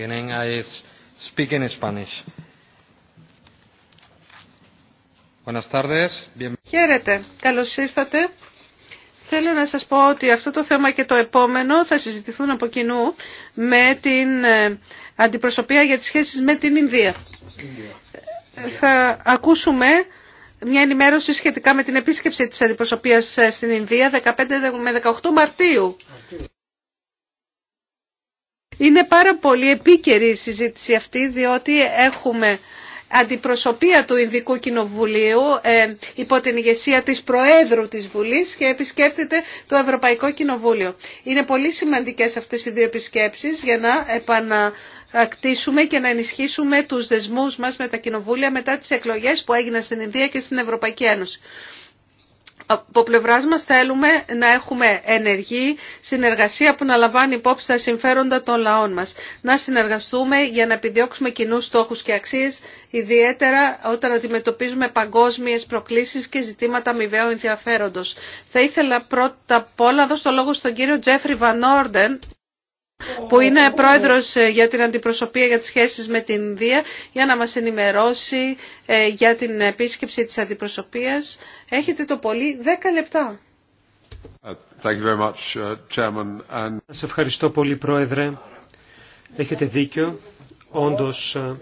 beginning. I speak Spanish. Buenas tardes. Χαίρετε. Καλώς ήρθατε. Θέλω να σας πω ότι αυτό το θέμα και το επόμενο θα συζητηθούν από κοινού με την ε, αντιπροσωπεία για τις σχέσεις με την Ινδία. Ινδία. Θα ακούσουμε μια ενημέρωση σχετικά με την επίσκεψη της αντιπροσωπείας ε, στην Ινδία 15 με 18 Μαρτίου. Είναι πάρα πολύ επίκαιρη η συζήτηση αυτή διότι έχουμε αντιπροσωπεία του Ινδικού Κοινοβουλίου ε, υπό την ηγεσία της Προέδρου της Βουλής και επισκέπτεται το Ευρωπαϊκό Κοινοβούλιο. Είναι πολύ σημαντικές αυτές οι δύο επισκέψεις για να επανακτήσουμε και να ενισχύσουμε τους δεσμούς μας με τα κοινοβούλια μετά τις εκλογές που έγιναν στην Ινδία και στην Ευρωπαϊκή Ένωση από πλευρά μα θέλουμε να έχουμε ενεργή συνεργασία που να λαμβάνει υπόψη τα συμφέροντα των λαών μα. Να συνεργαστούμε για να επιδιώξουμε κοινού στόχου και αξίε, ιδιαίτερα όταν αντιμετωπίζουμε παγκόσμιε προκλήσει και ζητήματα αμοιβαίου ενδιαφέροντο. Θα ήθελα πρώτα απ' όλα να δώσω το λόγο στον κύριο Τζέφρι Βανόρντεν που είναι πρόεδρος ε, για την αντιπροσωπεία για τις σχέσεις με την Ινδία για να μας ενημερώσει ε, για την επίσκεψη της αντιπροσωπείας. Έχετε το πολύ 10 λεπτά. Uh, thank uh, ευχαριστώ πολύ Πρόεδρε. Έχετε δίκιο. Όντως ε,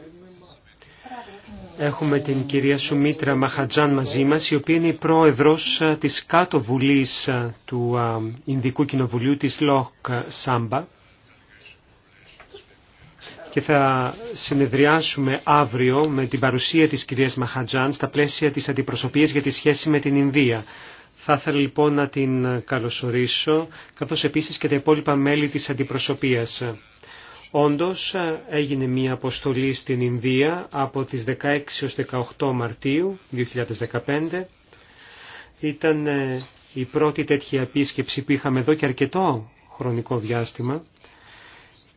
έχουμε την κυρία Σουμίτρα Μαχατζάν μαζί μας η οποία είναι η πρόεδρος της κάτω βουλής του Ινδικού Κοινοβουλίου της ΛΟΚ Σάμπα και θα συνεδριάσουμε αύριο με την παρουσία της κυρίας Μαχατζάν στα πλαίσια της αντιπροσωπείας για τη σχέση με την Ινδία. Θα ήθελα λοιπόν να την καλωσορίσω, καθώς επίσης και τα υπόλοιπα μέλη της αντιπροσωπείας. Όντως έγινε μία αποστολή στην Ινδία από τις 16 έως 18 Μαρτίου 2015. Ήταν ε, η πρώτη τέτοια επίσκεψη που είχαμε εδώ και αρκετό χρονικό διάστημα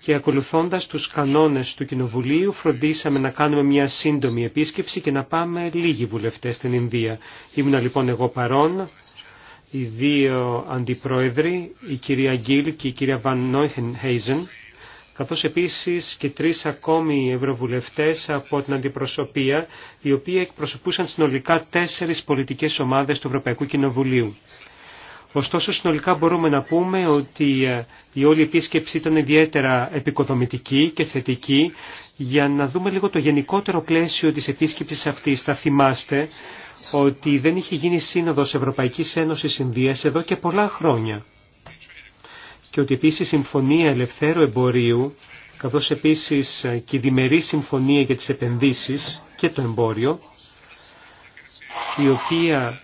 και ακολουθώντας τους κανόνες του Κοινοβουλίου φροντίσαμε να κάνουμε μια σύντομη επίσκεψη και να πάμε λίγοι βουλευτές στην Ινδία. Ήμουν λοιπόν εγώ παρόν, οι δύο αντιπρόεδροι, η κυρία Γκίλ και η κυρία Βαν Νόιχεν Χέιζεν, καθώς επίσης και τρεις ακόμη ευρωβουλευτές από την αντιπροσωπεία, οι οποίοι εκπροσωπούσαν συνολικά τέσσερις πολιτικές ομάδες του Ευρωπαϊκού Κοινοβουλίου. Ωστόσο, συνολικά μπορούμε να πούμε ότι ε, η όλη επίσκεψη ήταν ιδιαίτερα επικοδομητική και θετική για να δούμε λίγο το γενικότερο πλαίσιο της επίσκεψης αυτής. Θα θυμάστε ότι δεν είχε γίνει σύνοδος Ευρωπαϊκής Ένωσης Ινδίας εδώ και πολλά χρόνια και ότι επίσης η Συμφωνία Ελευθέρου Εμπορίου καθώς επίσης ε, και η Συμφωνία για τις Επενδύσεις και το Εμπόριο η οποία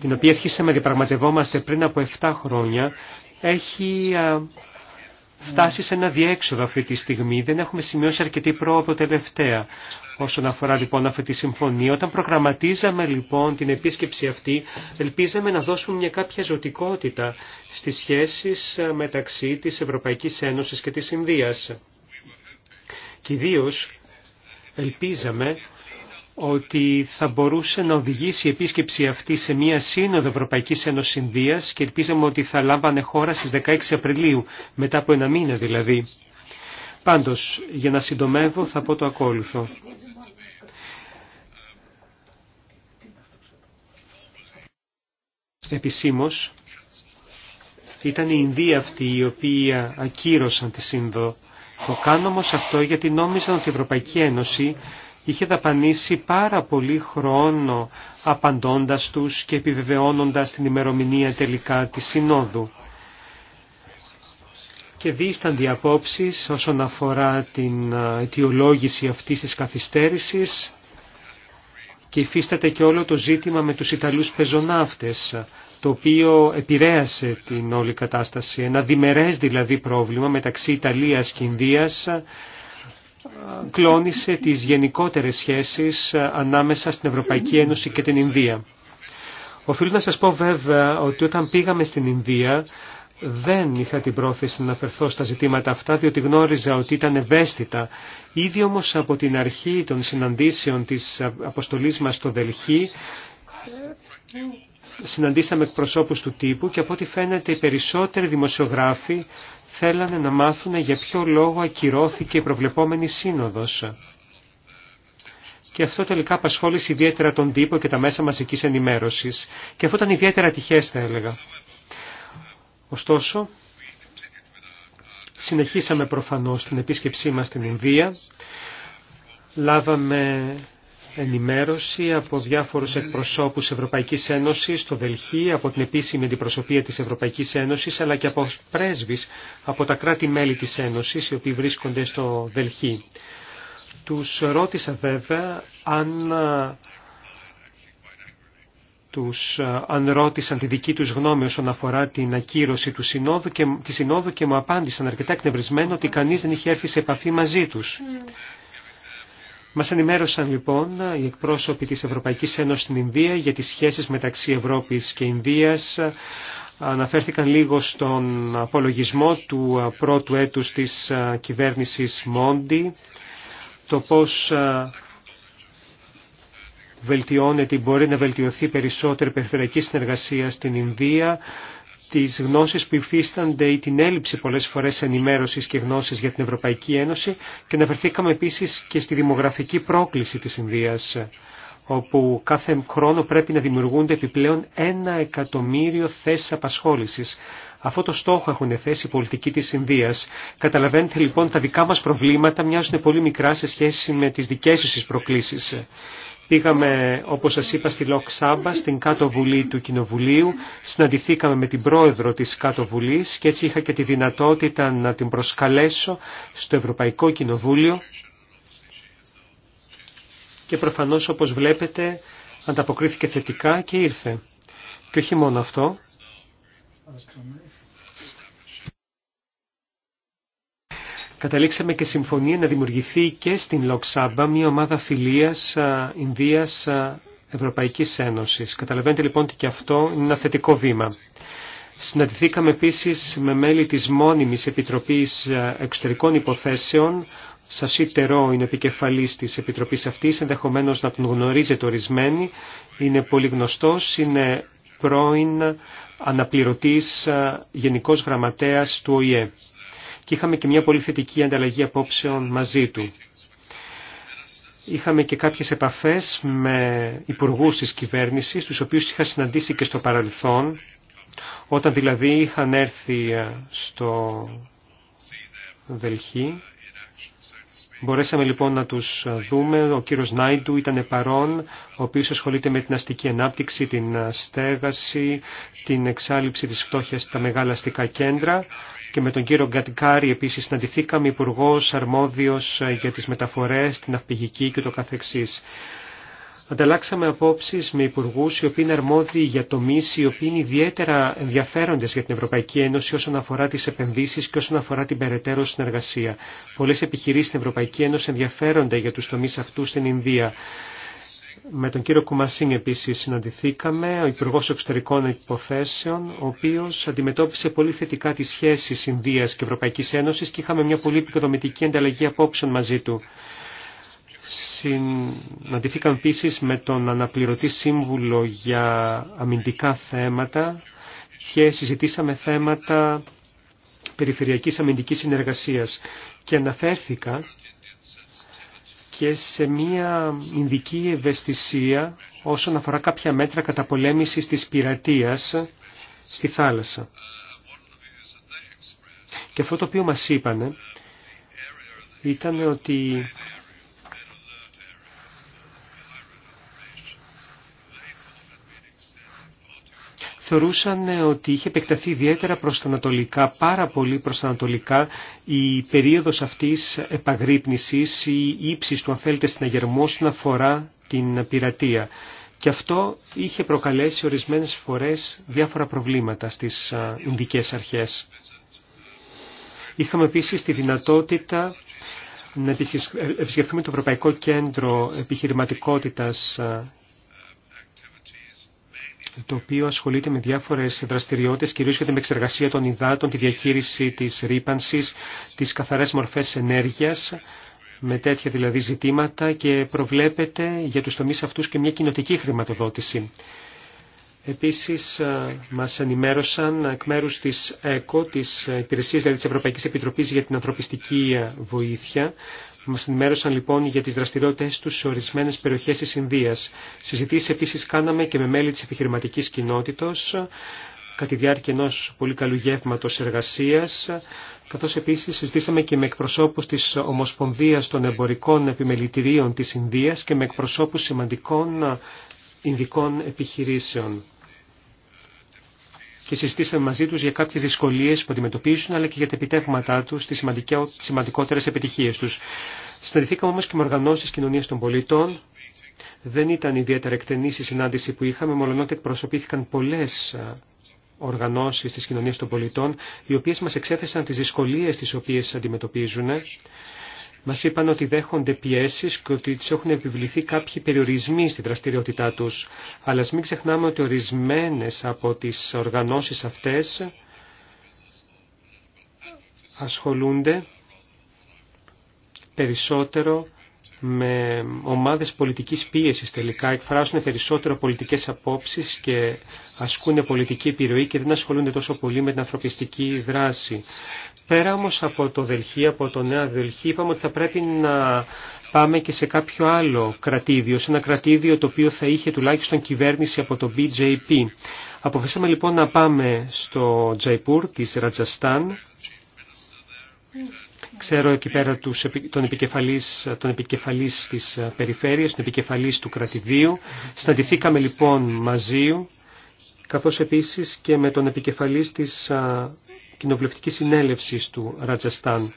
την οποία αρχίσαμε να διαπραγματευόμαστε πριν από 7 χρόνια, έχει φτάσει σε ένα διέξοδο αυτή τη στιγμή. Δεν έχουμε σημειώσει αρκετή πρόοδο τελευταία όσον αφορά λοιπόν αυτή τη συμφωνία. Όταν προγραμματίζαμε λοιπόν την επίσκεψη αυτή, ελπίζαμε να δώσουμε μια κάποια ζωτικότητα στις σχέσεις μεταξύ της Ευρωπαϊκής Ένωσης και της Ινδίας. Και ιδίως ελπίζαμε ότι θα μπορούσε να οδηγήσει η επίσκεψη αυτή σε μια σύνοδο Ευρωπαϊκής Ευρωπαϊκή Ένωση-Ινδία και ελπίζαμε ότι θα λάμβανε χώρα στις 16 Απριλίου, μετά από ένα μήνα δηλαδή. Πάντως, για να συντομεύω θα πω το ακόλουθο. Επίσημω, ήταν η Ινδία αυτή η οποία ακύρωσαν τη Σύνδο. Το κάνω όμω αυτό γιατί νόμιζαν ότι η Ευρωπαϊκή Ένωση είχε δαπανίσει πάρα πολύ χρόνο απαντώντας τους και επιβεβαιώνοντας την ημερομηνία τελικά της Συνόδου. Και δίσταν διαπόψεις όσον αφορά την αιτιολόγηση αυτής της καθυστέρησης και υφίσταται και όλο το ζήτημα με τους Ιταλούς πεζοναύτες, το οποίο επηρέασε την όλη κατάσταση. Ένα διμερές δηλαδή πρόβλημα μεταξύ Ιταλίας και Ινδίας, κλώνησε τις γενικότερες σχέσεις ε, ανάμεσα στην Ευρωπαϊκή Ένωση και την Ινδία. Οφείλω να σας πω βέβαια ότι όταν πήγαμε στην Ινδία δεν είχα την πρόθεση να αναφερθώ στα ζητήματα αυτά διότι γνώριζα ότι ήταν ευαίσθητα. Ήδη όμως από την αρχή των συναντήσεων της αποστολής μας στο Δελχή συναντήσαμε εκπροσώπους του τύπου και από ό,τι φαίνεται οι περισσότεροι δημοσιογράφοι θέλανε να μάθουν για ποιο λόγο ακυρώθηκε η προβλεπόμενη σύνοδος. Και αυτό τελικά απασχόλησε ιδιαίτερα τον τύπο και τα μέσα μαζικής ενημέρωσης. Και αυτό ήταν ιδιαίτερα τυχές θα έλεγα. Ωστόσο, συνεχίσαμε προφανώς την επίσκεψή μας στην Ινδία. Λάβαμε ενημέρωση από διάφορους εκπροσώπους Ευρωπαϊκής Ένωσης στο Δελχή, από την επίσημη αντιπροσωπεία της Ευρωπαϊκής Ένωσης, αλλά και από πρέσβεις από τα κράτη-μέλη της Ένωσης, οι οποίοι βρίσκονται στο Δελχή. Τους ρώτησα βέβαια αν τους αν ρώτησαν τη δική τους γνώμη όσον αφορά την ακύρωση του συνόδου και, της Συνόδου και μου απάντησαν αρκετά εκνευρισμένο ότι κανείς δεν είχε έρθει σε επαφή μαζί τους. Mm. Μας ενημέρωσαν λοιπόν οι εκπρόσωποι της Ευρωπαϊκής Ένωσης στην Ινδία για τις σχέσεις μεταξύ Ευρώπης και Ινδίας. Αναφέρθηκαν λίγο στον απολογισμό του πρώτου έτους της κυβέρνησης Μόντι, το πώς βελτιώνεται ή μπορεί να βελτιωθεί περισσότερη περιφερειακή συνεργασία στην Ινδία, τις γνώσεις που υφίστανται ή την έλλειψη πολλές φορές ενημέρωσης και γνώσης για την Ευρωπαϊκή Ένωση και να βρεθήκαμε επίσης και στη δημογραφική πρόκληση της Ινδίας όπου κάθε χρόνο πρέπει να δημιουργούνται επιπλέον ένα εκατομμύριο θέσεις απασχόλησης. Αυτό το στόχο έχουν θέσει οι πολιτικοί της Ινδίας. Καταλαβαίνετε λοιπόν τα δικά μας προβλήματα μοιάζουν πολύ μικρά σε σχέση με τις δικές τους προκλήσεις. Πήγαμε, όπως σας είπα, στη Λοκ Σάμπα, στην κάτω βουλή του Κοινοβουλίου. Συναντηθήκαμε με την πρόεδρο της κάτω βουλής και έτσι είχα και τη δυνατότητα να την προσκαλέσω στο Ευρωπαϊκό Κοινοβούλιο. Και προφανώς, όπως βλέπετε, ανταποκρίθηκε θετικά και ήρθε. Και όχι μόνο αυτό. Καταλήξαμε και συμφωνία να δημιουργηθεί και στην Λοξάμπα μια ομάδα φιλίας Ινδίας Ευρωπαϊκής Ένωσης. Καταλαβαίνετε λοιπόν ότι και αυτό είναι ένα θετικό βήμα. Συναντηθήκαμε επίσης με μέλη της μόνιμης Επιτροπής Εξωτερικών Υποθέσεων. Σασί Τερό είναι επικεφαλής της Επιτροπής αυτής, ενδεχομένως να τον γνωρίζετε ορισμένοι. Είναι πολύ γνωστός, είναι πρώην αναπληρωτής Γενικός Γραμματέας του ΟΗΕ και είχαμε και μια πολύ θετική ανταλλαγή απόψεων μαζί του. Είχαμε και κάποιες επαφές με υπουργούς της κυβέρνησης, τους οποίους είχα συναντήσει και στο παρελθόν, όταν δηλαδή είχαν έρθει ε, στο Δελχή. Μπορέσαμε λοιπόν να τους ε, δούμε. Ο κύριος Νάιντου ήταν παρόν, ο οποίος ασχολείται με την αστική ανάπτυξη, την ε, στέγαση, την εξάλληψη της φτώχειας στα μεγάλα αστικά κέντρα και με τον κύριο Γκατικάρη επίσης συναντηθήκαμε υπουργό αρμόδιος ε, για τις μεταφορές, την αυπηγική και το καθεξής. Ανταλλάξαμε απόψεις με υπουργούς οι οποίοι είναι αρμόδιοι για τομείς οι οποίοι είναι ιδιαίτερα ενδιαφέροντες για την Ευρωπαϊκή Ένωση όσον αφορά τις επενδύσεις και όσον αφορά την περαιτέρω συνεργασία. Πολλές επιχειρήσεις στην Ευρωπαϊκή Ένωση ενδιαφέρονται για τους τομείς αυτού στην Ινδία. Με τον κύριο Κουμασίν επίσης συναντηθήκαμε, ο Υπουργός Εξωτερικών Υποθέσεων, ο οποίος αντιμετώπισε πολύ θετικά τις σχέσεις Ινδίας και Ευρωπαϊκής Ένωσης και είχαμε μια πολύ επικοδομητική ανταλλαγή απόψεων μαζί του. Συναντηθήκαμε επίσης με τον αναπληρωτή σύμβουλο για αμυντικά θέματα και συζητήσαμε θέματα περιφερειακής αμυντικής συνεργασίας και αναφέρθηκα και σε μία ειδική ευαισθησία όσον αφορά κάποια μέτρα καταπολέμησης της πειρατείας στη θάλασσα. Και αυτό το οποίο μας είπανε ήταν ότι θεωρούσαν ε, ότι είχε επεκταθεί ιδιαίτερα προς τα ανατολικά, πάρα πολύ προς τα ανατολικά, η περίοδος αυτής επαγρύπνησης ή ύψης του αν θέλετε στην αγερμό όσον αφορά την πειρατεία. Και αυτό είχε προκαλέσει ορισμένες φορές διάφορα προβλήματα στις Ινδικές αρχές. Είχαμε επίσης τη δυνατότητα να ε, επισκεφθούμε το Ευρωπαϊκό Κέντρο Επιχειρηματικότητας το οποίο ασχολείται με διάφορες δραστηριότητες, κυρίως για την επεξεργασία των υδάτων, τη διαχείριση της ρήπανσης, τις καθαρές μορφές ενέργειας, με τέτοια δηλαδή ζητήματα και προβλέπεται για τους τομείς αυτούς και μια κοινοτική χρηματοδότηση. Επίσης ε, μας ενημέρωσαν εκ μέρους της ΕΚΟ, της Υπηρεσίας δηλαδή της Ευρωπαϊκής Επιτροπής για την Ανθρωπιστική ε, Βοήθεια, μας ενημέρωσαν λοιπόν για τις δραστηριότητες τους σε ορισμένες περιοχές της Ινδίας. Συζητήσεις επίσης κάναμε και με μέλη της επιχειρηματικής κοινότητας, ε, κατά τη διάρκεια ενό πολύ καλού γεύματος εργασία, καθώ επίση συζητήσαμε και με εκπροσώπους της Ομοσπονδίας των Εμπορικών Επιμελητηρίων της Ινδία και με εκπροσώπους σημαντικών Ινδικών επιχειρήσεων και συζητήσαμε μαζί τους για κάποιες δυσκολίες που αντιμετωπίσουν αλλά και για τα επιτεύγματά τους, τις σημαντικότερες επιτυχίες τους. Συναντηθήκαμε όμως και με οργανώσεις κοινωνίας των πολιτών. Δεν ήταν ιδιαίτερα εκτενής η συνάντηση που είχαμε, μολονότι εκπροσωπήθηκαν πολλές οργανώσεις της κοινωνίας των πολιτών, οι οποίες μας εξέθεσαν τις δυσκολίες τις οποίες αντιμετωπίζουν μα είπαν ότι δέχονται πιέσεις και ότι τους έχουν επιβληθεί κάποιοι περιορισμοί στη δραστηριότητά τους. Αλλά μην ξεχνάμε ότι ορισμένες από τις οργανώσεις αυτές ασχολούνται περισσότερο με ομάδες πολιτικής πίεσης τελικά, εκφράζουν περισσότερο πολιτικές απόψεις και ασκούν πολιτική επιρροή και δεν ασχολούνται τόσο πολύ με την ανθρωπιστική δράση. Πέρα όμως από το Δελχή, από το Νέα Δελχή, είπαμε ότι θα πρέπει να πάμε και σε κάποιο άλλο κρατήδιο, σε ένα κρατήδιο το οποίο θα είχε τουλάχιστον κυβέρνηση από το BJP. Αποφασίσαμε λοιπόν να πάμε στο Τζαϊπούρ της Ρατζαστάν Ξέρω εκεί πέρα τους, τον, επικεφαλής, τον επικεφαλής της ε, περιφέρειας, τον επικεφαλής του κρατηδίου. Συναντηθήκαμε λοιπόν μαζί, καθώς επίσης και με τον επικεφαλής της ε, Κοινοβουλευτικής Συνέλευσης του Ρατζαστάν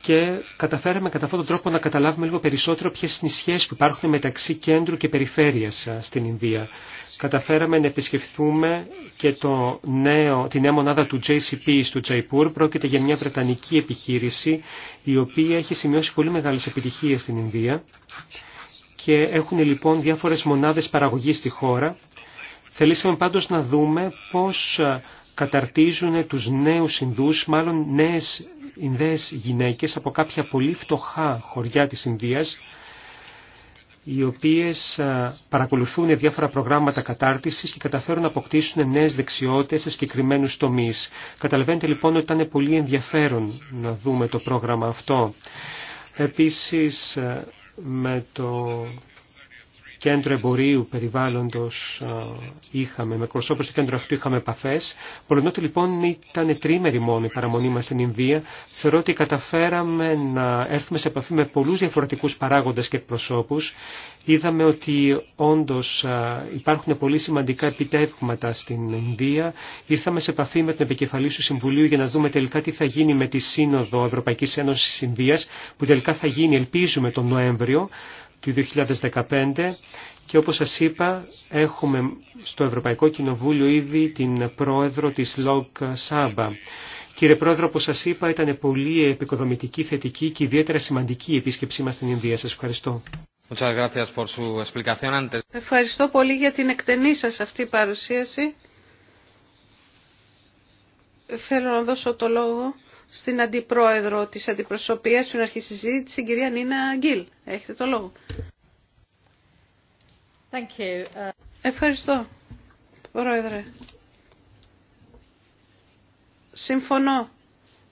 και καταφέραμε κατά αυτόν τον τρόπο να καταλάβουμε λίγο περισσότερο ποιες είναι οι σχέσεις που υπάρχουν μεταξύ κέντρου και περιφέρειας στην Ινδία. Καταφέραμε να επισκεφθούμε και το νέο, τη νέα μονάδα του JCP στο Τζαϊπούρ. Πρόκειται για μια βρετανική επιχείρηση η οποία έχει σημειώσει πολύ μεγάλες επιτυχίες στην Ινδία και έχουν λοιπόν διάφορες μονάδες παραγωγής στη χώρα. Θελήσαμε πάντως να δούμε πώς καταρτίζουν τους νέους Ινδούς, μάλλον νέες Ινδέες γυναίκες από κάποια πολύ φτωχά χωριά της Ινδίας οι οποίες παρακολουθούν διάφορα προγράμματα κατάρτισης και καταφέρουν να αποκτήσουν νέες δεξιότητες σε συγκεκριμένους τομείς. Καταλαβαίνετε λοιπόν ότι ήταν πολύ ενδιαφέρον να δούμε το πρόγραμμα αυτό. Επίσης με το κέντρο εμπορίου περιβάλλοντος είχαμε, με προσώπους του κέντρου αυτού είχαμε επαφές. Πολωνότου λοιπόν ήταν τρίμερη μόνο η παραμονή μας στην Ινδία. Θεωρώ ότι καταφέραμε να έρθουμε σε επαφή με πολλούς διαφορετικούς παράγοντες και εκπροσώπους. Είδαμε ότι όντως υπάρχουν πολύ σημαντικά επιτεύγματα στην Ινδία. Ήρθαμε σε επαφή με την επικεφαλή του Συμβουλίου για να δούμε τελικά τι θα γίνει με τη Σύνοδο Ευρωπαϊκής Ένωση Ινδίας που τελικά θα γίνει ελπίζουμε τον Νοέμβριο του 2015 και όπως σας είπα έχουμε στο Ευρωπαϊκό Κοινοβούλιο ήδη την πρόεδρο της ΛΟΚ ΣΑΜΠΑ. Κύριε Πρόεδρο, όπως σας είπα, ήταν πολύ επικοδομητική, θετική και ιδιαίτερα σημαντική η επίσκεψή μας στην Ινδία. Σας ευχαριστώ. Ευχαριστώ πολύ για την εκτενή σας αυτή παρουσίαση. Θέλω να δώσω το λόγο στην αντιπρόεδρο της αντιπροσωπείας στην αρχή συζήτηση, την κυρία Νίνα Γκίλ. Έχετε το λόγο. Ε, Ευχαριστώ, Πρόεδρε. Συμφωνώ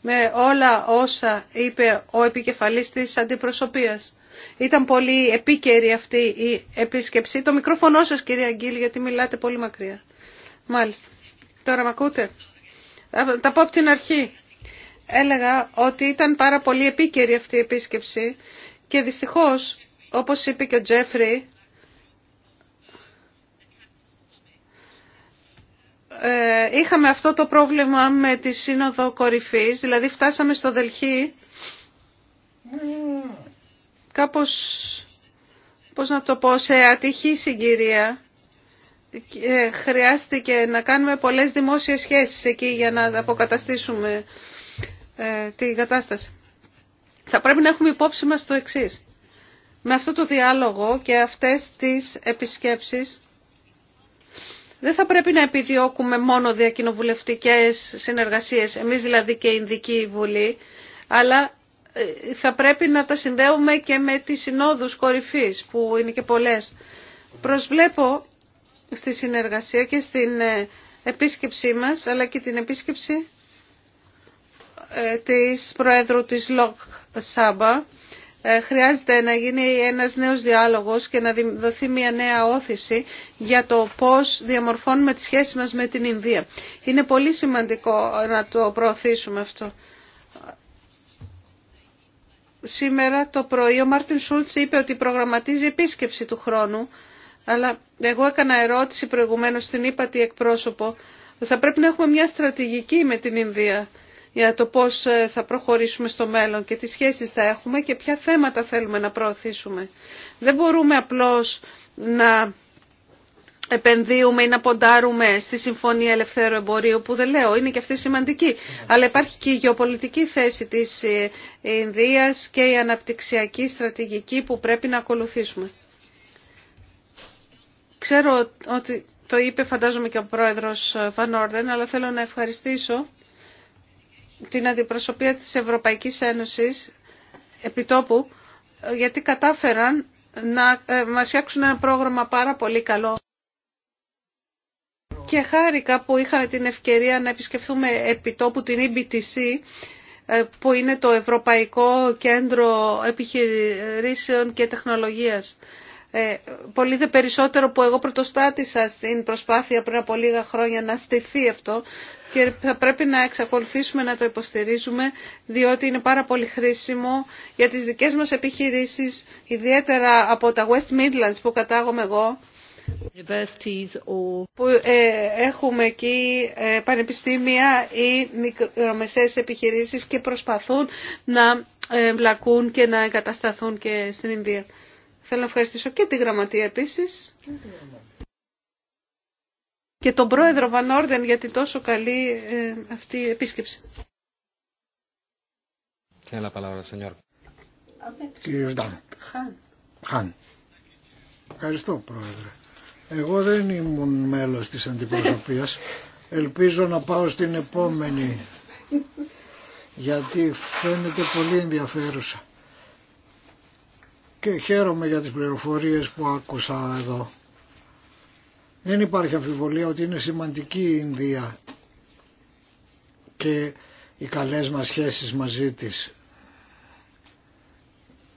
με όλα όσα είπε ο επικεφαλής της αντιπροσωπείας. Ήταν πολύ επίκαιρη αυτή η επίσκεψη. Το μικρόφωνο σας, κυρία Αγγίλ, γιατί μιλάτε πολύ μακριά. Μάλιστα. Τώρα με ακούτε. Θα τα πω από την αρχή έλεγα ότι ήταν πάρα πολύ επίκαιρη αυτή η επίσκεψη και δυστυχώς, όπως είπε και ο Τζέφρι, ε, είχαμε αυτό το πρόβλημα με τη Σύνοδο Κορυφής, δηλαδή φτάσαμε στο Δελχή κάπως, πώς να το πω, σε ατυχή συγκυρία. Ε, χρειάστηκε να κάνουμε πολλές δημόσιες σχέσεις εκεί για να αποκαταστήσουμε ε, την κατάσταση. Θα πρέπει να έχουμε υπόψη μας το εξής. Με αυτό το διάλογο και αυτές τις επισκέψεις δεν θα πρέπει να επιδιώκουμε μόνο διακοινοβουλευτικές συνεργασίες, εμείς δηλαδή και η Ινδική Βουλή, αλλά ε, θα πρέπει να τα συνδέουμε και με τις συνόδους κορυφής που είναι και πολλές. Προσβλέπω στη συνεργασία και στην ε, επίσκεψή μας, αλλά και την επίσκεψη ε, της Προέδρου της ΛΟΚ ΣΑΜΠΑ ε, χρειάζεται να γίνει ένας νέος διάλογος και να δοθεί μια νέα όθηση για το πώς διαμορφώνουμε τη σχέση μας με την Ινδία. Είναι πολύ σημαντικό να το προωθήσουμε αυτό. Σήμερα το πρωί ο Μάρτιν Σούλτς είπε ότι προγραμματίζει επίσκεψη του χρόνου, αλλά εγώ έκανα ερώτηση προηγουμένως στην ύπατη εκπρόσωπο, θα πρέπει να έχουμε μια στρατηγική με την Ινδία για το πώς ε, θα προχωρήσουμε στο μέλλον και τι σχέσεις θα έχουμε και ποια θέματα θέλουμε να προωθήσουμε. Δεν μπορούμε απλώς να επενδύουμε ή να ποντάρουμε στη Συμφωνία Ελευθέρου Εμπορίου που δεν λέω, είναι και αυτή σημαντική. Αλλά υπάρχει και η γεωπολιτική θέση της ε, Ινδίας και η αναπτυξιακή στρατηγική που πρέπει να ακολουθήσουμε. Ξέρω ότι το είπε φαντάζομαι και ο πρόεδρος Βαν ε, αλλά θέλω να ευχαριστήσω την αντιπροσωπεία της Ευρωπαϊκής Ένωσης επιτόπου γιατί κατάφεραν να ε, μας φτιάξουν ένα πρόγραμμα πάρα πολύ καλό. Και χάρηκα που είχαμε την ευκαιρία να επισκεφθούμε επιτόπου την EBTC ε, που είναι το Ευρωπαϊκό Κέντρο Επιχειρήσεων και Τεχνολογίας. Ε, πολύ δε περισσότερο που εγώ πρωτοστάτησα στην προσπάθεια πριν από λίγα χρόνια να στηθεί αυτό και θα πρέπει να εξακολουθήσουμε να το υποστηρίζουμε διότι είναι πάρα πολύ χρήσιμο για τις δικές μας επιχειρήσεις, ιδιαίτερα από τα West Midlands που κατάγομαι εγώ, που ε, έχουμε εκεί ε, πανεπιστήμια ή μικρομεσαίες επιχειρήσεις και προσπαθούν να μπλακούν και να εγκατασταθούν και στην Ινδία. Θέλω να ευχαριστήσω και τη γραμματεία επίσης και τον πρόεδρο Βανόρδεν για την τόσο καλή ε, αυτή η επίσκεψη. Κύριος Χαν. Ευχαριστώ πρόεδρε. Εγώ δεν ήμουν μέλος της αντιπροσωπείας. Ελπίζω να πάω στην επόμενη γιατί φαίνεται πολύ ενδιαφέρουσα. Και χαίρομαι για τις πληροφορίες που άκουσα εδώ. Δεν υπάρχει αμφιβολία ότι είναι σημαντική η Ινδία και οι καλές μας σχέσεις μαζί της.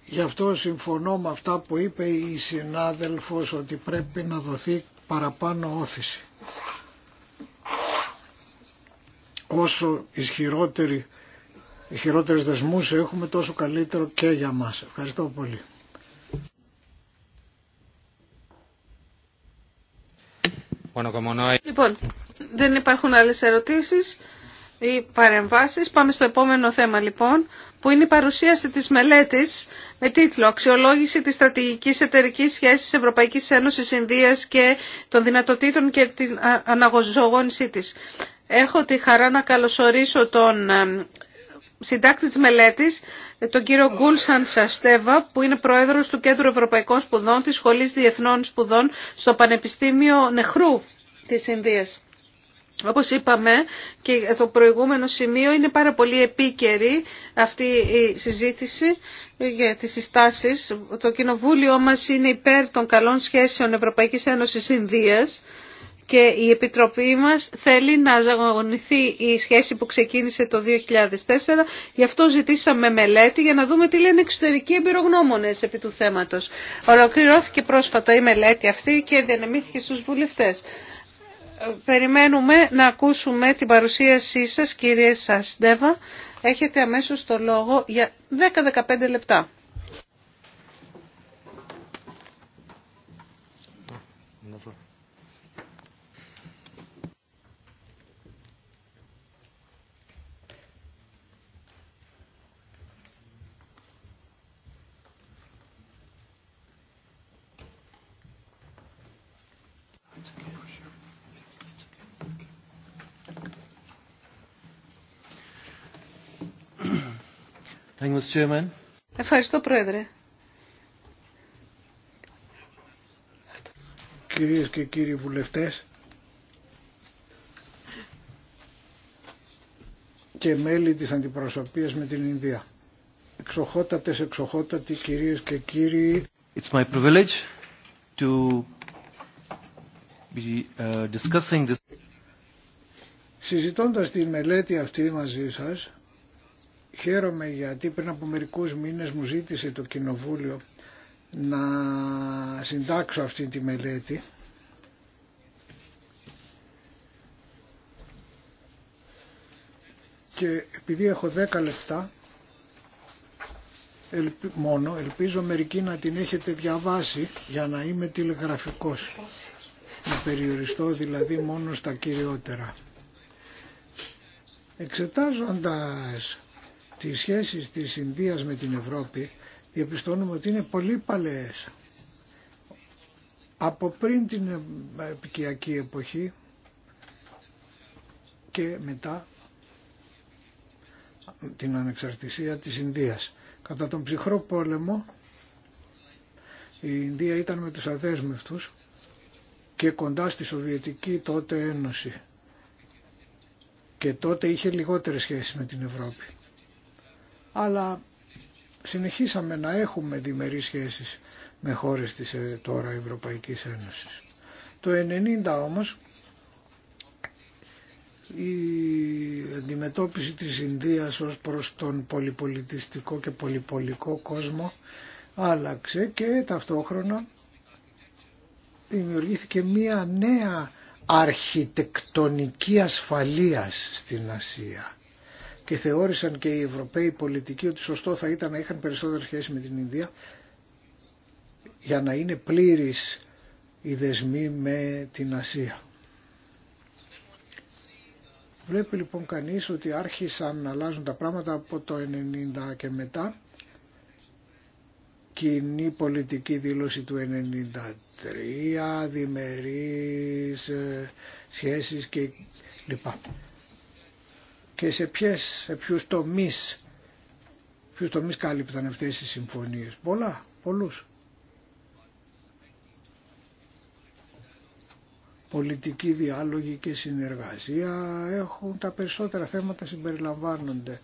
Γι' αυτό συμφωνώ με αυτά που είπε η συνάδελφος ότι πρέπει να δοθεί παραπάνω όθηση. Όσο ισχυρότεροι, ισχυρότερες δεσμούς έχουμε τόσο καλύτερο και για μας. Ευχαριστώ πολύ. Λοιπόν, δεν υπάρχουν άλλες ερωτήσεις ή παρεμβάσεις. Πάμε στο επόμενο θέμα λοιπόν, που είναι η παρουσίαση της μελέτης με τίτλο «Αξιολόγηση της στρατηγικής εταιρικής σχέσης Ευρωπαϊκής Ένωσης Ινδίας και των δυνατοτήτων και την αναγωγόνησή της». Έχω τη χαρά να καλωσορίσω τον ε, συντάκτη της μελέτης, ε, τον κύριο Γκούλσαν Σαστέβα, που είναι πρόεδρος του Κέντρου Ευρωπαϊκών Σπουδών της Σχολής Διεθνών Σπουδών στο Πανεπιστήμιο Νεχρού της Ινδίας. Όπως είπαμε και το προηγούμενο σημείο είναι πάρα πολύ επίκαιρη αυτή η συζήτηση για τις συστάσεις. Το κοινοβούλιο μας είναι υπέρ των καλών σχέσεων Ευρωπαϊκής Ένωσης Ινδίας και η Επιτροπή μας θέλει να ζαγωνηθεί η σχέση που ξεκίνησε το 2004. Γι' αυτό ζητήσαμε μελέτη για να δούμε τι λένε εξωτερικοί εμπειρογνώμονες επί του θέματος. Ολοκληρώθηκε πρόσφατα η μελέτη αυτή και διανεμήθηκε στους βουλευτές. Περιμένουμε να ακούσουμε την παρουσίασή σας, κυρία Σαστέβα. Έχετε αμέσως το λόγο για 10-15 λεπτά. Ευχαριστώ, Πρόεδρε. Κυρίες και κύριοι βουλευτές και μέλη της αντιπροσωπείας με την Ινδία. Εξοχότατες, εξοχότατοι κυρίες και κύριοι. It's my privilege to be uh, discussing this. Συζητώντας τη μελέτη αυτή μαζί σας, Χαίρομαι γιατί πριν από μερικούς μήνες μου ζήτησε το Κοινοβούλιο να συντάξω αυτή τη μελέτη και επειδή έχω 10 λεπτά μόνο, ελπίζω μερικοί να την έχετε διαβάσει για να είμαι τηλεγραφικός. Να περιοριστώ δηλαδή μόνο στα κυριότερα. Εξετάζοντας τις σχέσεις της Ινδίας με την Ευρώπη διαπιστώνουμε ότι είναι πολύ παλαιές. Από πριν την επικιακή εποχή και μετά την ανεξαρτησία της Ινδίας. Κατά τον ψυχρό πόλεμο η Ινδία ήταν με τους αδέσμευτους και κοντά στη Σοβιετική τότε Ένωση. Και τότε είχε λιγότερες σχέσεις με την Ευρώπη αλλά συνεχίσαμε να έχουμε διμερείς σχέσεις με χώρες της ε, τώρα Ευρωπαϊκής Ένωσης. Το 90 όμως η αντιμετώπιση της Ινδίας ως προς τον πολυπολιτιστικό και πολυπολικό κόσμο άλλαξε και ταυτόχρονα δημιουργήθηκε μία νέα αρχιτεκτονική ασφαλείας στην Ασία και θεώρησαν και οι Ευρωπαίοι πολιτικοί ότι σωστό θα ήταν να είχαν περισσότερες σχέσεις με την Ινδία για να είναι πλήρης οι δεσμοί με την Ασία. Βλέπει λοιπόν κανείς ότι άρχισαν να αλλάζουν τα πράγματα από το 90 και μετά. Κοινή πολιτική δήλωση του 1993, διμερείς ε, σχέσεις και λοιπά και σε, ποιες, σε ποιους τομείς, ποιους κάλυπταν αυτές οι συμφωνίες. Πολλά, πολλούς. Πολιτική διάλογη και συνεργασία έχουν τα περισσότερα θέματα συμπεριλαμβάνονται.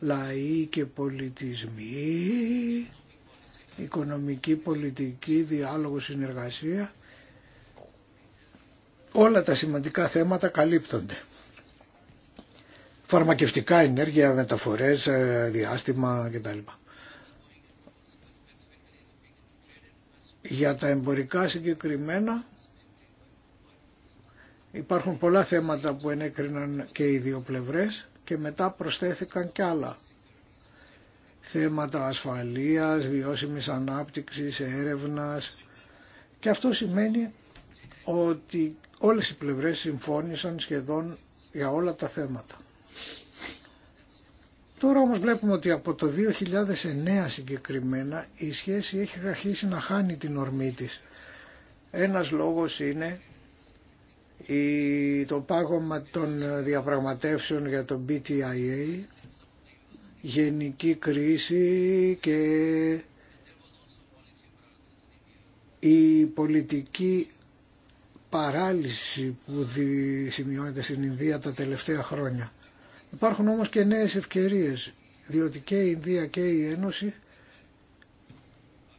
Λαοί και πολιτισμοί, οικονομική, πολιτική, διάλογο, συνεργασία. Όλα τα σημαντικά θέματα καλύπτονται φαρμακευτικά, ενέργεια, μεταφορές, ε, διάστημα κτλ. Για τα εμπορικά συγκεκριμένα υπάρχουν πολλά θέματα που ενέκριναν και οι δύο πλευρές και μετά προσθέθηκαν κι άλλα. Θέματα ασφαλείας, βιώσιμης ανάπτυξης, έρευνας και αυτό σημαίνει ότι όλες οι πλευρές συμφώνησαν σχεδόν για όλα τα θέματα. Τώρα όμως βλέπουμε ότι από το 2009 συγκεκριμένα η σχέση έχει αρχίσει να χάνει την ορμή της. Ένας λόγος είναι το πάγωμα των διαπραγματεύσεων για τον BTIA, γενική κρίση και η πολιτική παράλυση που σημειώνεται στην Ινδία τα τελευταία χρόνια. Υπάρχουν όμως και νέες ευκαιρίες, διότι και η Ινδία και η Ένωση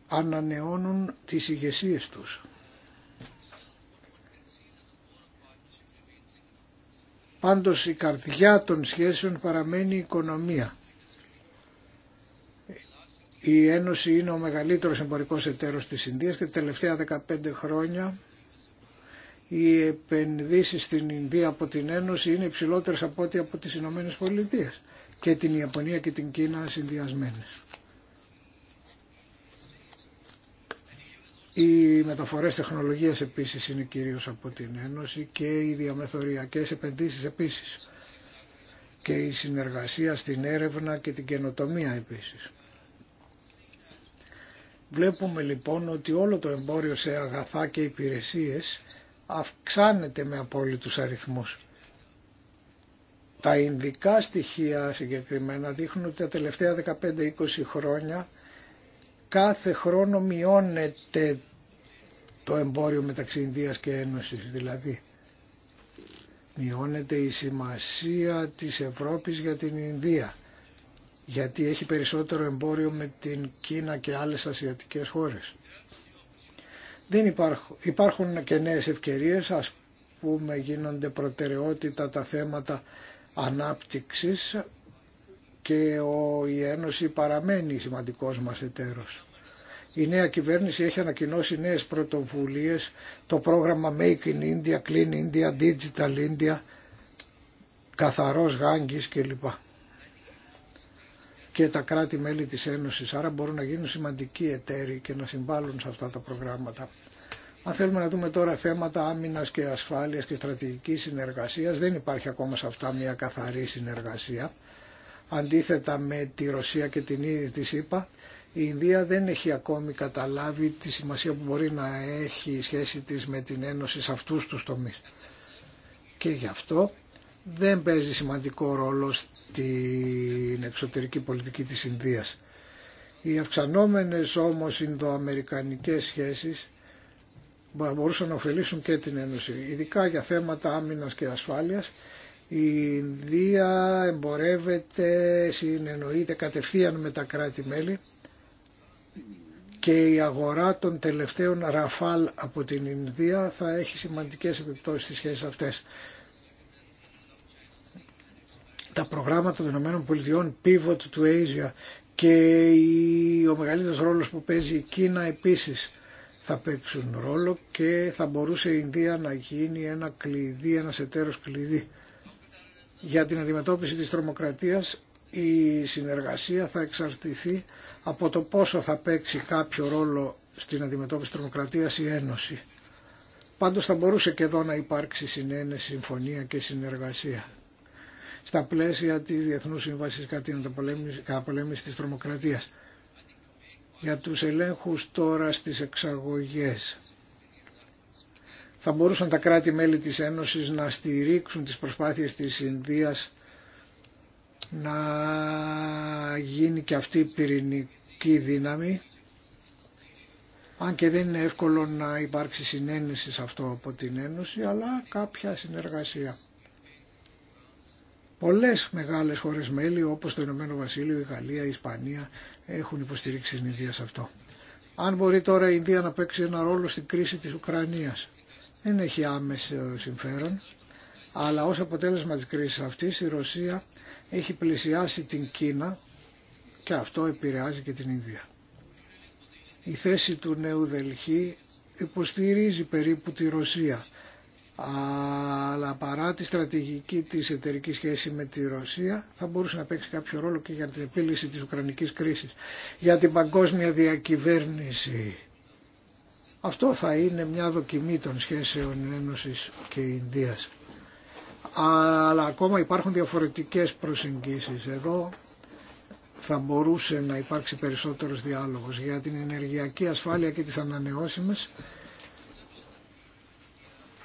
ανανεώνουν τις ηγεσίε τους. Πάντως η καρδιά των σχέσεων παραμένει η οικονομία. Η Ένωση είναι ο μεγαλύτερος εμπορικός εταίρος της Ινδίας και τα τελευταία 15 χρόνια οι επενδύσεις στην Ινδία από την Ένωση είναι υψηλότερες από ό,τι από τις Ηνωμένε Πολιτείε και την Ιαπωνία και την Κίνα συνδυασμένες. Οι μεταφορές τεχνολογίας επίσης είναι κυρίως από την Ένωση και οι διαμεθοριακές επενδύσεις επίσης και η συνεργασία στην έρευνα και την καινοτομία επίσης. Βλέπουμε λοιπόν ότι όλο το εμπόριο σε αγαθά και υπηρεσίες αυξάνεται με απόλυτους αριθμούς. Τα ινδικά στοιχεία συγκεκριμένα δείχνουν ότι τα τελευταία 15-20 χρόνια κάθε χρόνο μειώνεται το εμπόριο μεταξύ Ινδίας και Ένωσης. Δηλαδή μειώνεται η σημασία της Ευρώπης για την Ινδία γιατί έχει περισσότερο εμπόριο με την Κίνα και άλλες ασιατικές χώρες. Δεν υπάρχουν, υπάρχουν και νέες ευκαιρίες, ας πούμε γίνονται προτεραιότητα τα θέματα ανάπτυξης και ο, η Ένωση παραμένει σημαντικός μας εταίρος. Η νέα κυβέρνηση έχει ανακοινώσει νέες πρωτοβουλίες, το πρόγραμμα Make in India, Clean India, Digital India, καθαρός γάγκης κλπ και τα κράτη-μέλη της Ένωσης, άρα μπορούν να γίνουν σημαντικοί εταίροι και να συμβάλλουν σε αυτά τα προγράμματα. Αν θέλουμε να δούμε τώρα θέματα άμυνας και ασφάλειας και στρατηγικής συνεργασίας, δεν υπάρχει ακόμα σε αυτά μια καθαρή συνεργασία. Αντίθετα με τη Ρωσία και την ίδια της ΗΠΑ, η Ινδία δεν έχει ακόμη καταλάβει τη σημασία που μπορεί να έχει η σχέση της με την Ένωση σε αυτούς τους τομείς. Και γι' αυτό δεν παίζει σημαντικό ρόλο στην εξωτερική πολιτική της Ινδίας. Οι αυξανόμενες όμως Ινδοαμερικανικές σχέσεις μπορούσαν να ωφελήσουν και την Ένωση. Ειδικά για θέματα άμυνας και ασφάλειας η Ινδία εμπορεύεται, συνεννοείται κατευθείαν με τα κράτη-μέλη και η αγορά των τελευταίων ραφάλ από την Ινδία θα έχει σημαντικές επιπτώσεις στις σχέσεις αυτές τα προγράμματα των ΗΠΑ, Pivot to Asia και ο μεγαλύτερος ρόλος που παίζει η Κίνα επίσης θα παίξουν ρόλο και θα μπορούσε η Ινδία να γίνει ένα κλειδί, ένα εταίρος κλειδί. Για την αντιμετώπιση της τρομοκρατίας η συνεργασία θα εξαρτηθεί από το πόσο θα παίξει κάποιο ρόλο στην αντιμετώπιση της τρομοκρατίας η Ένωση. Πάντως θα μπορούσε και εδώ να υπάρξει συνένεση, συμφωνία και συνεργασία στα πλαίσια τη διεθνού σύμβαση κατά την καταπολέμηση της Για τους ελέγχου τώρα στις εξαγωγέ. Θα μπορούσαν τα κράτη-μέλη της Ένωσης να στηρίξουν τις προσπάθειες της Ινδίας να γίνει και αυτή η πυρηνική δύναμη αν και δεν είναι εύκολο να υπάρξει συνένεση σε αυτό από την Ένωση αλλά κάποια συνεργασία. Πολλές μεγάλες χώρες μέλη όπως το Ηνωμένο Βασίλειο, η Γαλλία, η Ισπανία έχουν υποστηρίξει την Ινδία σε αυτό. Αν μπορεί τώρα η Ινδία να παίξει ένα ρόλο στην κρίση της Ουκρανίας. Δεν έχει άμεση συμφέρον, αλλά ως αποτέλεσμα της κρίσης αυτής η Ρωσία έχει πλησιάσει την Κίνα και αυτό επηρεάζει και την Ινδία. Η θέση του νέου Δελχή υποστηρίζει περίπου τη Ρωσία αλλά παρά τη στρατηγική της εταιρική σχέση με τη Ρωσία θα μπορούσε να παίξει κάποιο ρόλο και για την επίλυση της Ουκρανικής κρίσης, για την παγκόσμια διακυβέρνηση. Αυτό θα είναι μια δοκιμή των σχέσεων Ένωσης και Ινδίας. Αλλά ακόμα υπάρχουν διαφορετικές προσεγγίσεις. Εδώ θα μπορούσε να υπάρξει περισσότερος διάλογος για την ενεργειακή ασφάλεια και τις ανανεώσιμες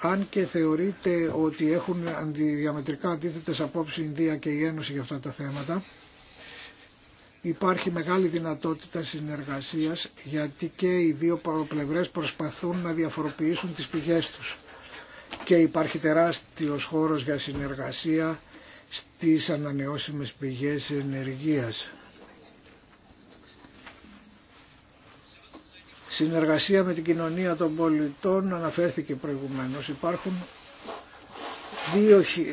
αν και θεωρείται ότι έχουν αντιδιαμετρικά αντίθετες απόψεις η Ινδία και η Ένωση για αυτά τα θέματα, υπάρχει μεγάλη δυνατότητα συνεργασίας γιατί και οι δύο πλευρές προσπαθούν να διαφοροποιήσουν τις πηγές τους και υπάρχει τεράστιος χώρος για συνεργασία στις ανανεώσιμες πηγές ενεργείας. Συνεργασία με την κοινωνία των πολιτών αναφέρθηκε προηγουμένως. Υπάρχουν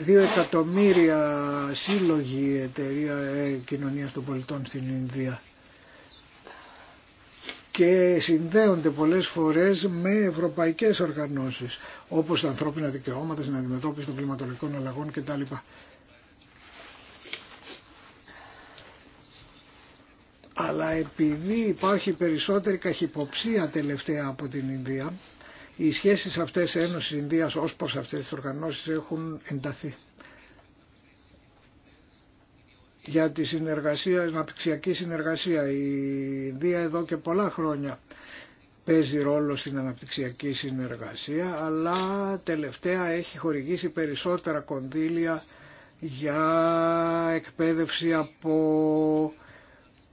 δύο εκατομμύρια σύλλογοι εταιρεία ε, κοινωνίας των πολιτών στην Ινδία και συνδέονται πολλές φορές με ευρωπαϊκές οργανώσεις όπως τα ανθρώπινα δικαιώματα, στην αντιμετώπιση των κλιματολογικών αλλαγών κτλ. αλλά επειδή υπάρχει περισσότερη καχυποψία τελευταία από την Ινδία, οι σχέσεις αυτές Ένωση Ινδίας ως προς αυτές τις οργανώσεις έχουν ενταθεί. Για τη συνεργασία, αναπτυξιακή συνεργασία, η Ινδία εδώ και πολλά χρόνια παίζει ρόλο στην αναπτυξιακή συνεργασία, αλλά τελευταία έχει χορηγήσει περισσότερα κονδύλια για εκπαίδευση από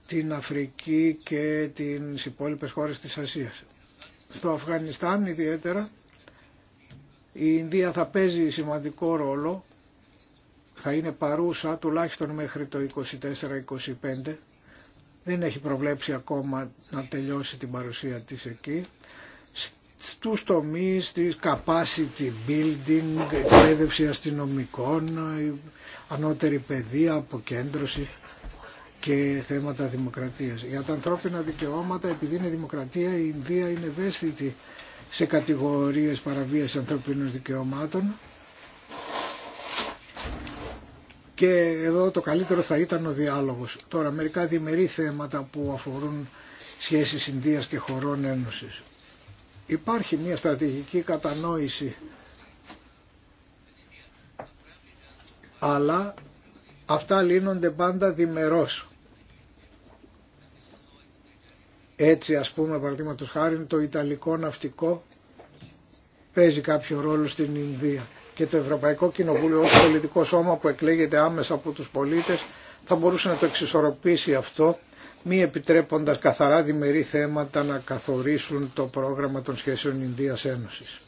την Αφρική και την υπόλοιπες χώρες της Ασίας. Στο Αφγανιστάν ιδιαίτερα η Ινδία θα παίζει σημαντικό ρόλο, θα είναι παρούσα τουλάχιστον μέχρι το 24-25, δεν έχει προβλέψει ακόμα να τελειώσει την παρουσία της εκεί, στους τομείς της capacity building, εκπαίδευση αστυνομικών, ανώτερη παιδεία, αποκέντρωση και θέματα δημοκρατίας. Για τα ανθρώπινα δικαιώματα, επειδή είναι δημοκρατία, η Ινδία είναι ευαίσθητη σε κατηγορίες παραβίαση ανθρώπινων δικαιωμάτων και εδώ το καλύτερο θα ήταν ο διάλογος. Τώρα μερικά διμερεί θέματα που αφορούν σχέσεις Ινδίας και χωρών Ένωσης. Υπάρχει μια στρατηγική κατανόηση αλλά αυτά λύνονται πάντα διμερώς. Έτσι ας πούμε παραδείγματος χάρη το Ιταλικό ναυτικό παίζει κάποιο ρόλο στην Ινδία και το Ευρωπαϊκό Κοινοβούλιο ως πολιτικό σώμα που εκλέγεται άμεσα από τους πολίτες θα μπορούσε να το εξισορροπήσει αυτό μη επιτρέποντας καθαρά διμερεί θέματα να καθορίσουν το πρόγραμμα των σχέσεων Ινδίας Ένωσης.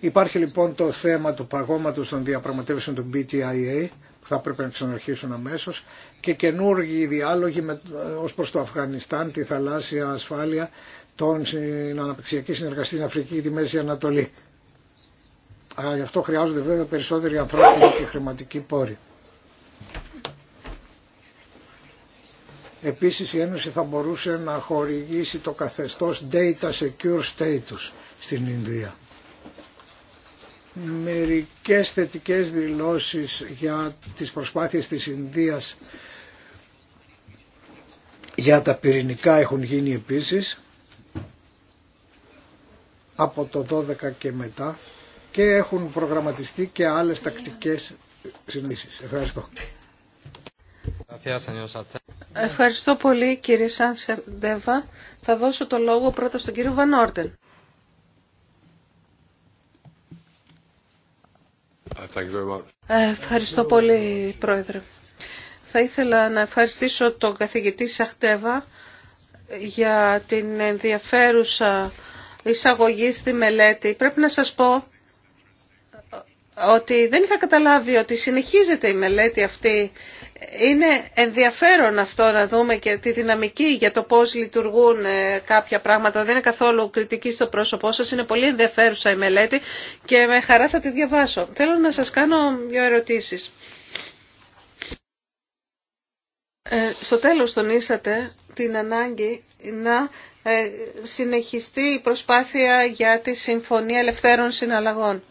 Υπάρχει λοιπόν το θέμα του παγώματος των διαπραγματεύσεων του BTIA που θα πρέπει να ξαναρχίσουν αμέσω και καινούργιοι διάλογοι με, ως προς το Αφγανιστάν, τη θαλάσσια ασφάλεια, τον αναπτυξιακή συνεργασία στην Αφρική και τη Μέση Ανατολή. Αλλά γι' αυτό χρειάζονται βέβαια περισσότεροι ανθρώπινοι και χρηματικοί πόροι. Επίσης η Ένωση θα μπορούσε να χορηγήσει το καθεστώς Data Secure Status στην Ινδία μερικές θετικές δηλώσεις για τις προσπάθειες της Ινδίας για τα πυρηνικά έχουν γίνει επίσης από το 12 και μετά και έχουν προγραμματιστεί και άλλες τακτικές συνήθειες. Ευχαριστώ. Ευχαριστώ πολύ κύριε Σαντεβά. Θα δώσω το λόγο πρώτα στον κύριο Βανόρτεν. Ε, ευχαριστώ πολύ, Πρόεδρε. Θα ήθελα να ευχαριστήσω τον καθηγητή Σαχτέβα για την ενδιαφέρουσα εισαγωγή στη μελέτη. Πρέπει να σας πω ότι δεν είχα καταλάβει ότι συνεχίζεται η μελέτη αυτή είναι ενδιαφέρον αυτό να δούμε και τη δυναμική για το πώς λειτουργούν ε, κάποια πράγματα. Δεν είναι καθόλου κριτική στο πρόσωπό σας, είναι πολύ ενδιαφέρουσα η μελέτη και με χαρά θα τη διαβάσω. Θέλω να σας κάνω δύο ερωτήσεις. Ε, στο τέλος τονίσατε την ανάγκη να ε, συνεχιστεί η προσπάθεια για τη Συμφωνία Ελευθέρων Συναλλαγών.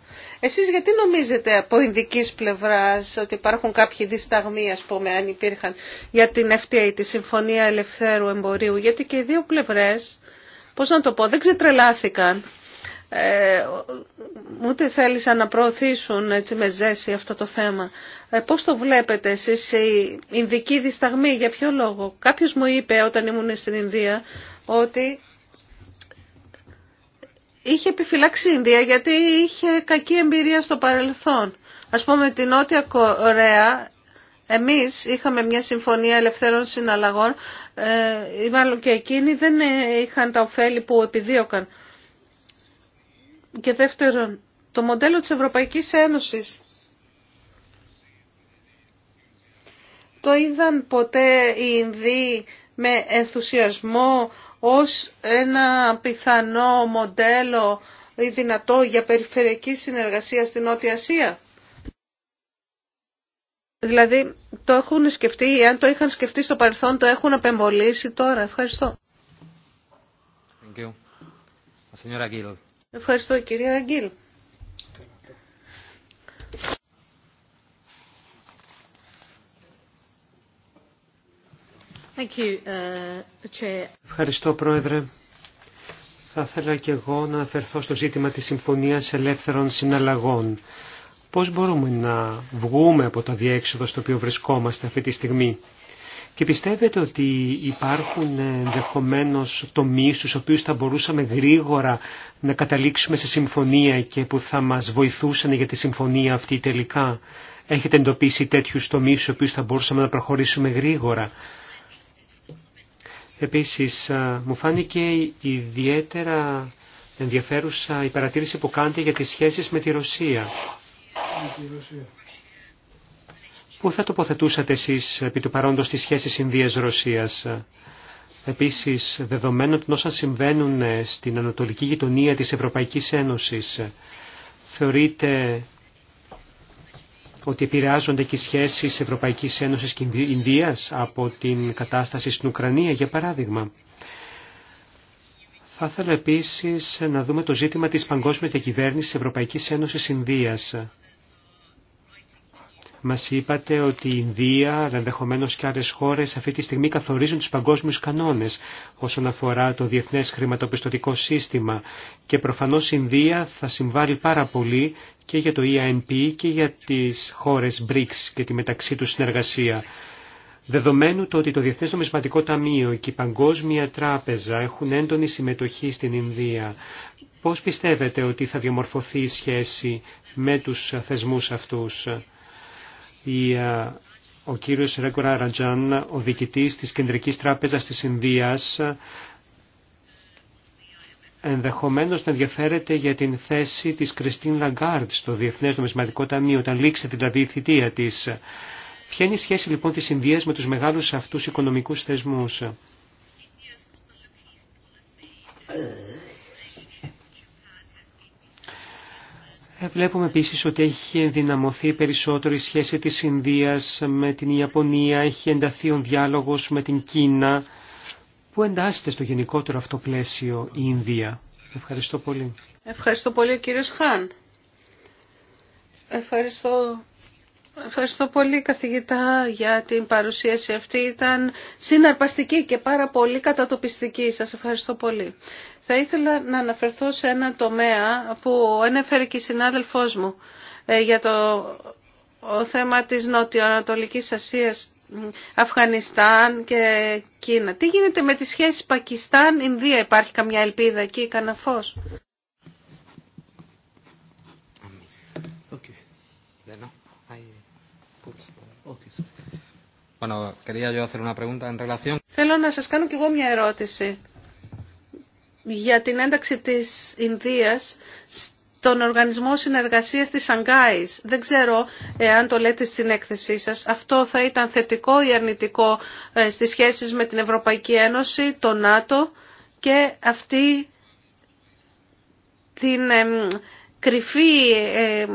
Εσείς γιατί νομίζετε από ειδική πλευράς ότι υπάρχουν κάποιοι δισταγμοί, ας πούμε, αν υπήρχαν για την FTA, τη Συμφωνία Ελευθέρου Εμπορίου, γιατί και οι δύο πλευρές, πώς να το πω, δεν ξετρελάθηκαν. Ε, ούτε θέλησαν να προωθήσουν έτσι, με ζέση αυτό το θέμα. Ε, πώς το βλέπετε εσείς η Ινδική δισταγμή, για ποιο λόγο. Κάποιος μου είπε όταν ήμουν στην Ινδία ότι είχε επιφυλάξει η Ινδία γιατί είχε κακή εμπειρία στο παρελθόν. Ας πούμε την Νότια Κορέα, εμείς είχαμε μια συμφωνία ελευθέρων συναλλαγών, ε, μάλλον και εκείνοι δεν ε, είχαν τα ωφέλη που επιδίωκαν. Και δεύτερον, το μοντέλο της Ευρωπαϊκής Ένωσης. Το είδαν ποτέ οι Ινδοί με ενθουσιασμό ως ένα πιθανό μοντέλο ή δυνατό για περιφερειακή συνεργασία στην Νότια Ασία. Δηλαδή το έχουν σκεφτεί ή αν το είχαν σκεφτεί στο παρελθόν το έχουν απεμβολήσει τώρα. Ευχαριστώ. Ευχαριστώ κυρία Αγγίλ. Uh, Ευχαριστώ, Πρόεδρε. Θα ήθελα και εγώ να αφερθώ στο ζήτημα της Συμφωνίας Ελεύθερων Συναλλαγών. Πώς μπορούμε να βγούμε από το διέξοδο στο οποίο βρισκόμαστε αυτή τη στιγμή. Και πιστεύετε ότι υπάρχουν ενδεχομένω τομεί στους οποίους θα μπορούσαμε γρήγορα να καταλήξουμε σε συμφωνία και που θα μας βοηθούσαν για τη συμφωνία αυτή τελικά. Έχετε εντοπίσει τέτοιους τομείς στους οποίους θα μπορούσαμε να προχωρήσουμε γρήγορα. Επίσης, μου φάνηκε ιδιαίτερα ενδιαφέρουσα η παρατήρηση που κάνετε για τις σχέσεις με τη Ρωσία. Πού θα τοποθετούσατε εσείς επί του παρόντος τις σχέσεις Ινδίας-Ρωσίας. Επίσης, δεδομένου ότι όσα συμβαίνουν στην ανατολική γειτονία της Ευρωπαϊκής Ένωσης, θεωρείτε ότι επηρεάζονται και οι σχέσεις Ευρωπαϊκής Ένωσης και Ινδίας από την κατάσταση στην Ουκρανία, για παράδειγμα. Θα ήθελα επίσης να δούμε το ζήτημα της παγκόσμιας διακυβέρνησης Ευρωπαϊκής Ένωσης Ινδίας. Μας είπατε ότι η Ινδία, αλλά ενδεχομένω και άλλες χώρες, αυτή τη στιγμή καθορίζουν τους παγκόσμιους κανόνες όσον αφορά το διεθνές χρηματοπιστωτικό σύστημα. Και προφανώς η Ινδία θα συμβάλλει πάρα πολύ και για το EINP και για τις χώρες BRICS και τη μεταξύ του συνεργασία. Δεδομένου το ότι το Διεθνές Νομισματικό Ταμείο και η Παγκόσμια Τράπεζα έχουν έντονη συμμετοχή στην Ινδία, πώς πιστεύετε ότι θα διαμορφωθεί η σχέση με τους θεσμούς αυτούς η, ο κύριος Ρέγκορα Ραντζάν, ο διοικητής της Κεντρικής Τράπεζας της Ινδίας, ενδεχομένως να ενδιαφέρεται για την θέση της Κριστίν Λαγκάρτ στο Διεθνές Νομισματικό Ταμείο, όταν λήξε δηλαδή η θητεία της. Ποια είναι η σχέση λοιπόν της Ινδίας με τους μεγάλους αυτούς οικονομικούς θεσμούς. Ε, βλέπουμε επίσης ότι έχει ενδυναμωθεί περισσότερο η σχέση της Ινδίας με την Ιαπωνία, έχει ενταθεί ο διάλογος με την Κίνα. Πού εντάσσεται στο γενικότερο αυτό πλαίσιο η Ινδία. Ευχαριστώ πολύ. Ευχαριστώ πολύ ο κύριος Χάν. Ευχαριστώ. πολύ καθηγητά για την παρουσίαση αυτή. Ήταν συναρπαστική και πάρα πολύ κατατοπιστική. Σας ευχαριστώ πολύ. Θα ήθελα να αναφερθώ σε ένα τομέα που ανέφερε και η συνάδελφός μου ε, για το θέμα της Νότιο-Ανατολικής Ασίας, Αφγανιστάν και Κίνα. Τι γίνεται με τις σχέσεις Πακιστάν-Ινδία, υπάρχει καμιά ελπίδα εκεί, κανένα φως. Θέλω να σας κάνω κι εγώ μια ερώτηση για την ένταξη της Ινδίας στον Οργανισμό Συνεργασίας της Σανγκάης. Δεν ξέρω αν το λέτε στην έκθεσή σας. Αυτό θα ήταν θετικό ή αρνητικό ε, στις σχέσεις με την Ευρωπαϊκή Ένωση, το ΝΑΤΟ και αυτή την κρυφή ε,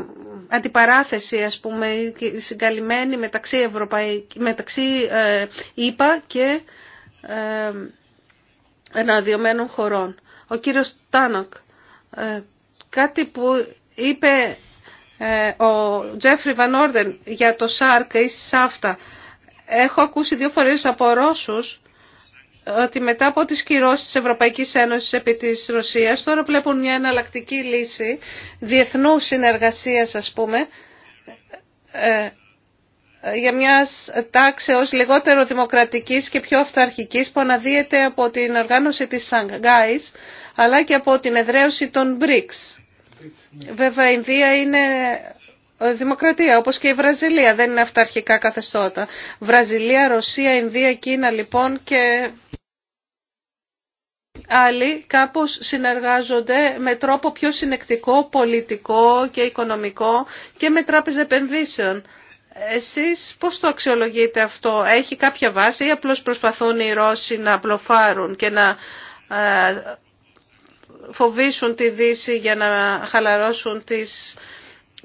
αντιπαράθεση, ας πούμε, συγκαλυμμένη μεταξύ, Ευρωπαϊκή, μεταξύ ΕΠΑ και ε, Εναδειωμένων χωρών. Ο κύριος Τάνοκ, ε, κάτι που είπε ε, ο Τζέφρι Βαν για το ΣΑΡΚ ή ΣΑΦΤΑ. Έχω ακούσει δύο φορές από Ρώσους ότι μετά από τις κυρώσεις της Ευρωπαϊκής Ένωσης επί της Ρωσίας τώρα βλέπουν μια εναλλακτική λύση διεθνού συνεργασίας ας πούμε ε, ε, για μια τάξη ως λιγότερο δημοκρατικής και πιο αυταρχικής που αναδύεται από την οργάνωση της Σανγκάης αλλά και από την εδραίωση των BRICS. Βέβαια η Ινδία είναι ε, δημοκρατία όπως και η Βραζιλία δεν είναι αυταρχικά καθεστώτα. Βραζιλία, Ρωσία, Ινδία, Κίνα λοιπόν και άλλοι κάπως συνεργάζονται με τρόπο πιο συνεκτικό, πολιτικό και οικονομικό και με τράπεζα επενδύσεων. Εσείς πώς το αξιολογείτε αυτό, έχει κάποια βάση ή απλώς προσπαθούν οι Ρώσοι να απλοφάρουν και να ε, φοβήσουν τη Δύση για να χαλαρώσουν τις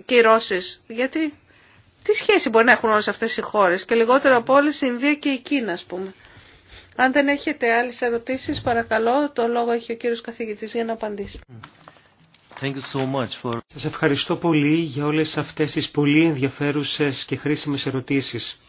κυρώσεις. Γιατί τι σχέση μπορεί να έχουν όλες αυτές οι χώρες και λιγότερο από όλες η Ινδία και η Κίνα ας πούμε. Αν δεν έχετε άλλες ερωτήσεις παρακαλώ το λόγο έχει ο κύριος καθηγητής για να απαντήσει. Mm. Thank Σας ευχαριστώ πολύ για όλες αυτές τις πολύ ενδιαφέρουσες και χρήσιμες ερωτήσεις.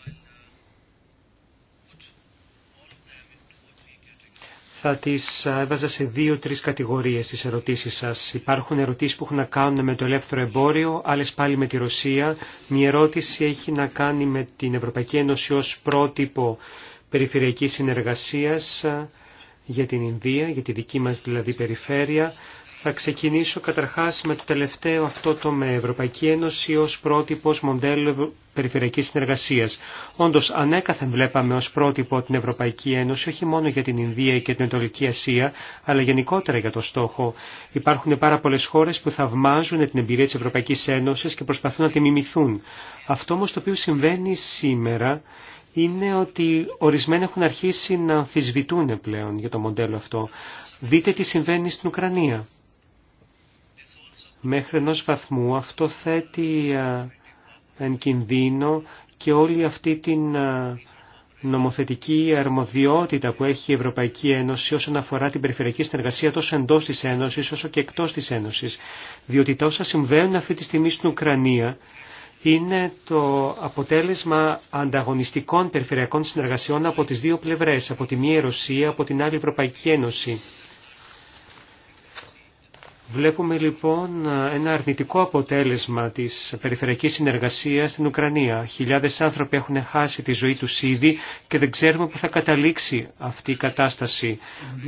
Θα τις έβαζα σε δύο-τρεις κατηγορίες τις ερωτήσεις σας. Υπάρχουν ερωτήσεις που έχουν να κάνουν με το ελεύθερο εμπόριο, άλλες πάλι με τη Ρωσία. Μια ερώτηση έχει να κάνει με την Ευρωπαϊκή Ένωση ως πρότυπο περιφερειακής συνεργασίας για την Ινδία, για τη δική μας δηλαδή περιφέρεια. Θα ξεκινήσω καταρχάς με το τελευταίο αυτό το με Ευρωπαϊκή Ένωση ως πρότυπος μοντέλο περιφερειακής συνεργασίας. Όντως ανέκαθεν βλέπαμε ως πρότυπο την Ευρωπαϊκή Ένωση όχι μόνο για την Ινδία και την Ανατολική Ασία αλλά γενικότερα για το στόχο. Υπάρχουν πάρα πολλές χώρες που θαυμάζουν την εμπειρία της Ευρωπαϊκής Ένωσης και προσπαθούν να τη μιμηθούν. Αυτό όμως το οποίο συμβαίνει σήμερα είναι ότι ορισμένοι έχουν αρχίσει να αμφισβητούν πλέον για το μοντέλο αυτό. Δείτε τι συμβαίνει στην Ουκρανία. Μέχρι ενός βαθμού αυτό θέτει εν κινδύνο και όλη αυτή την νομοθετική αρμοδιότητα που έχει η Ευρωπαϊκή Ένωση όσον αφορά την περιφερειακή συνεργασία τόσο εντός της Ένωσης όσο και εκτός της Ένωσης. Διότι τα όσα συμβαίνουν αυτή τη στιγμή στην Ουκρανία είναι το αποτέλεσμα ανταγωνιστικών περιφερειακών συνεργασιών από τις δύο πλευρές, από τη μία Ρωσία, από την άλλη Ευρωπαϊκή Ένωση. Βλέπουμε λοιπόν ένα αρνητικό αποτέλεσμα της περιφερειακής συνεργασίας στην Ουκρανία. Χιλιάδες άνθρωποι έχουν χάσει τη ζωή τους ήδη και δεν ξέρουμε που θα καταλήξει αυτή η κατάσταση.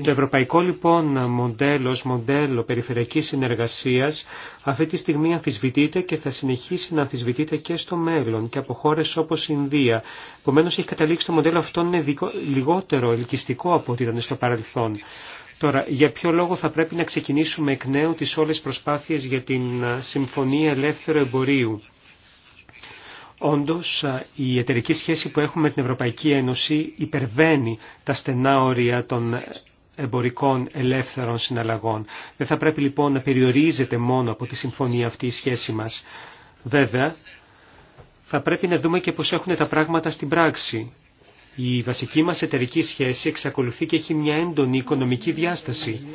Το ευρωπαϊκό λοιπόν μοντέλο, μοντέλο περιφερειακής συνεργασίας αυτή τη στιγμή αμφισβητείται και θα συνεχίσει να αμφισβητείται και στο μέλλον και από χώρε όπως η Ινδία. Επομένως έχει καταλήξει το μοντέλο αυτό είναι λιγότερο ελκυστικό από ό,τι ήταν στο παρελθόν. Τώρα, για ποιο λόγο θα πρέπει να ξεκινήσουμε εκ νέου τις όλες προσπάθειες για την Συμφωνία Ελεύθερου Εμπορίου. Όντως, η εταιρική σχέση που έχουμε με την Ευρωπαϊκή Ένωση υπερβαίνει τα στενά όρια των εμπορικών ελεύθερων συναλλαγών. Δεν θα πρέπει λοιπόν να περιορίζεται μόνο από τη συμφωνία αυτή η σχέση μας. Βέβαια, θα πρέπει να δούμε και πώς έχουν τα πράγματα στην πράξη. Η βασική μας εταιρική σχέση εξακολουθεί και έχει μια έντονη οικονομική διάσταση.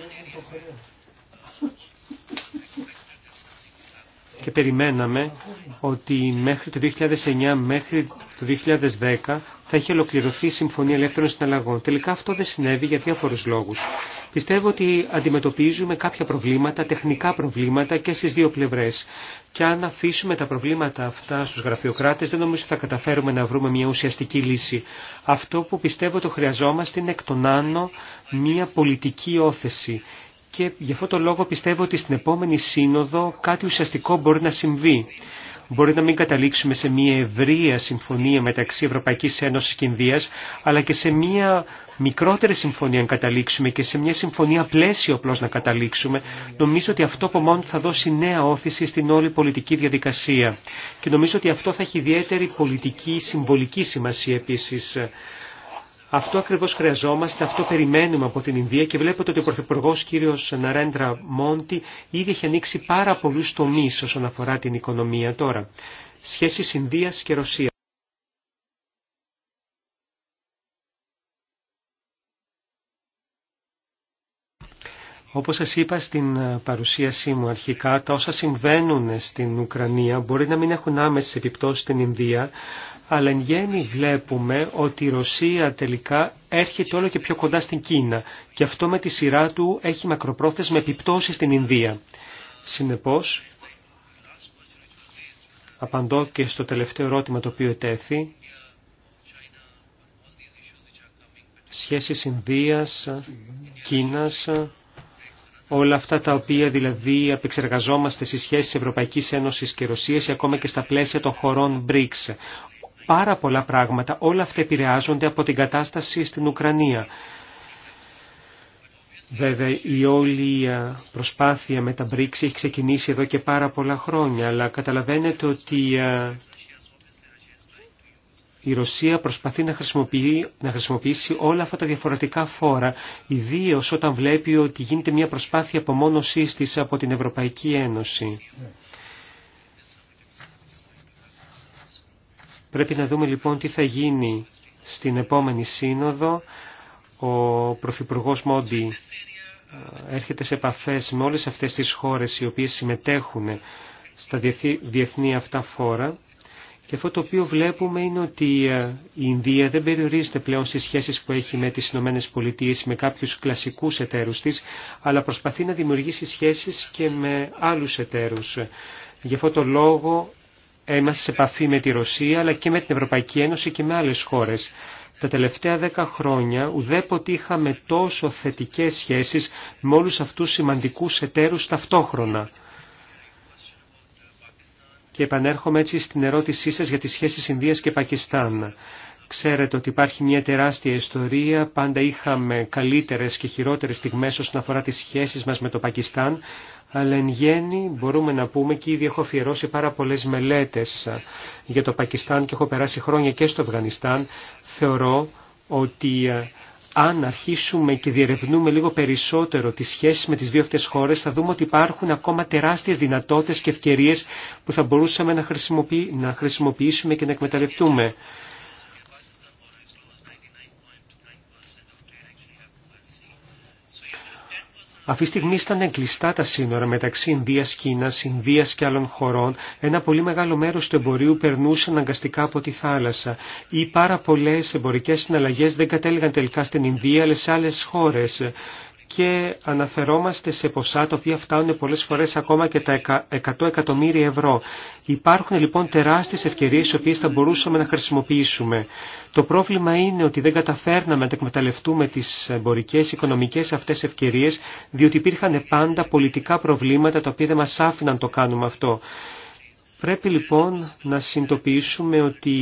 Και περιμέναμε ότι μέχρι το 2009, μέχρι το 2010 θα έχει ολοκληρωθεί η Συμφωνία Ελεύθερων Συναλλαγών. Τελικά αυτό δεν συνέβη για διάφορους λόγους. Πιστεύω ότι αντιμετωπίζουμε κάποια προβλήματα, τεχνικά προβλήματα και στις δύο πλευρές. Και αν αφήσουμε τα προβλήματα αυτά στους γραφειοκράτες δεν νομίζω ότι θα καταφέρουμε να βρούμε μια ουσιαστική λύση. Αυτό που πιστεύω το χρειαζόμαστε είναι εκ των άνω μια πολιτική όθεση. Και γι' αυτό το λόγο πιστεύω ότι στην επόμενη σύνοδο κάτι ουσιαστικό μπορεί να συμβεί μπορεί να μην καταλήξουμε σε μια ευρεία συμφωνία μεταξύ Ευρωπαϊκής Ένωσης και Ινδίας, αλλά και σε μια μικρότερη συμφωνία να καταλήξουμε και σε μια συμφωνία πλαίσιο απλώς να καταλήξουμε, νομίζω ότι αυτό από μόνο θα δώσει νέα όθηση στην όλη πολιτική διαδικασία. Και νομίζω ότι αυτό θα έχει ιδιαίτερη πολιτική συμβολική σημασία επίσης. Αυτό ακριβώς χρειαζόμαστε, αυτό περιμένουμε από την Ινδία και βλέπετε ότι ο Πρωθυπουργό κύριος Ναρέντρα Μόντι ήδη έχει ανοίξει πάρα πολλούς τομείς όσον αφορά την οικονομία τώρα. Σχέσεις Ινδίας και Ρωσία. Όπως σας είπα στην ε, παρουσίασή μου αρχικά, τα όσα συμβαίνουν στην Ουκρανία μπορεί να μην έχουν άμεση επιπτώσει στην Ινδία, αλλά εν γέννη βλέπουμε ότι η Ρωσία τελικά έρχεται όλο και πιο κοντά στην Κίνα και αυτό με τη σειρά του έχει μακροπρόθεσμα επιπτώσει στην Ινδία. Συνεπώς, απαντώ και στο τελευταίο ερώτημα το οποίο ετέθη, σχέσεις Ινδίας, Κίνας, όλα αυτά τα οποία δηλαδή απεξεργαζόμαστε στις σχέσεις Ευρωπαϊκής Ένωσης και Ρωσίας ή ακόμα και στα πλαίσια των χωρών BRICS. Πάρα πολλά πράγματα, όλα αυτά επηρεάζονται από την κατάσταση στην Ουκρανία. Βέβαια, η όλη ε, προσπάθεια με τα BRICS έχει ξεκινήσει εδώ και πάρα πολλά χρόνια, αλλά καταλαβαίνετε ότι ε, η Ρωσία προσπαθεί να, χρησιμοποιεί, να χρησιμοποιήσει όλα αυτά τα διαφορετικά φόρα, ιδίω όταν βλέπει ότι γίνεται μια προσπάθεια απομόνωσή τη από την Ευρωπαϊκή Ένωση. Πρέπει να δούμε λοιπόν τι θα γίνει στην επόμενη σύνοδο. Ο Πρωθυπουργό Μόντι ε, έρχεται σε επαφές με όλες αυτές τις χώρες οι οποίες συμμετέχουν στα διεθνή αυτά φόρα. Και αυτό το οποίο βλέπουμε είναι ότι ε, η Ινδία δεν περιορίζεται πλέον στις σχέσεις που έχει με τις Ηνωμένες Πολιτείες, με κάποιους κλασικούς εταίρους της, αλλά προσπαθεί να δημιουργήσει σχέσεις και με άλλους εταίρους. Γι' αυτό το λόγο ε, είμαστε σε επαφή με τη Ρωσία, αλλά και με την Ευρωπαϊκή Ένωση και με άλλες χώρες. Τα τελευταία δέκα χρόνια ουδέποτε είχαμε τόσο θετικές σχέσεις με όλους αυτούς σημαντικούς εταίρους ταυτόχρονα. Και επανέρχομαι έτσι στην ερώτησή σας για τις σχέσεις Ινδίας και Πακιστάν. Ξέρετε ότι υπάρχει μια τεράστια ιστορία, πάντα είχαμε καλύτερες και χειρότερες στιγμές όσον αφορά τις σχέσεις μας με το Πακιστάν, αλλά εν γέννη μπορούμε να πούμε και ήδη έχω αφιερώσει πάρα πολλές μελέτες για το Πακιστάν και έχω περάσει χρόνια και στο Αφγανιστάν. Θεωρώ ότι ε, αν αρχίσουμε και διερευνούμε λίγο περισσότερο τις σχέσεις με τις δύο αυτές χώρες, θα δούμε ότι υπάρχουν ακόμα τεράστιες δυνατότητες και ευκαιρίες που θα μπορούσαμε να, χρησιμοποιήσουμε και να εκμεταλλευτούμε. Αυτή τη στιγμή ήταν κλειστά τα σύνορα μεταξύ Ινδίας, Κίνας, Ινδίας και άλλων χωρών. Ένα πολύ μεγάλο μέρος του εμπορίου περνούσε αναγκαστικά από τη θάλασσα. Ή πάρα πολλές εμπορικές συναλλαγές δεν κατέληγαν τελικά στην Ινδία αλλά σε άλλες χώρες και αναφερόμαστε σε ποσά τα οποία φτάνουν πολλές φορές ακόμα και τα 100 εκατομμύρια ευρώ. Υπάρχουν λοιπόν τεράστιες ευκαιρίες οι οποίες θα μπορούσαμε να χρησιμοποιήσουμε. Το πρόβλημα είναι ότι δεν καταφέρναμε να εκμεταλλευτούμε τις εμπορικές, οικονομικές αυτές ευκαιρίες διότι υπήρχαν πάντα πολιτικά προβλήματα τα οποία δεν μας άφηναν το κάνουμε αυτό. Πρέπει λοιπόν να συνειδητοποιήσουμε ότι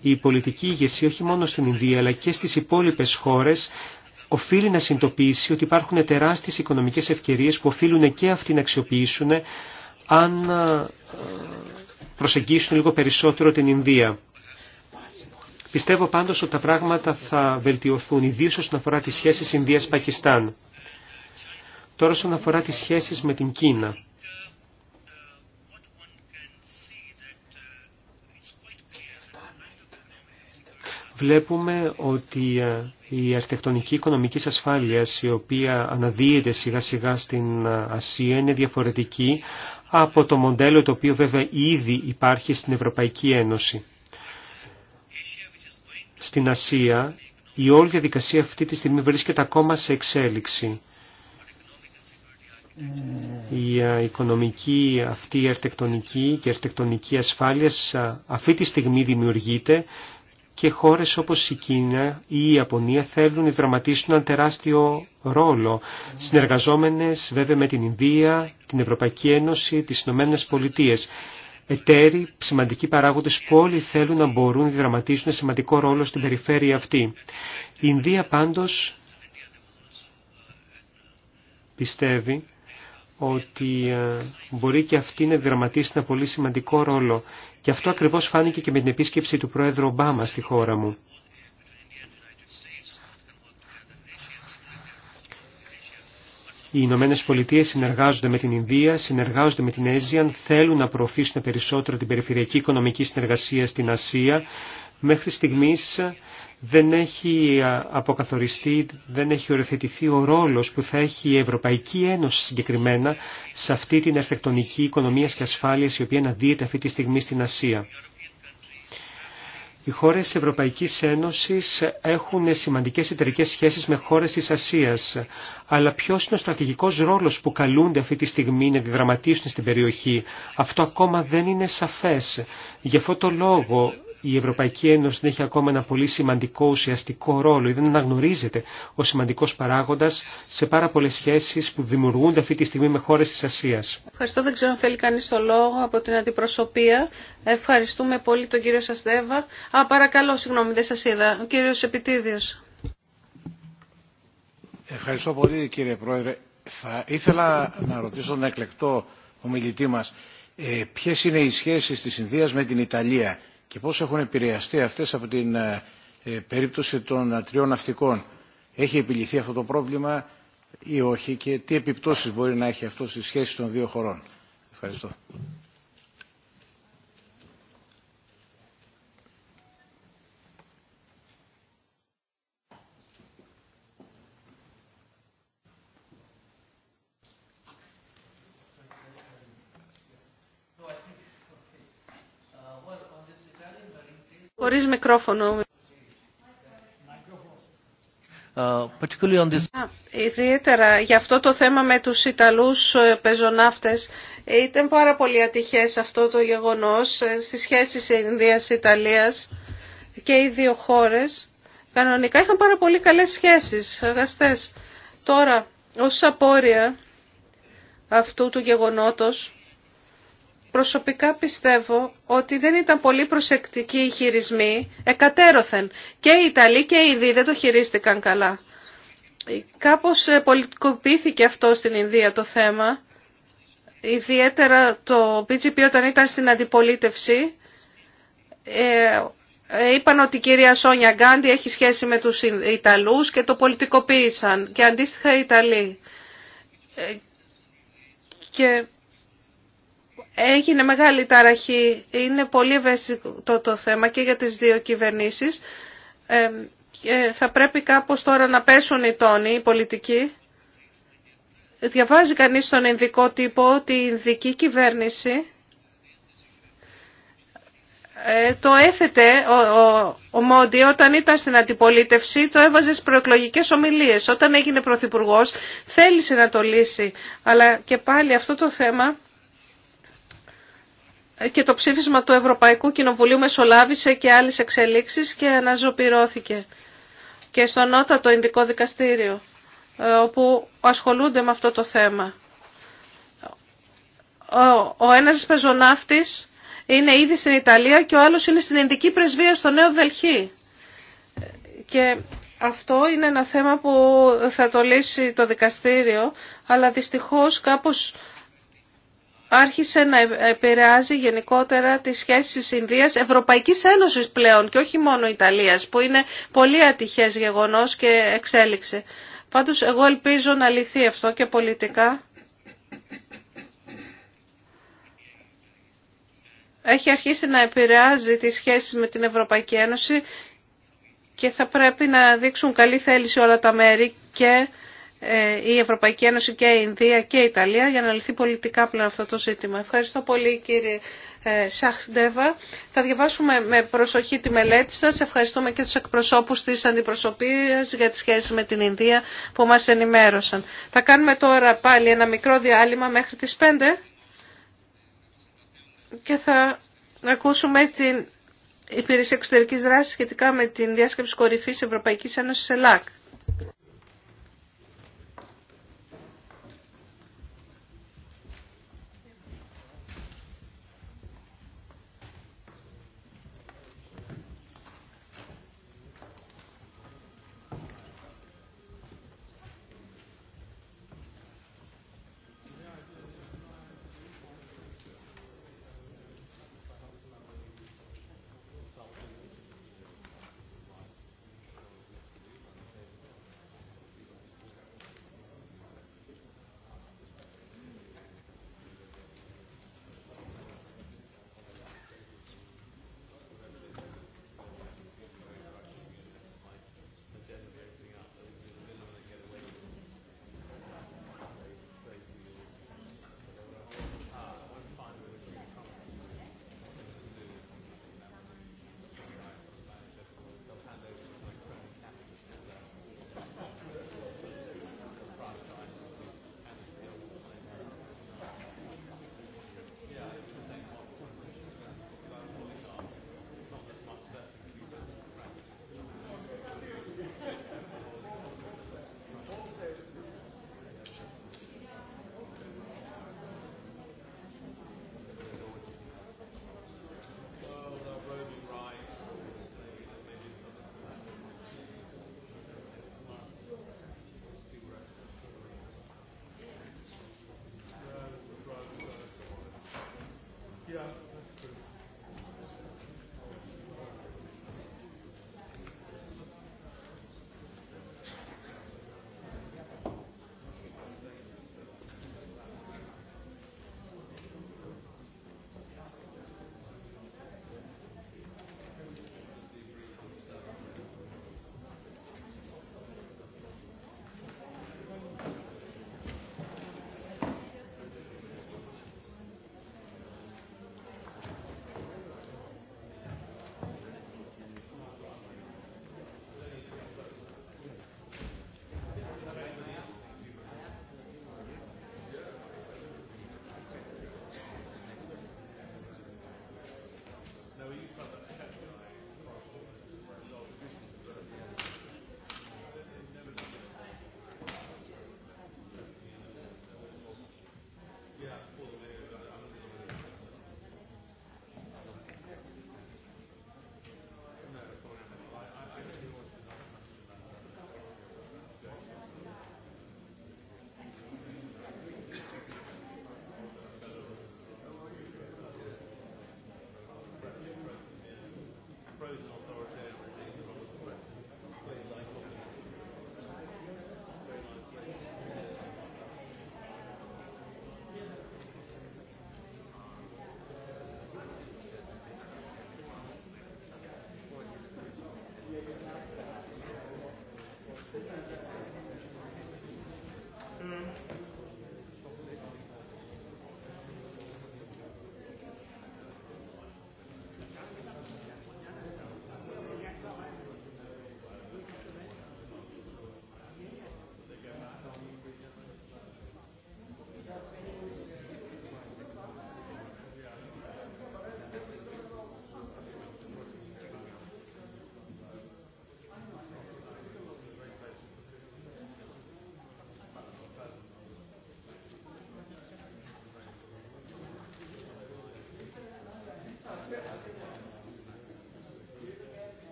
η πολιτική ηγεσία όχι μόνο στην Ινδία αλλά και στις υπόλοιπες χώρες οφείλει να συντοπίσει ότι υπάρχουν τεράστιες οικονομικές ευκαιρίες που οφείλουν και αυτοί να αξιοποιήσουν αν ε, προσεγγίσουν λίγο περισσότερο την Ινδία. Πιστεύω πάντως ότι τα πράγματα θα βελτιωθούν, ιδίως όσον αφορά τις σχέσεις Ινδίας-Πακιστάν. Τώρα όσον αφορά τις σχέσεις με την Κίνα. βλέπουμε ότι ε, η αρχιτεκτονική οικονομική ασφάλεια, η οποία αναδύεται σιγά σιγά στην ε, Ασία είναι διαφορετική από το μοντέλο το οποίο βέβαια ήδη υπάρχει στην Ευρωπαϊκή Ένωση. Στην Ασία η όλη διαδικασία αυτή τη στιγμή βρίσκεται ακόμα σε εξέλιξη. Η ε, οικονομική αυτή η αρχιτεκτονική και αρτεκτονική ασφάλεια αυτή τη στιγμή δημιουργείται και χώρες όπως η Κίνα ή η Ιαπωνία θέλουν να δραματίσουν ένα τεράστιο ρόλο, συνεργαζόμενες βέβαια με την Ινδία, την Ευρωπαϊκή Ένωση, τις Ηνωμένες Πολιτείες. Εταίροι, σημαντικοί παράγοντες που όλοι θέλουν να μπορούν να δραματίσουν σημαντικό ρόλο στην περιφέρεια αυτή. Η Ινδία πάντως πιστεύει ότι ε, μπορεί και αυτή να δραματίσει ένα πολύ σημαντικό ρόλο. Και αυτό ακριβώς φάνηκε και με την επίσκεψη του Πρόεδρου Ομπάμα στη χώρα μου. Οι Ηνωμένε Πολιτείε συνεργάζονται με την Ινδία, συνεργάζονται με την Αίζια, θέλουν να προωθήσουν περισσότερο την περιφερειακή οικονομική συνεργασία στην Ασία. Μέχρι στιγμής δεν έχει αποκαθοριστεί, δεν έχει οριοθετηθεί ο ρόλος που θα έχει η Ευρωπαϊκή Ένωση συγκεκριμένα σε αυτή την αρχιτεκτονική οικονομίας και ασφάλειας η οποία αναδύεται αυτή τη στιγμή στην Ασία. Οι χώρες της Ευρωπαϊκής Ένωσης έχουν σημαντικές εταιρικέ σχέσεις με χώρες της Ασίας. Αλλά ποιος είναι ο στρατηγικός ρόλος που καλούνται αυτή τη στιγμή να διδραματίσουν στην περιοχή. Αυτό ακόμα δεν είναι σαφές. Γι' αυτό το λόγο η Ευρωπαϊκή Ένωση έχει ακόμα ένα πολύ σημαντικό ουσιαστικό ρόλο ή δεν αναγνωρίζεται ο σημαντικός παράγοντας σε πάρα πολλές σχέσεις που δημιουργούνται αυτή τη στιγμή με χώρες της Ασίας. Ευχαριστώ. Δεν ξέρω αν θέλει κανείς το λόγο από την αντιπροσωπεία. Ευχαριστούμε πολύ τον κύριο Σαστέβα. Α, παρακαλώ, συγγνώμη, δεν σας είδα. Ο κύριος Επιτίδιος. Ευχαριστώ πολύ κύριε Πρόεδρε. Θα ήθελα να ρωτήσω τον εκλεκτό ομιλητή μας ε, ποιες είναι οι σχέσεις της Ινδίας με την Ιταλία και πώς έχουν επηρεαστεί αυτές από την ε, ε, περίπτωση των ε, τριών ναυτικών. Έχει επιληθεί αυτό το πρόβλημα ή όχι και τι επιπτώσεις μπορεί να έχει αυτό στη σχέση των δύο χωρών. Ευχαριστώ. χωρίς μικρόφωνο. Ε, ιδιαίτερα για αυτό το θέμα με τους Ιταλούς ε, πεζοναύτες ήταν πάρα πολύ ατυχές αυτό το γεγονός ε, στις σχέσεις Ινδίας-Ιταλίας και οι δύο χώρες κανονικά είχαν πάρα πολύ καλές σχέσεις αγαστές. Τώρα ως απόρρια αυτού του γεγονότος προσωπικά πιστεύω ότι δεν ήταν πολύ προσεκτικοί οι χειρισμοί εκατέρωθεν. Και οι Ιταλοί και οι Ινδία δεν το χειρίστηκαν καλά. Κάπως ε, πολιτικοποιήθηκε αυτό στην Ινδία το θέμα. Ιδιαίτερα το PGP όταν ήταν στην αντιπολίτευση ε, ε, είπαν ότι η κυρία Σόνια Γκάντι έχει σχέση με τους Ιταλούς και το πολιτικοποίησαν και αντίστοιχα οι Ιταλοί. Και Έγινε μεγάλη ταραχή, είναι πολύ ευαίσθητο το θέμα και για τις δύο κυβερνήσεις. Ε, θα πρέπει κάπως τώρα να πέσουν οι τόνοι, οι πολιτικοί. Διαβάζει κανείς στον ειδικό τύπο ότι η ειδική κυβέρνηση ε, το έθετε ο, ο, ο Μόντι όταν ήταν στην αντιπολίτευση, το έβαζε στις προεκλογικές ομιλίες. Όταν έγινε πρωθυπουργός θέλησε να το λύσει. Αλλά και πάλι αυτό το θέμα και το ψήφισμα του Ευρωπαϊκού Κοινοβουλίου μεσολάβησε και άλλες εξελίξεις και αναζωπυρώθηκε και στο νότατο Ινδικό Δικαστήριο ε, όπου ασχολούνται με αυτό το θέμα. Ο, ο ένας πεζοναύτης είναι ήδη στην Ιταλία και ο άλλος είναι στην Ινδική Πρεσβεία στο Νέο Δελχή. Και αυτό είναι ένα θέμα που θα το λύσει το δικαστήριο, αλλά δυστυχώς κάπως άρχισε να επηρεάζει γενικότερα τις σχέσεις της Ινδίας, Ευρωπαϊκής Ένωσης πλέον και όχι μόνο Ιταλίας, που είναι πολύ ατυχές γεγονός και εξέλιξη. Πάντως εγώ ελπίζω να λυθεί αυτό και πολιτικά. Έχει αρχίσει να επηρεάζει τις σχέσεις με την Ευρωπαϊκή Ένωση και θα πρέπει να δείξουν καλή θέληση όλα τα μέρη και ε, η Ευρωπαϊκή Ένωση και η Ινδία και η Ιταλία για να λυθεί πολιτικά πλέον αυτό το ζήτημα. Ευχαριστώ πολύ κύριε ε, Σάχντεβα. Θα διαβάσουμε με προσοχή τη μελέτη σας. Ευχαριστούμε και τους εκπροσώπους της αντιπροσωπείας για τις σχέσεις με την Ινδία που μας ενημέρωσαν. Θα κάνουμε τώρα πάλι ένα μικρό διάλειμμα μέχρι τις 5 και θα ακούσουμε την Υπηρεσία Εξωτερικής Δράσης σχετικά με την διάσκεψη κορυφής Ευρωπαϊκής Ένωσης ΕΛΑΚ.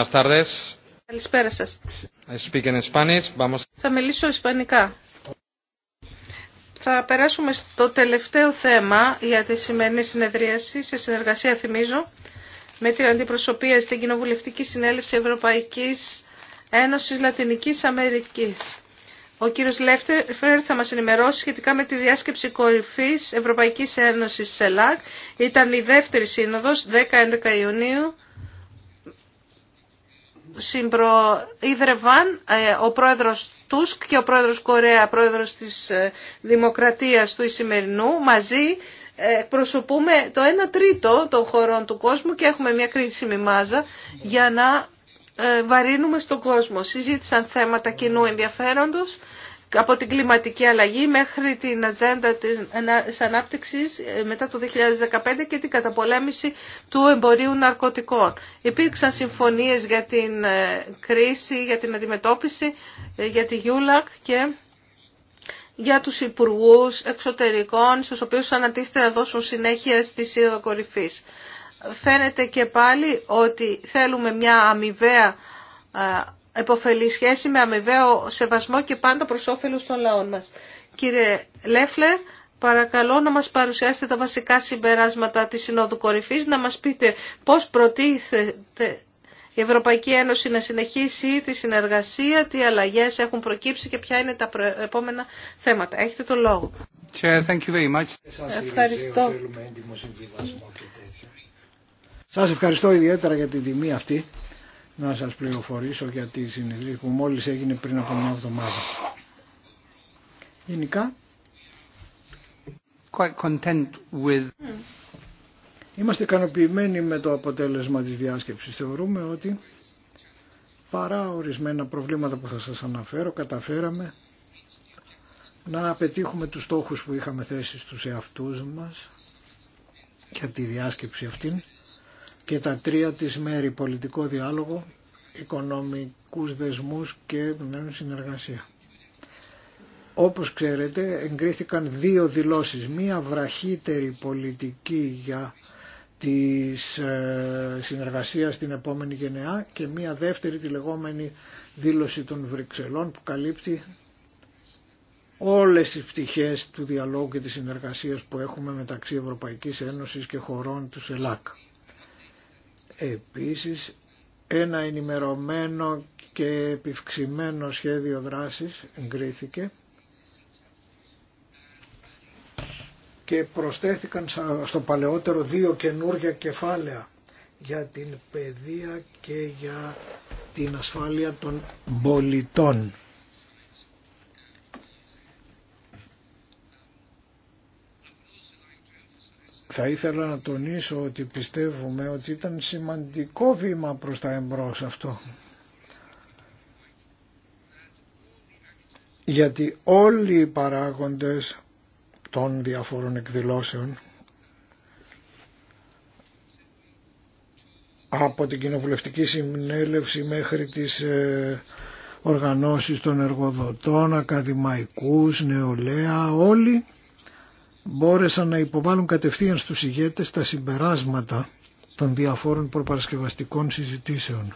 Buenas tardes. Καλησπέρα σας. I speak in Spanish. Vamos... Θα μιλήσω ισπανικά. Θα περάσουμε στο τελευταίο θέμα για τη σημερινή συνεδρίαση, σε συνεργασία θυμίζω, με την αντιπροσωπεία στην Κοινοβουλευτική Συνέλευση Ευρωπαϊκής Ένωσης Λατινικής Αμερικής. Ο κύριος Λεύτερ θα μας ενημερώσει σχετικά με τη διάσκεψη κορυφής Ευρωπαϊκής Ένωσης ΣΕΛΑΚ. Ήταν η δεύτερη σύνοδος, 10-11 Ιουνίου συμπροίδρευαν ε, ο πρόεδρος Τούσκ και ο πρόεδρος Κορέα, πρόεδρος της ε, Δημοκρατίας του Ισημερινού, μαζί ε, προσωπούμε το 1 τρίτο των χωρών του κόσμου και έχουμε μια κρίσιμη μάζα για να βαρύνουμε στον κόσμο. Συζήτησαν θέματα κοινού ενδιαφέροντος από την κλιματική αλλαγή μέχρι την ατζέντα της ανάπτυξης ε, μετά το 2015 και την καταπολέμηση του εμπορίου ναρκωτικών. Υπήρξαν συμφωνίες για την ε, κρίση, για την αντιμετώπιση, ε, για τη Γιούλακ και για τους υπουργούς εξωτερικών, στους οποίους ανατίθεται να δώσουν συνέχεια στη Σύνοδο Κορυφής. Φαίνεται και πάλι ότι θέλουμε μια αμοιβαία επωφελή σχέση με αμοιβαίο σεβασμό και πάντα προς όφελος των λαών μας. Κύριε Λέφλε, παρακαλώ να μας παρουσιάσετε τα βασικά συμπεράσματα της Συνόδου Κορυφής, να μας πείτε πώς προτίθεται η Ευρωπαϊκή Ένωση να συνεχίσει τη συνεργασία, τι αλλαγές έχουν προκύψει και ποια είναι τα επόμενα θέματα. Έχετε το λόγο. Ευχαριστώ. Σας ευχαριστώ ιδιαίτερα για την τιμή αυτή να σας πληροφορήσω για τη συνεδρία που μόλις έγινε πριν από μια εβδομάδα. Γενικά, είμαστε ικανοποιημένοι με το αποτέλεσμα της διάσκεψης. Θεωρούμε ότι παρά ορισμένα προβλήματα που θα σας αναφέρω, καταφέραμε να πετύχουμε τους στόχους που είχαμε θέσει στους εαυτούς μας για τη διάσκεψη αυτήν και τα τρία της μέρη πολιτικό διάλογο, οικονομικούς δεσμούς και μέλλον συνεργασία. Όπως ξέρετε εγκρίθηκαν δύο δηλώσεις, μία βραχύτερη πολιτική για της ε, συνεργασίας στην επόμενη γενεά και μία δεύτερη τη λεγόμενη δήλωση των Βρυξελών που καλύπτει όλες τις πτυχές του διαλόγου και της συνεργασίας που έχουμε μεταξύ Ευρωπαϊκής Ένωσης και χωρών του ΣΕΛΑΚ. Επίσης ένα ενημερωμένο και επιυξημένο σχέδιο δράσης εγκρίθηκε και προσθέθηκαν στο παλαιότερο δύο καινούργια κεφάλαια για την παιδεία και για την ασφάλεια των πολιτών. Θα ήθελα να τονίσω ότι πιστεύουμε ότι ήταν σημαντικό βήμα προς τα εμπρός αυτό. Γιατί όλοι οι παράγοντες των διαφόρων εκδηλώσεων από την κοινοβουλευτική συνέλευση μέχρι τις ε, οργανώσεις των εργοδοτών, ακαδημαϊκούς, νεολαία, όλοι μπόρεσαν να υποβάλουν κατευθείαν στους ηγέτες τα συμπεράσματα των διαφόρων προπαρασκευαστικών συζητήσεων.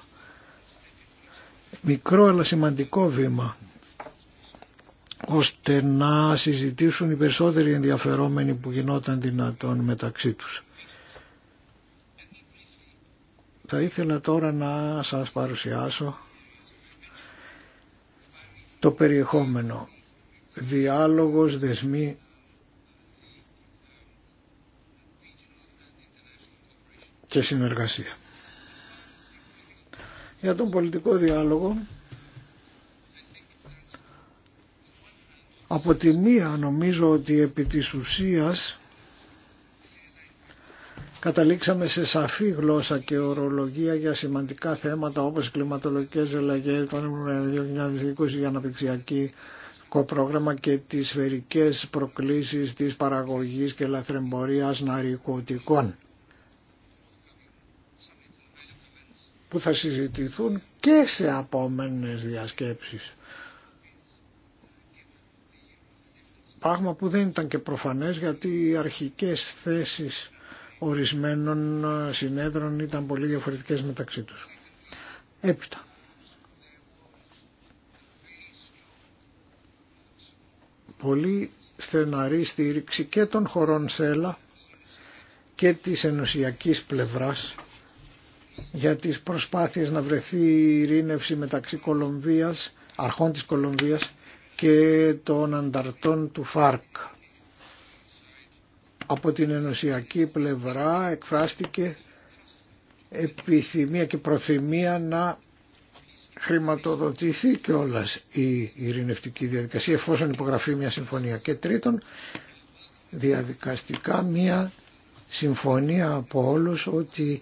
Μικρό αλλά σημαντικό βήμα ώστε να συζητήσουν οι περισσότεροι ενδιαφερόμενοι που γινόταν δυνατόν μεταξύ τους. Θα ήθελα τώρα να σας παρουσιάσω το περιεχόμενο. Διάλογος, δεσμοί και συνεργασία. Για τον πολιτικό διάλογο, από τη μία νομίζω ότι επί της ουσίας καταλήξαμε σε σαφή γλώσσα και ορολογία για σημαντικά θέματα όπως κλιματολογικές αλλαγές, το 2020 για αναπτυξιακή πρόγραμμα και τις σφαιρικές προκλήσεις της παραγωγής και λαθρεμπορίας ναρκωτικών. που θα συζητηθούν και σε απόμενες διασκέψεις. Πράγμα που δεν ήταν και προφανές γιατί οι αρχικές θέσεις ορισμένων συνέδρων ήταν πολύ διαφορετικές μεταξύ τους. Έπειτα. Πολύ στεναρή στήριξη και των χωρών ΣΕΛΑ και της ενωσιακής πλευράς για τις προσπάθειες να βρεθεί η ειρήνευση μεταξύ Κολομβίας, αρχών της Κολομβίας και των ανταρτών του ΦΑΡΚ. Από την ενωσιακή πλευρά εκφράστηκε επιθυμία και προθυμία να χρηματοδοτηθεί και όλας η ειρηνευτική διαδικασία εφόσον υπογραφεί μια συμφωνία. Και τρίτον, διαδικαστικά μια συμφωνία από όλους ότι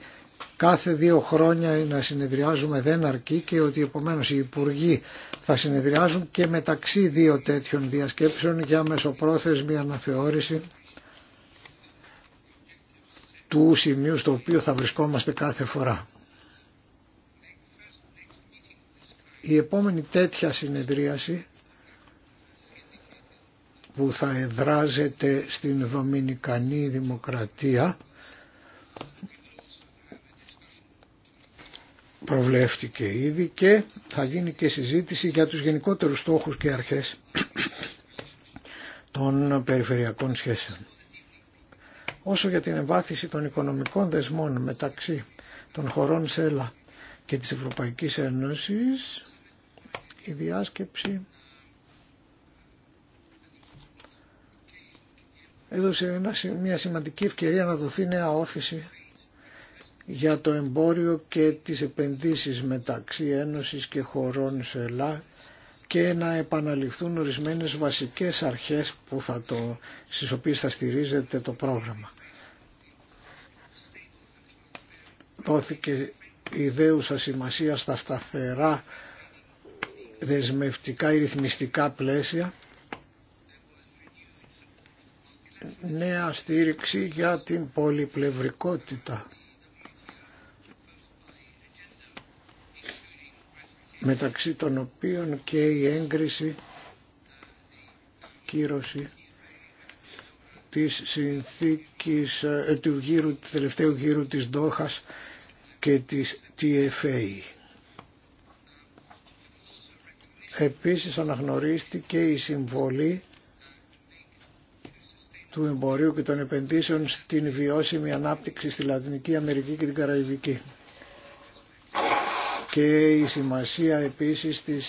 κάθε δύο χρόνια να συνεδριάζουμε δεν αρκεί και ότι επομένως οι υπουργοί θα συνεδριάζουν και μεταξύ δύο τέτοιων διασκέψεων για μεσοπρόθεσμη αναθεώρηση του σημείου στο οποίο θα βρισκόμαστε κάθε φορά. Η επόμενη τέτοια συνεδρίαση που θα εδράζεται στην Δομινικανή Δημοκρατία προβλέφτηκε ήδη και θα γίνει και συζήτηση για τους γενικότερους στόχους και αρχές των περιφερειακών σχέσεων. Όσο για την εμβάθυνση των οικονομικών δεσμών μεταξύ των χωρών ΣΕΛΑ και της Ευρωπαϊκής Ένωσης, η διάσκεψη έδωσε μια σημαντική ευκαιρία να δοθεί νέα όθηση για το εμπόριο και τις επενδύσεις μεταξύ Ένωσης και χωρών Ελλά και να επαναληφθούν ορισμένες βασικές αρχές που θα το, στις οποίες θα στηρίζεται το πρόγραμμα. Δόθηκε ιδέουσα σημασία στα σταθερά δεσμευτικά ή ρυθμιστικά πλαίσια νέα στήριξη για την πολυπλευρικότητα μεταξύ των οποίων και η έγκριση κύρωση της συνθήκης ε, του, του τελευταίου γύρου της Ντόχας και της TFA. Επίσης αναγνωρίστηκε η συμβολή του εμπορίου και των επενδύσεων στην βιώσιμη ανάπτυξη στη Λατινική Αμερική και την Καραϊβική και η σημασία επίσης της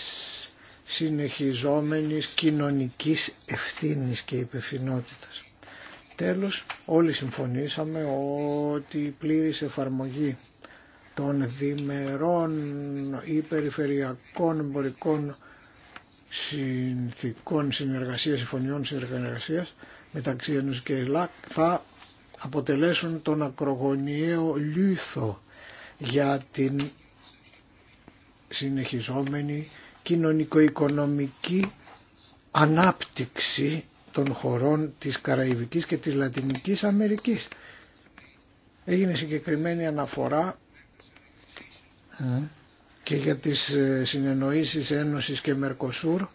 συνεχιζόμενης κοινωνικής ευθύνης και υπευθυνότητας. Τέλος, όλοι συμφωνήσαμε ότι η πλήρης εφαρμογή των διμερών ή περιφερειακών εμπορικών συνθήκων συνεργασίας, συμφωνιών συνεργασίας μεταξύ ΕΝΟΣ και λάκ θα αποτελέσουν τον ακρογωνιαίο λύθο για την συνεχιζόμενη κοινωνικο-οικονομική ανάπτυξη των χωρών της Καραϊβικής και της Λατινικής Αμερικής. Έγινε συγκεκριμένη αναφορά και για τις ε, συνεννοήσεις Ένωσης και Μερκοσούρ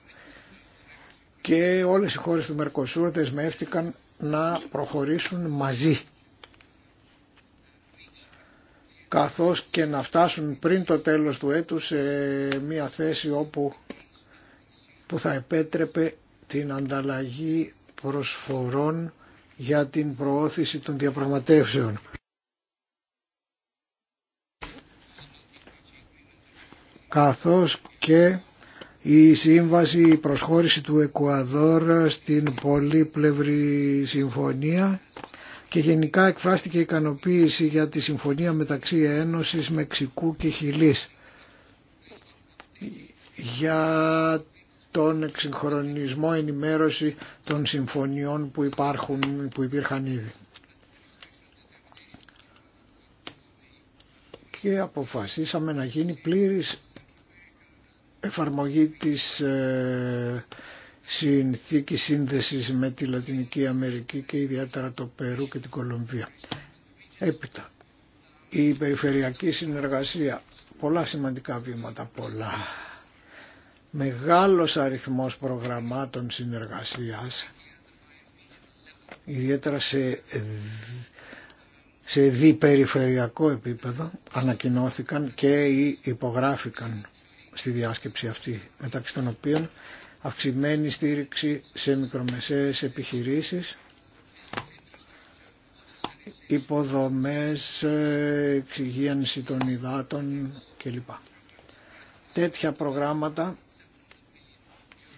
και όλες οι χώρες του Μερκοσούρ δεσμεύτηκαν να προχωρήσουν μαζί καθώς και να φτάσουν πριν το τέλος του έτους σε μια θέση όπου που θα επέτρεπε την ανταλλαγή προσφορών για την προώθηση των διαπραγματεύσεων. καθώς και η σύμβαση, η προσχώρηση του Εκουαδόρ στην πολύπλευρη συμφωνία και γενικά εκφράστηκε ικανοποίηση για τη συμφωνία μεταξύ Ένωσης Μεξικού και Χιλής για τον εξυγχρονισμό ενημέρωση των συμφωνιών που, υπάρχουν, που υπήρχαν ήδη. Και αποφασίσαμε να γίνει πλήρης εφαρμογή της ε, συνθήκη σύνδεσης με τη Λατινική Αμερική και ιδιαίτερα το Περού και την Κολομβία. Έπειτα, η περιφερειακή συνεργασία, πολλά σημαντικά βήματα, πολλά. Μεγάλος αριθμός προγραμμάτων συνεργασίας, ιδιαίτερα σε, σε διπεριφερειακό επίπεδο, ανακοινώθηκαν και υπογράφηκαν στη διάσκεψη αυτή, μεταξύ των οποίων αυξημένη στήριξη σε μικρομεσαίες επιχειρήσεις, υποδομές, εξυγίανση των υδάτων κλπ. Τέτοια προγράμματα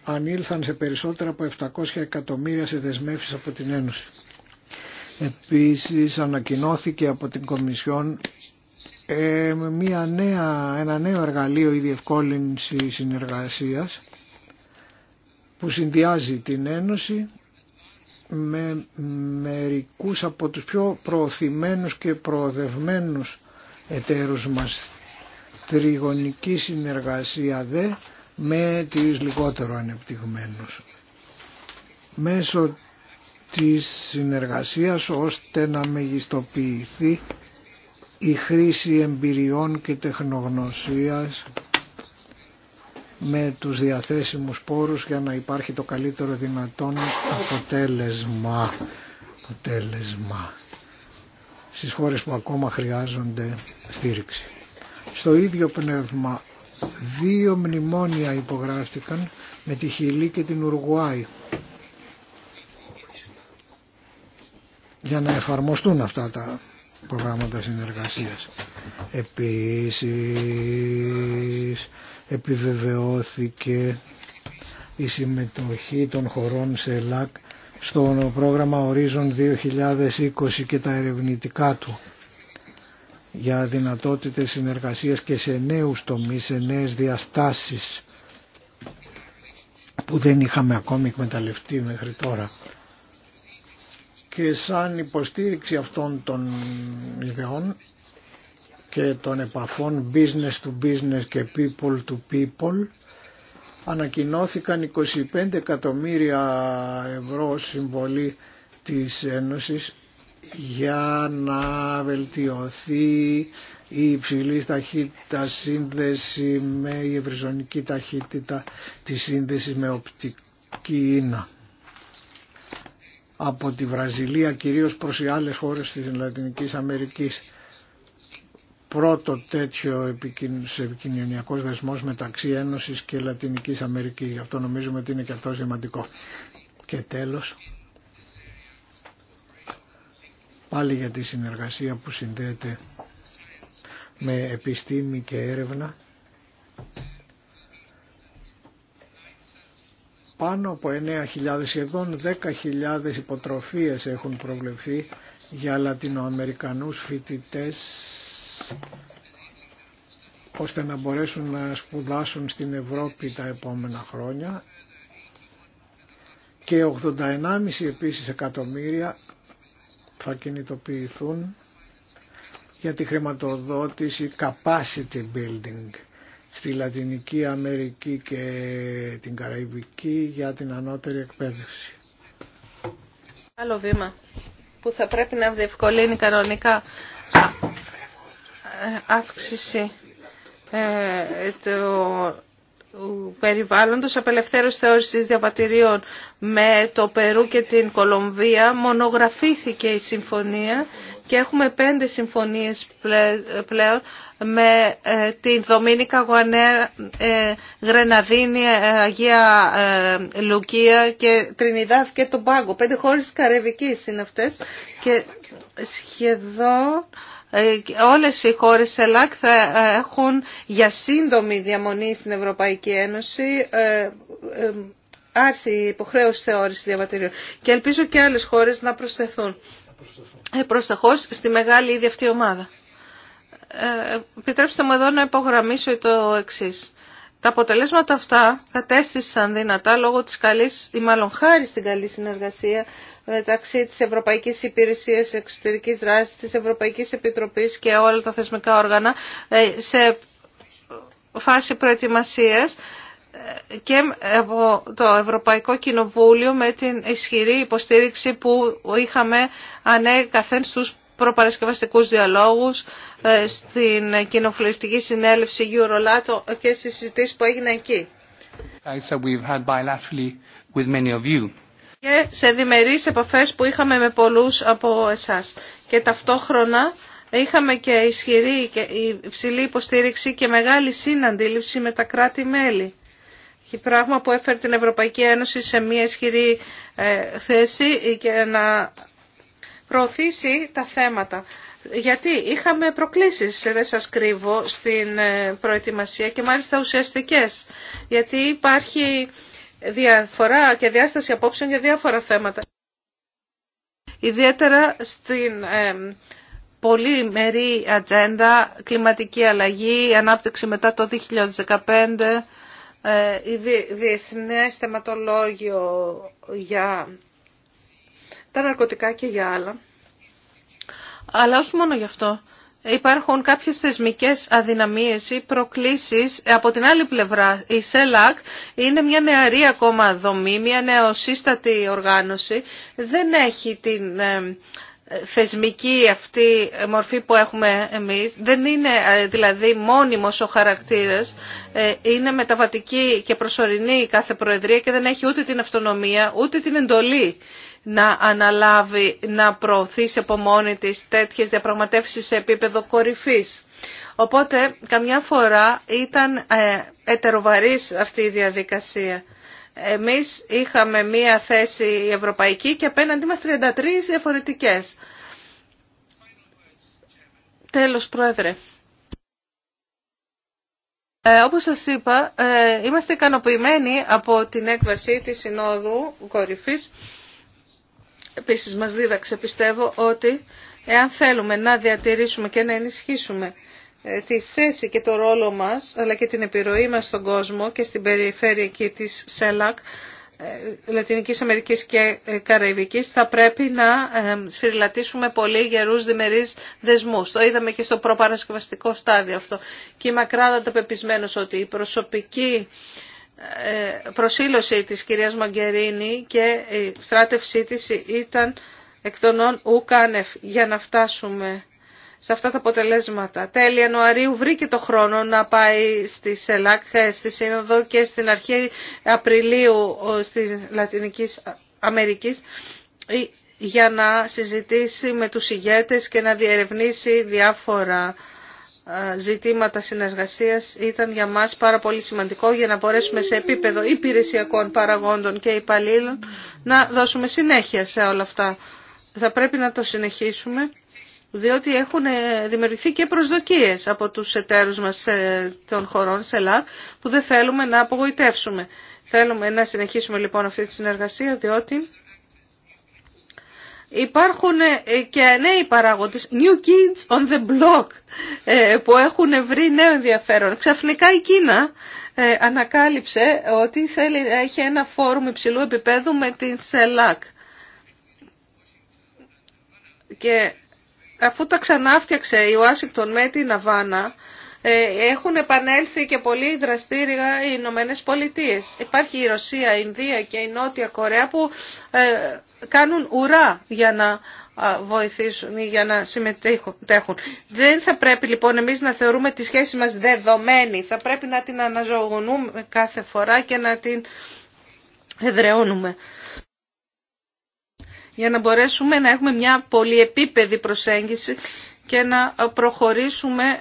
ανήλθαν σε περισσότερα από 700 εκατομμύρια σε δεσμεύσεις από την Ένωση. Επίσης ανακοινώθηκε από την Κομισιόν ε, μια νέα, ένα νέο εργαλείο η διευκόλυνση συνεργασίας που συνδυάζει την Ένωση με μερικούς από τους πιο προωθημένους και προοδευμένους εταίρους μας. Τριγωνική συνεργασία δε με τις λιγότερο ανεπτυγμένους. Μέσω της συνεργασίας ώστε να μεγιστοποιηθεί η χρήση εμπειριών και τεχνογνωσίας με τους διαθέσιμους πόρους για να υπάρχει το καλύτερο δυνατόν αποτέλεσμα. αποτέλεσμα στις χώρες που ακόμα χρειάζονται στήριξη. Στο ίδιο πνεύμα δύο μνημόνια υπογράφτηκαν με τη Χιλή και την Ουργουάη για να εφαρμοστούν αυτά τα προγράμματα συνεργασίας. Επίσης επιβεβαιώθηκε η συμμετοχή των χωρών σε ΛΑΚ στο πρόγραμμα Horizon 2020 και τα ερευνητικά του για δυνατότητες συνεργασίας και σε νέους τομείς, σε νέες διαστάσεις που δεν είχαμε ακόμη εκμεταλλευτεί μέχρι τώρα. Και σαν υποστήριξη αυτών των ιδεών και των επαφών business to business και people to people ανακοινώθηκαν 25 εκατομμύρια ευρώ συμβολή της Ένωσης για να βελτιωθεί η υψηλή ταχύτητα σύνδεση με η ευρυζωνική ταχύτητα τη σύνδεση με οπτική ίνα. Από τη Βραζιλία κυρίως προς οι άλλες χώρες της Λατινικής Αμερικής πρώτο τέτοιο επικοινωνιακό δεσμό μεταξύ Ένωση και Λατινική Αμερική. Γι' αυτό νομίζουμε ότι είναι και αυτό σημαντικό. Και τέλο, πάλι για τη συνεργασία που συνδέεται με επιστήμη και έρευνα. Πάνω από 9.000, σχεδόν 10.000 υποτροφίες έχουν προβλεφθεί για Λατινοαμερικανούς φοιτητές ώστε να μπορέσουν να σπουδάσουν στην Ευρώπη τα επόμενα χρόνια και 81,5 επίσης εκατομμύρια θα κινητοποιηθούν για τη χρηματοδότηση capacity building στη Λατινική Αμερική και την Καραϊβική για την ανώτερη εκπαίδευση. Άλλο βήμα που θα πρέπει να διευκολύνει κανονικά αύξηση ε, του περιβάλλοντος, απελευθέρωση θεώρησης διαβατηρίων με το Περού και την Κολομβία. Μονογραφήθηκε η συμφωνία και έχουμε πέντε συμφωνίες πλέον με ε, την Δομήνικα ε, Γρεναδίνη, ε, Αγία Λουκία και Τρινιδάδ και τον Πάγκο. Πέντε χώρες της είναι αυτές και σχεδόν ε, όλες οι χώρες ΕΛΑΚ θα ε, έχουν για σύντομη διαμονή στην Ευρωπαϊκή Ένωση ε, άρση υποχρέωση θεώρηση διαβατηρίων. Και ελπίζω και άλλες χώρες να προσθεθούν. Ε, προσταχώς στη μεγάλη ήδη αυτή ομάδα. Ε, επιτρέψτε μου εδώ να υπογραμμίσω το εξή. Τα αποτελέσματα αυτά κατέστησαν δυνατά λόγω της καλής ή μάλλον χάρη στην καλή συνεργασία μεταξύ της Ευρωπαϊκής Υπηρεσίας Εξωτερικής Δράσης, της Ευρωπαϊκής Επιτροπής και όλα τα θεσμικά όργανα ε, σε φάση προετοιμασίας ε, και από το Ευρωπαϊκό Κοινοβούλιο με την ισχυρή υποστήριξη που είχαμε ανέκαθεν στους προπαρασκευαστικούς διαλόγους, ε, στην κοινοβουλευτική συνέλευση Eurolat και στις συζητήσεις που έγιναν εκεί και σε διμερείς επαφές που είχαμε με πολλούς από εσάς. Και ταυτόχρονα είχαμε και ισχυρή και υψηλή υποστήριξη και μεγάλη συναντήληψη με τα κράτη-μέλη. Πράγμα που έφερε την Ευρωπαϊκή Ένωση σε μια ισχυρή ε, θέση και να προωθήσει τα θέματα. Γιατί είχαμε προκλήσεις, ε, δεν σας κρύβω, στην ε, προετοιμασία και μάλιστα ουσιαστικές. Γιατί υπάρχει διαφορά και διάσταση απόψεων για διάφορα θέματα. Ιδιαίτερα στην πολύ μερή ατζέντα, κλιματική αλλαγή, ανάπτυξη μετά το 2015, ε, διεθνές θεματολόγιο για τα ναρκωτικά και για άλλα. Αλλά όχι μόνο γι' αυτό υπάρχουν κάποιες θεσμικές αδυναμίες ή προκλήσεις. Από την άλλη πλευρά η ΣΕΛΑΚ είναι μια νεαρή ακόμα δομή, μια νεοσύστατη οργάνωση. Δεν έχει την ε, θεσμική αυτή μορφή που έχουμε εμείς. Δεν είναι ε, δηλαδή μόνιμος ο χαρακτήρας. Ε, είναι μεταβατική και προσωρινή κάθε προεδρία και δεν έχει ούτε την αυτονομία ούτε την εντολή να αναλάβει, να προωθήσει από μόνη της τέτοιες διαπραγματεύσεις σε επίπεδο κορυφής. Οπότε καμιά φορά ήταν ε, ετεροβαρής αυτή η διαδικασία. Εμείς είχαμε μία θέση ευρωπαϊκή και απέναντί μας 33 διαφορετικές. Τέλος, Πρόεδρε. Ε, όπως σας είπα, ε, είμαστε ικανοποιημένοι από την έκβαση της Συνόδου Κορυφής επίσης μας δίδαξε πιστεύω ότι εάν θέλουμε να διατηρήσουμε και να ενισχύσουμε ε, τη θέση και το ρόλο μας αλλά και την επιρροή μας στον κόσμο και στην περιφέρεια εκεί της ΣΕΛΑΚ ε, Λατινικής Αμερικής και ε, Καραϊβικής θα πρέπει να σφυριλατήσουμε πολύ γερούς διμερείς δεσμούς. Το είδαμε και στο προπαρασκευαστικό στάδιο αυτό. Και είμαι ακράδαντα πεπισμένος ότι η προσωπική ε, προσήλωση της κυρίας Μαγκερίνη και η στράτευσή της ήταν εκ των ουκάνευ για να φτάσουμε σε αυτά τα αποτελέσματα. Τέλη Ιανουαρίου βρήκε το χρόνο να πάει στη ΣΕΛΑΚ, ε, στη Σύνοδο και στην αρχή Απριλίου στη Λατινική Αμερικής ε, για να συζητήσει με τους ηγέτες και να διερευνήσει διάφορα ε, ζητήματα συνεργασίας ήταν για μας πάρα πολύ σημαντικό για να μπορέσουμε σε επίπεδο υπηρεσιακών παραγόντων και υπαλλήλων να δώσουμε συνέχεια σε όλα αυτά. Θα πρέπει να το συνεχίσουμε διότι έχουν ε, δημιουργηθεί και προσδοκίες από τους εταίρους μας ε, των χωρών σε που δεν θέλουμε να απογοητεύσουμε. Θέλουμε να συνεχίσουμε λοιπόν αυτή τη συνεργασία διότι Υπάρχουν ε, και νέοι παράγοντε new kids on the block, ε, που έχουν βρει νέο ενδιαφέρον. Ξαφνικά η Κίνα ε, ανακάλυψε ότι θέλει έχει ένα φόρουμ υψηλού επίπεδου με την ΣΕΛΑΚ. Και αφού τα ξανάφτιαξε η Ουάσιγκτον με την Αβάνα, ε, έχουν επανέλθει και πολύ δραστήρια οι Ηνωμένε Πολιτείε. Υπάρχει η Ρωσία, η Ινδία και η Νότια Κορέα που ε, κάνουν ουρά για να βοηθήσουν ή για να συμμετέχουν. Δεν θα πρέπει λοιπόν εμείς να θεωρούμε τη σχέση μας δεδομένη. Θα πρέπει να την αναζωογονούμε κάθε φορά και να την εδραιώνουμε για να μπορέσουμε να έχουμε μια πολυεπίπεδη προσέγγιση και να προχωρήσουμε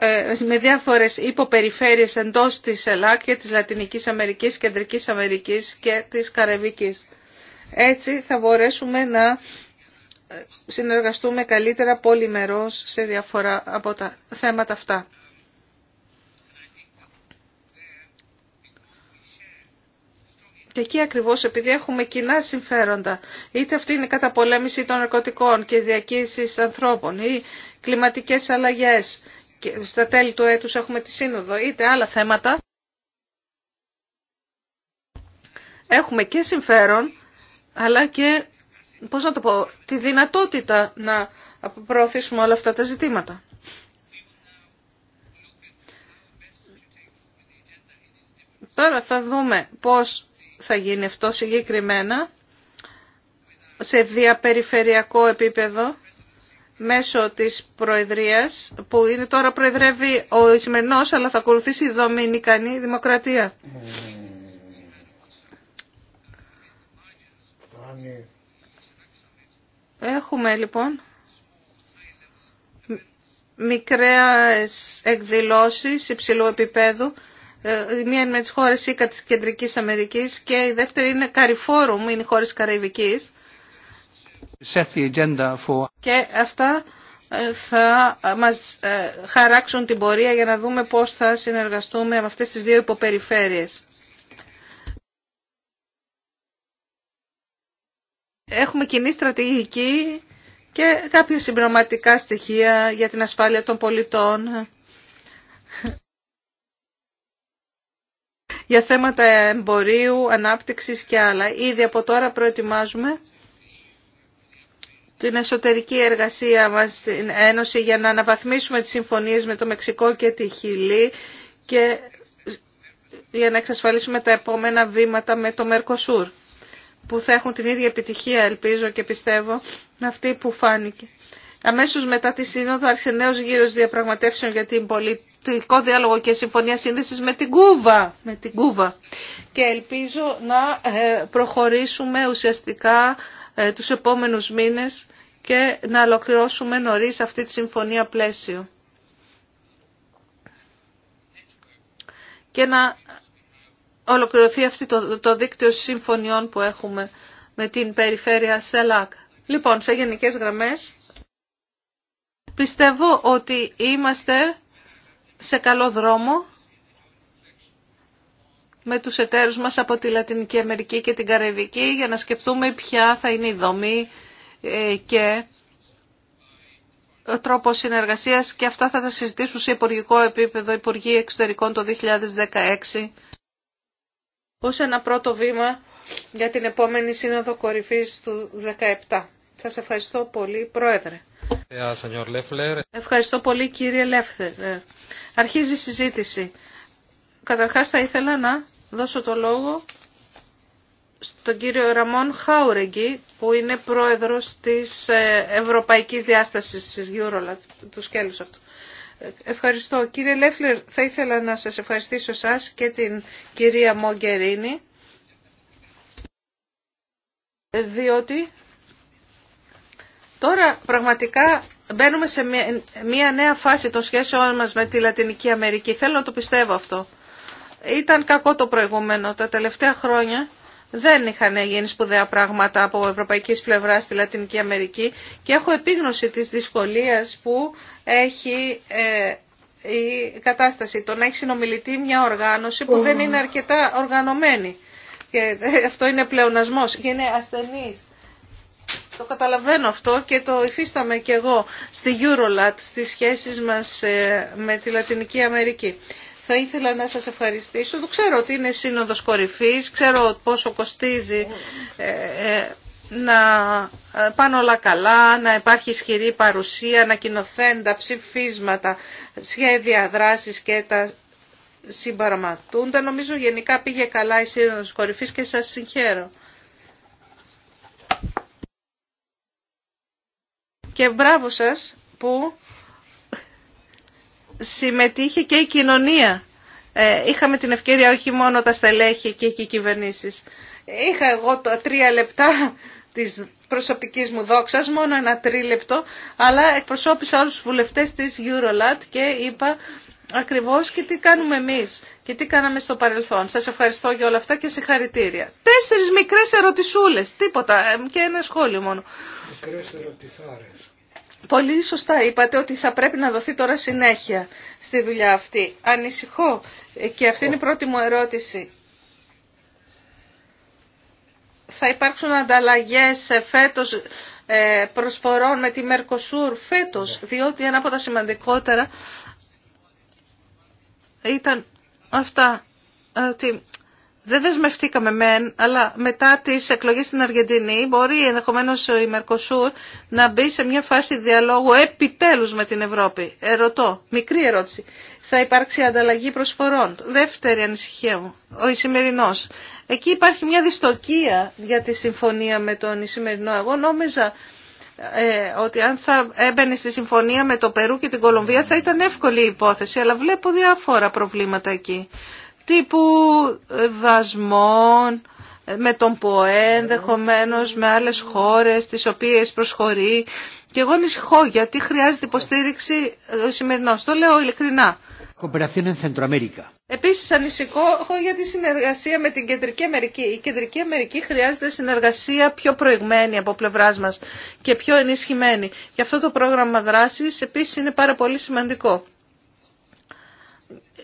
ε, με διάφορες υποπεριφέρειες εντός της ΕΛΑΚ και της Λατινικής Αμερικής, Κεντρικής Αμερικής και της Καραβικής. Έτσι θα μπορέσουμε να ε, συνεργαστούμε καλύτερα πολυμερώς σε διαφορά από τα θέματα αυτά. Και εκεί ακριβώς επειδή έχουμε κοινά συμφέροντα, είτε αυτή είναι η καταπολέμηση των ναρκωτικών και διακύσεις ανθρώπων ή κλιματικές αλλαγές και στα τέλη του έτους έχουμε τη σύνοδο, είτε άλλα θέματα. Έχουμε και συμφέρον, αλλά και, πώς να το πω, τη δυνατότητα να προωθήσουμε όλα αυτά τα ζητήματα. Τώρα θα δούμε πώς θα γίνει αυτό συγκεκριμένα σε διαπεριφερειακό επίπεδο μέσω της Προεδρίας, που είναι τώρα προεδρεύει ο σημερινός, αλλά θα ακολουθήσει η Δομινικανή Δημοκρατία. Έχουμε λοιπόν μικρές εκδηλώσεις υψηλού επίπεδου. Ε, η μία είναι με τις χώρες ΙΚΑ της Κεντρικής Αμερικής και η δεύτερη είναι Καριφόρουμ, είναι οι χώρες Καραϊβικής Set Και αυτά ε, θα μας ε, χαράξουν την πορεία για να δούμε πώς θα συνεργαστούμε με αυτές τις δύο υποπεριφέρειες. Έχουμε κοινή στρατηγική και κάποια συμπληρωματικά στοιχεία για την ασφάλεια των πολιτών. για θέματα εμπορίου, ανάπτυξης και άλλα. Ήδη από τώρα προετοιμάζουμε την εσωτερική εργασία μας στην Ένωση για να αναβαθμίσουμε τις συμφωνίες με το Μεξικό και τη Χιλή και για να εξασφαλίσουμε τα επόμενα βήματα με το Μερκοσούρ που θα έχουν την ίδια επιτυχία ελπίζω και πιστεύω με αυτή που φάνηκε. Αμέσως μετά τη Σύνοδο άρχισε νέος γύρος διαπραγματεύσεων για την πολιτικό διάλογο και συμφωνία σύνδεσης με την Με την Κούβα. Και ελπίζω να ε, προχωρήσουμε ουσιαστικά ε, τους επόμενους μήνες και να ολοκληρώσουμε νωρίς αυτή τη συμφωνία πλαίσιο. Και να ολοκληρωθεί αυτό το, το δίκτυο συμφωνιών που έχουμε με την περιφέρεια ΣΕΛΑΚ. Λοιπόν, σε γενικές γραμμές, πιστεύω ότι είμαστε σε καλό δρόμο με τους εταίρους μας από τη Λατινική Αμερική και την Καραϊβική για να σκεφτούμε ποια θα είναι η δομή ε, και ο τρόπος συνεργασίας και αυτά θα τα συζητήσουν σε υπουργικό επίπεδο Υπουργοί Εξωτερικών το 2016 ως ένα πρώτο βήμα για την επόμενη Σύνοδο Κορυφής του 2017. Σας ευχαριστώ πολύ, Πρόεδρε. Ευχαριστώ πολύ, κύριε Λέφτερ. Αρχίζει η συζήτηση. Καταρχάς θα ήθελα να δώσω το λόγο στον κύριο Ραμόν Χάουρεγγι, που είναι πρόεδρος της ε, Ευρωπαϊκής Διάστασης της Eurolat, του σκέλους αυτού. Ευχαριστώ. Κύριε Λέφλερ, θα ήθελα να σας ευχαριστήσω σας και την κυρία Μογκερίνη, διότι τώρα πραγματικά μπαίνουμε σε μια νέα φάση των σχέσεών μας με τη Λατινική Αμερική. Θέλω να το πιστεύω αυτό. Ήταν κακό το προηγούμενο. Τα τελευταία χρόνια δεν είχαν γίνει σπουδαία πράγματα από ευρωπαϊκή πλευρά στη Λατινική Αμερική και έχω επίγνωση της δυσκολίας που έχει ε, η κατάσταση. Το να έχει συνομιλητή μια οργάνωση που δεν είναι αρκετά οργανωμένη. Και ε, αυτό είναι πλεονασμός και είναι ασθενής. Το καταλαβαίνω αυτό και το υφίσταμαι και εγώ στη Eurolat, στις σχέσεις μας ε, με τη Λατινική Αμερική. Θα ήθελα να σας ευχαριστήσω. ξέρω ότι είναι σύνοδος κορυφής, ξέρω πόσο κοστίζει ε, ε, να ε, πάνε όλα καλά, να υπάρχει ισχυρή παρουσία, να κοινοθέντα, ψηφίσματα, σχέδια δράσης και τα συμπαραματούντα. Νομίζω γενικά πήγε καλά η σύνοδος κορυφής και σας συγχαίρω. Και μπράβο σας που συμμετείχε και η κοινωνία. Ε, είχαμε την ευκαιρία όχι μόνο τα στελέχη και οι κυβερνήσει. Είχα εγώ τα τρία λεπτά της προσωπικής μου δόξας, μόνο ένα τρίλεπτο, αλλά εκπροσώπησα όλους τους βουλευτές της Eurolat και είπα ακριβώς και τι κάνουμε εμείς και τι κάναμε στο παρελθόν. Σας ευχαριστώ για όλα αυτά και συγχαρητήρια. Τέσσερις μικρές ερωτησούλες, τίποτα ε, και ένα σχόλιο μόνο. Μικρές ερωτησάρες. Πολύ σωστά είπατε ότι θα πρέπει να δοθεί τώρα συνέχεια στη δουλειά αυτή. Ανησυχώ και αυτή είναι η πρώτη μου ερώτηση. Θα υπάρξουν ανταλλαγές φέτος ε, προσφορών με τη Μερκοσούρ. φέτος, ναι. διότι ένα από τα σημαντικότερα ήταν αυτά ότι δεν δεσμευτήκαμε μεν, αλλά μετά τις εκλογές στην Αργεντινή μπορεί ενδεχομένως η Μερκοσούρ να μπει σε μια φάση διαλόγου επιτέλους με την Ευρώπη. Ερωτώ, μικρή ερώτηση. Θα υπάρξει ανταλλαγή προσφορών. Δεύτερη ανησυχία μου, ο Ισημερινός. Εκεί υπάρχει μια δυστοκία για τη συμφωνία με τον Ισημερινό. Εγώ νόμιζα ε, ότι αν θα έμπαινε στη συμφωνία με το Περού και την Κολομβία θα ήταν εύκολη η υπόθεση, αλλά βλέπω διάφορα προβλήματα εκεί τύπου δασμών, ε, με τον ΠΟΕ ενδεχομένω, με άλλες χώρες τις οποίες προσχωρεί. Και εγώ ανησυχώ γιατί χρειάζεται υποστήριξη ε, ο σημερινό. Το λέω ειλικρινά. Επίση ανησυχώ για τη συνεργασία με την Κεντρική Αμερική. Η Κεντρική Αμερική χρειάζεται συνεργασία πιο προηγμένη από πλευρά μα και πιο ενισχυμένη. Γι' αυτό το πρόγραμμα δράση επίση είναι πάρα πολύ σημαντικό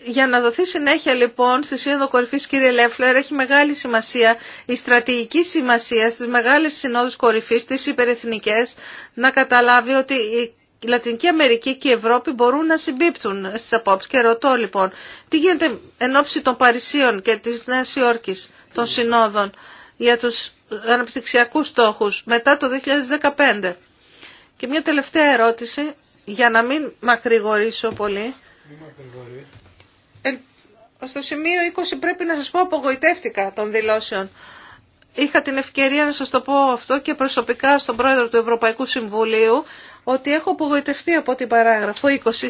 για να δοθεί συνέχεια λοιπόν στη Σύνοδο Κορυφή κύριε Λέφλερ έχει μεγάλη σημασία η στρατηγική σημασία στις μεγάλες συνόδου κορυφή, τι υπερεθνικέ, να καταλάβει ότι η Λατινική Αμερική και η Ευρώπη μπορούν να συμπίπτουν στι απόψει. και ρωτώ λοιπόν τι γίνεται εν ώψη των Παρισίων και τη Νέα Υόρκη των συνόδων για του αναπτυξιακού στόχου μετά το 2015 και μια τελευταία ερώτηση για να μην μακρηγορήσω πολύ στο σημείο 20 πρέπει να σας πω απογοητεύτηκα των δηλώσεων. Είχα την ευκαιρία να σας το πω αυτό και προσωπικά στον πρόεδρο του Ευρωπαϊκού Συμβουλίου ότι έχω απογοητευτεί από την παράγραφο 20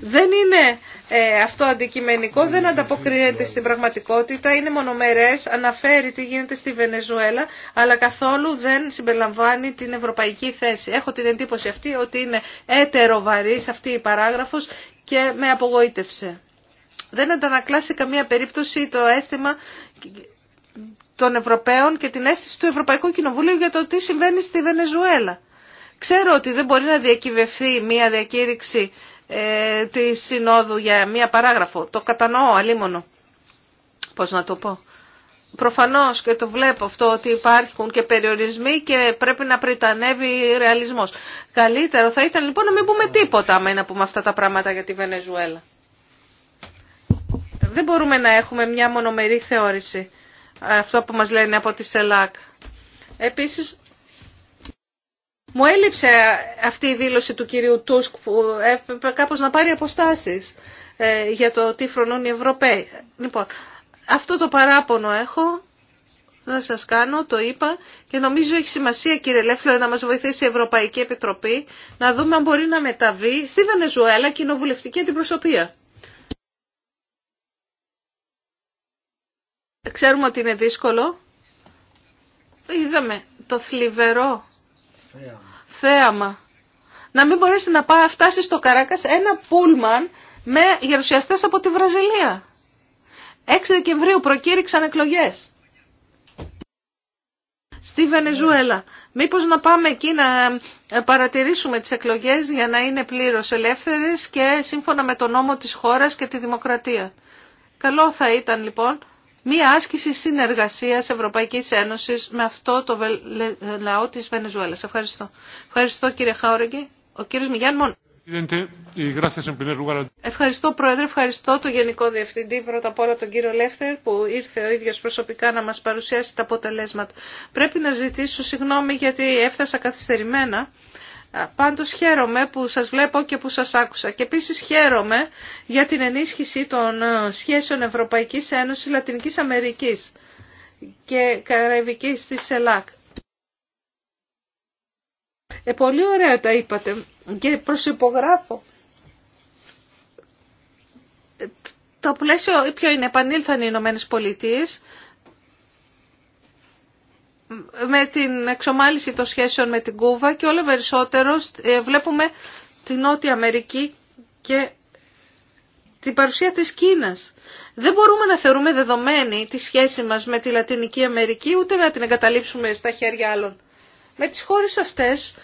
δεν είναι ε, αυτό αντικειμενικό, δεν ανταποκρίνεται στην πραγματικότητα, είναι μονομερές, αναφέρει τι γίνεται στη Βενεζουέλα, αλλά καθόλου δεν συμπεριλαμβάνει την ευρωπαϊκή θέση. Έχω την εντύπωση αυτή ότι είναι έτερο βαρύς αυτή η παράγραφος και με απογοήτευσε. Δεν αντανακλά σε καμία περίπτωση το αίσθημα των Ευρωπαίων και την αίσθηση του Ευρωπαϊκού Κοινοβουλίου για το τι συμβαίνει στη Βενεζουέλα. Ξέρω ότι δεν μπορεί να διακυβευθεί μια διακήρυξη ε, τη Συνόδου για μία παράγραφο. Το κατανοώ αλίμονο. Πώς να το πω. Προφανώς και το βλέπω αυτό ότι υπάρχουν και περιορισμοί και πρέπει να πριτανεύει ρεαλισμός. Καλύτερο θα ήταν λοιπόν να μην πούμε τίποτα άμα να πούμε αυτά τα πράγματα για τη Βενεζουέλα. Δεν μπορούμε να έχουμε μια μονομερή θεώρηση. Αυτό που μας λένε από τη ΣΕΛΑΚ. Επίσης μου έλειψε αυτή η δήλωση του κυρίου Τούσκ που έπρεπε κάπως να πάρει αποστάσεις ε, για το τι φρονούν οι Ευρωπαίοι. Λοιπόν, αυτό το παράπονο έχω να σας κάνω, το είπα και νομίζω έχει σημασία κύριε Λέφλερ να μας βοηθήσει η Ευρωπαϊκή Επιτροπή να δούμε αν μπορεί να μεταβεί στη Βενεζουέλα κοινοβουλευτική αντιπροσωπεία. Ξέρουμε ότι είναι δύσκολο. Είδαμε το θλιβερό θέαμα. Να μην μπορέσει να πάει, φτάσει στο Καράκας ένα πούλμαν με γερουσιαστές από τη Βραζιλία. 6 Δεκεμβρίου προκήρυξαν εκλογές. Στη Βενεζουέλα. Μήπω να πάμε εκεί να ε, παρατηρήσουμε τις εκλογές για να είναι πλήρως ελεύθερες και σύμφωνα με τον νόμο της χώρας και τη δημοκρατία. Καλό θα ήταν λοιπόν μία άσκηση συνεργασίας Ευρωπαϊκής Ένωσης με αυτό το λαό της Βενεζουέλας. Ευχαριστώ. Ευχαριστώ κύριε Χάουρεγγι. Ο κύριος Μιγιάν Μον. Ευχαριστώ Πρόεδρε, ευχαριστώ τον Γενικό Διευθυντή, πρώτα απ' όλα τον κύριο Λεύτερ που ήρθε ο ίδιος προσωπικά να μας παρουσιάσει τα αποτελέσματα. Πρέπει να ζητήσω συγγνώμη γιατί έφτασα καθυστερημένα. Πάντως χαίρομαι που σας βλέπω και που σας άκουσα. Και επίσης χαίρομαι για την ενίσχυση των ε, σχέσεων Ευρωπαϊκής Ένωσης Λατινικής Αμερικής και Καραϊβικής της ΕΛΑΚ. Ε, πολύ ωραία τα είπατε και προσυπογράφω. Ε, το πλαίσιο ποιο είναι, επανήλθαν οι Ηνωμένε Πολιτείες με την εξομάλυση των σχέσεων με την Κούβα και όλο περισσότερο ε, βλέπουμε την Νότια Αμερική και την παρουσία της Κίνας. Δεν μπορούμε να θεωρούμε δεδομένη τη σχέση μας με τη Λατινική Αμερική ούτε να την εγκαταλείψουμε στα χέρια άλλων. Με τις χώρες αυτές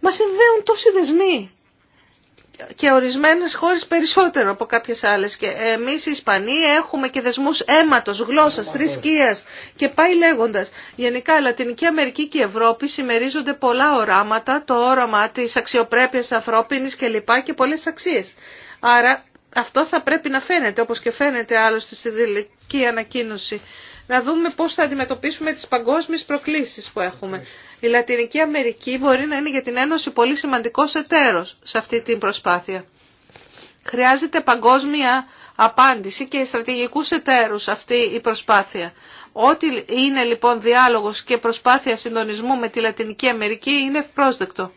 μας συνδέουν τόσοι δεσμοί και ορισμένες χώρες περισσότερο από κάποιες άλλες. Και εμείς οι Ισπανοί έχουμε και δεσμούς αίματος, γλώσσας, θρησκείας και πάει λέγοντας. Γενικά η Λατινική Αμερική και η Ευρώπη συμμερίζονται πολλά οράματα, το όραμα της αξιοπρέπειας ανθρώπινης και λοιπά και πολλές αξίες. Άρα αυτό θα πρέπει να φαίνεται, όπως και φαίνεται άλλωστε στη δηλική ανακοίνωση. Να δούμε πώς θα αντιμετωπίσουμε τις παγκόσμιες προκλήσεις που έχουμε. Η Λατινική Αμερική μπορεί να είναι για την Ένωση πολύ σημαντικός εταίρος σε αυτή την προσπάθεια. Χρειάζεται παγκόσμια απάντηση και στρατηγικούς εταίρους αυτή η προσπάθεια. Ό,τι είναι λοιπόν διάλογος και προσπάθεια συντονισμού με τη Λατινική Αμερική είναι ευπρόσδεκτο.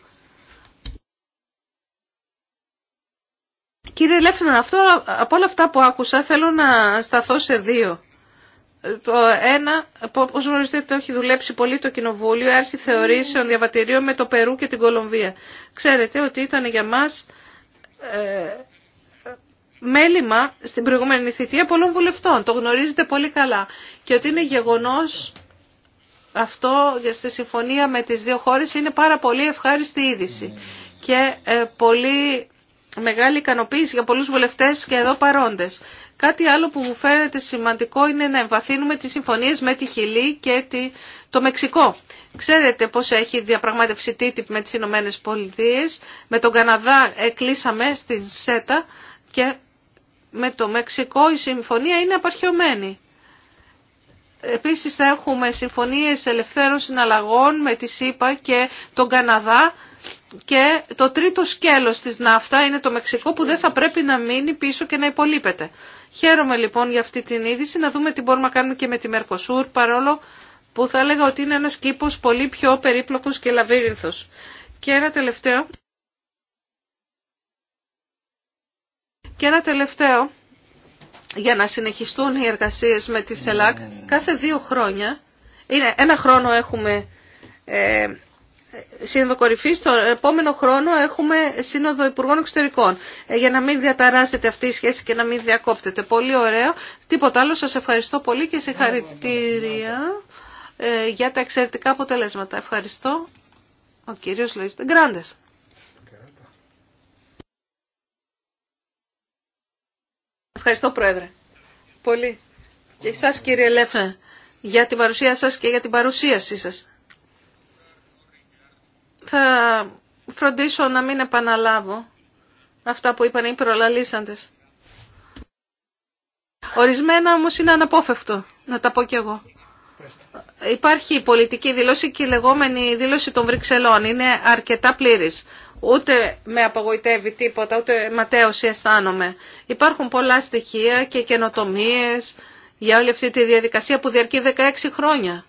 Κύριε Ελεύθερον, αυτό, από όλα αυτά που άκουσα θέλω να σταθώ σε δύο το ένα, όπω γνωρίζετε, έχει δουλέψει πολύ το Κοινοβούλιο, έρση θεωρήσεων διαβατηρίων με το Περού και την Κολομβία. Ξέρετε ότι ήταν για μας ε, μέλημα στην προηγούμενη θητεία πολλών βουλευτών. Το γνωρίζετε πολύ καλά. Και ότι είναι γεγονός αυτό για στη συμφωνία με τις δύο χώρες είναι πάρα πολύ ευχάριστη είδηση. Και ε, πολύ μεγάλη ικανοποίηση για πολλούς βουλευτές και εδώ παρόντες. Κάτι άλλο που μου φαίνεται σημαντικό είναι να εμβαθύνουμε τις συμφωνίες με τη Χιλή και το Μεξικό. Ξέρετε πώς έχει διαπραγματευσει TTIP με τις Ηνωμένε Πολιτείε, με τον Καναδά κλείσαμε στην ΣΕΤΑ και με το Μεξικό η συμφωνία είναι απαρχιωμένη. Επίσης θα έχουμε συμφωνίες ελευθέρων συναλλαγών με τη ΣΥΠΑ και τον Καναδά και το τρίτο σκέλος της ναύτα είναι το Μεξικό που δεν θα πρέπει να μείνει πίσω και να υπολείπεται. Χαίρομαι λοιπόν για αυτή την είδηση να δούμε τι μπορούμε να κάνουμε και με τη Μερκοσούρ παρόλο που θα έλεγα ότι είναι ένας κήπος πολύ πιο περίπλοκος και λαβύρινθος. Και ένα τελευταίο. Και ένα τελευταίο για να συνεχιστούν οι εργασίες με τη ΣΕΛΑΚ κάθε δύο χρόνια. Είναι, ένα χρόνο έχουμε ε, Σύνοδο κορυφή, Το επόμενο χρόνο έχουμε Σύνοδο Υπουργών Εξωτερικών. Ε, για να μην διαταράσετε αυτή η σχέση και να μην διακόπτετε. Πολύ ωραίο. Τίποτα άλλο. Σας ευχαριστώ πολύ και συγχαρητήρια ε, για τα εξαιρετικά αποτελέσματα. Ευχαριστώ. Ο κύριος Λουίς Γκράντες. Ευχαριστώ Πρόεδρε. Πολύ. Και εσάς κύριε Λέφνε για την παρουσία σας και για την παρουσίασή σας. Θα φροντίσω να μην επαναλάβω αυτά που είπαν οι προλαλήσαντες. Ορισμένα όμως είναι αναπόφευκτο, να τα πω κι εγώ. Υπάρχει η πολιτική δήλωση και η λεγόμενη δήλωση των Βρυξελών. Είναι αρκετά πλήρης. Ούτε με απογοητεύει τίποτα, ούτε ματέωση αισθάνομαι. Υπάρχουν πολλά στοιχεία και καινοτομίε για όλη αυτή τη διαδικασία που διαρκεί 16 χρόνια.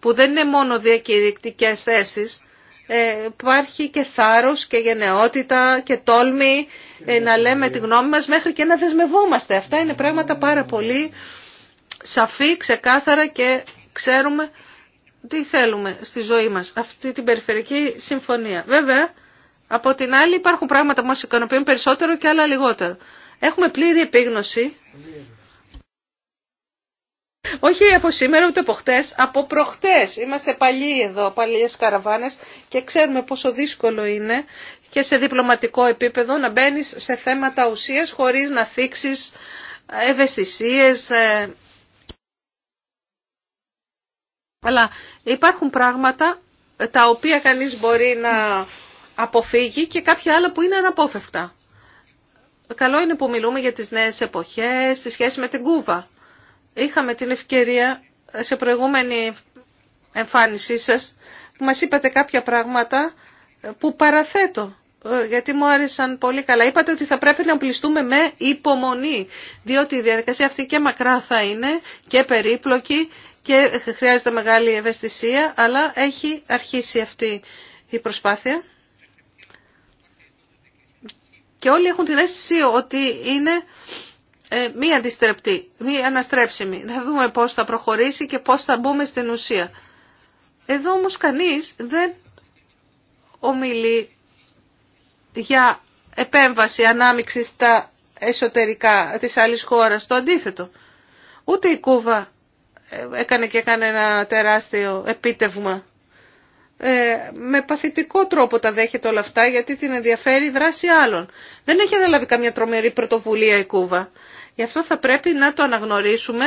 Που δεν είναι μόνο διακηρυκτικές θέσεις, ε, υπάρχει και θάρρος και γενναιότητα και τόλμη ε, να λέμε τη γνώμη μας μέχρι και να δεσμευόμαστε. Αυτά είναι πράγματα πάρα πολύ σαφή, ξεκάθαρα και ξέρουμε τι θέλουμε στη ζωή μας. Αυτή την περιφερική συμφωνία. Βέβαια, από την άλλη υπάρχουν πράγματα που μας ικανοποιούν περισσότερο και άλλα λιγότερο. Έχουμε πλήρη επίγνωση όχι από σήμερα ούτε από χτες, από προχτές. Είμαστε παλιοί εδώ, παλιές καραβάνες και ξέρουμε πόσο δύσκολο είναι και σε διπλωματικό επίπεδο να μπαίνεις σε θέματα ουσίας χωρίς να θίξεις ε, ευαισθησίες. Ε. Αλλά υπάρχουν πράγματα ε, τα οποία κανείς μπορεί να αποφύγει και κάποια άλλα που είναι αναπόφευκτα. Καλό είναι που μιλούμε για τις νέες εποχές, στη σχέση με την Κούβα είχαμε την ευκαιρία σε προηγούμενη εμφάνισή σας που μας είπατε κάποια πράγματα που παραθέτω ε, γιατί μου άρεσαν πολύ καλά. Είπατε ότι θα πρέπει να πληστούμε με υπομονή, διότι η διαδικασία αυτή και μακρά θα είναι και περίπλοκη και χρειάζεται μεγάλη ευαισθησία, αλλά έχει αρχίσει αυτή η προσπάθεια. Και όλοι έχουν την αίσθηση ότι είναι ε, μη αντιστρεπτή, μη αναστρέψιμη. Θα δούμε πώς θα προχωρήσει και πώς θα μπούμε στην ουσία. Εδώ όμως κανείς δεν ομιλεί για επέμβαση, ανάμειξη στα εσωτερικά της άλλης χώρας. Το αντίθετο. Ούτε η Κούβα ε, έκανε και ένα τεράστιο επίτευγμα. Ε, με παθητικό τρόπο τα δέχεται όλα αυτά γιατί την ενδιαφέρει η δράση άλλων. Δεν έχει αναλάβει καμιά τρομερή πρωτοβουλία η Κούβα. Γι' αυτό θα πρέπει να το αναγνωρίσουμε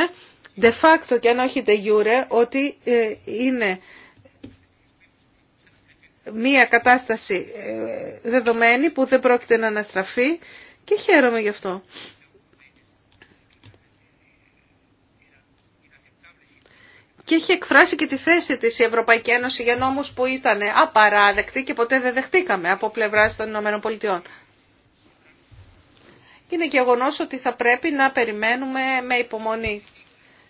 de facto και αν όχι de jure ότι ε, είναι μία κατάσταση ε, δεδομένη που δεν πρόκειται να αναστραφεί και χαίρομαι γι' αυτό. Και έχει εκφράσει και τη θέση της η Ευρωπαϊκή Ένωση για νόμους που ήταν απαράδεκτοι και ποτέ δεν δεχτήκαμε από πλευράς των Ηνωμένων Πολιτειών και είναι γεγονό ότι θα πρέπει να περιμένουμε με υπομονή.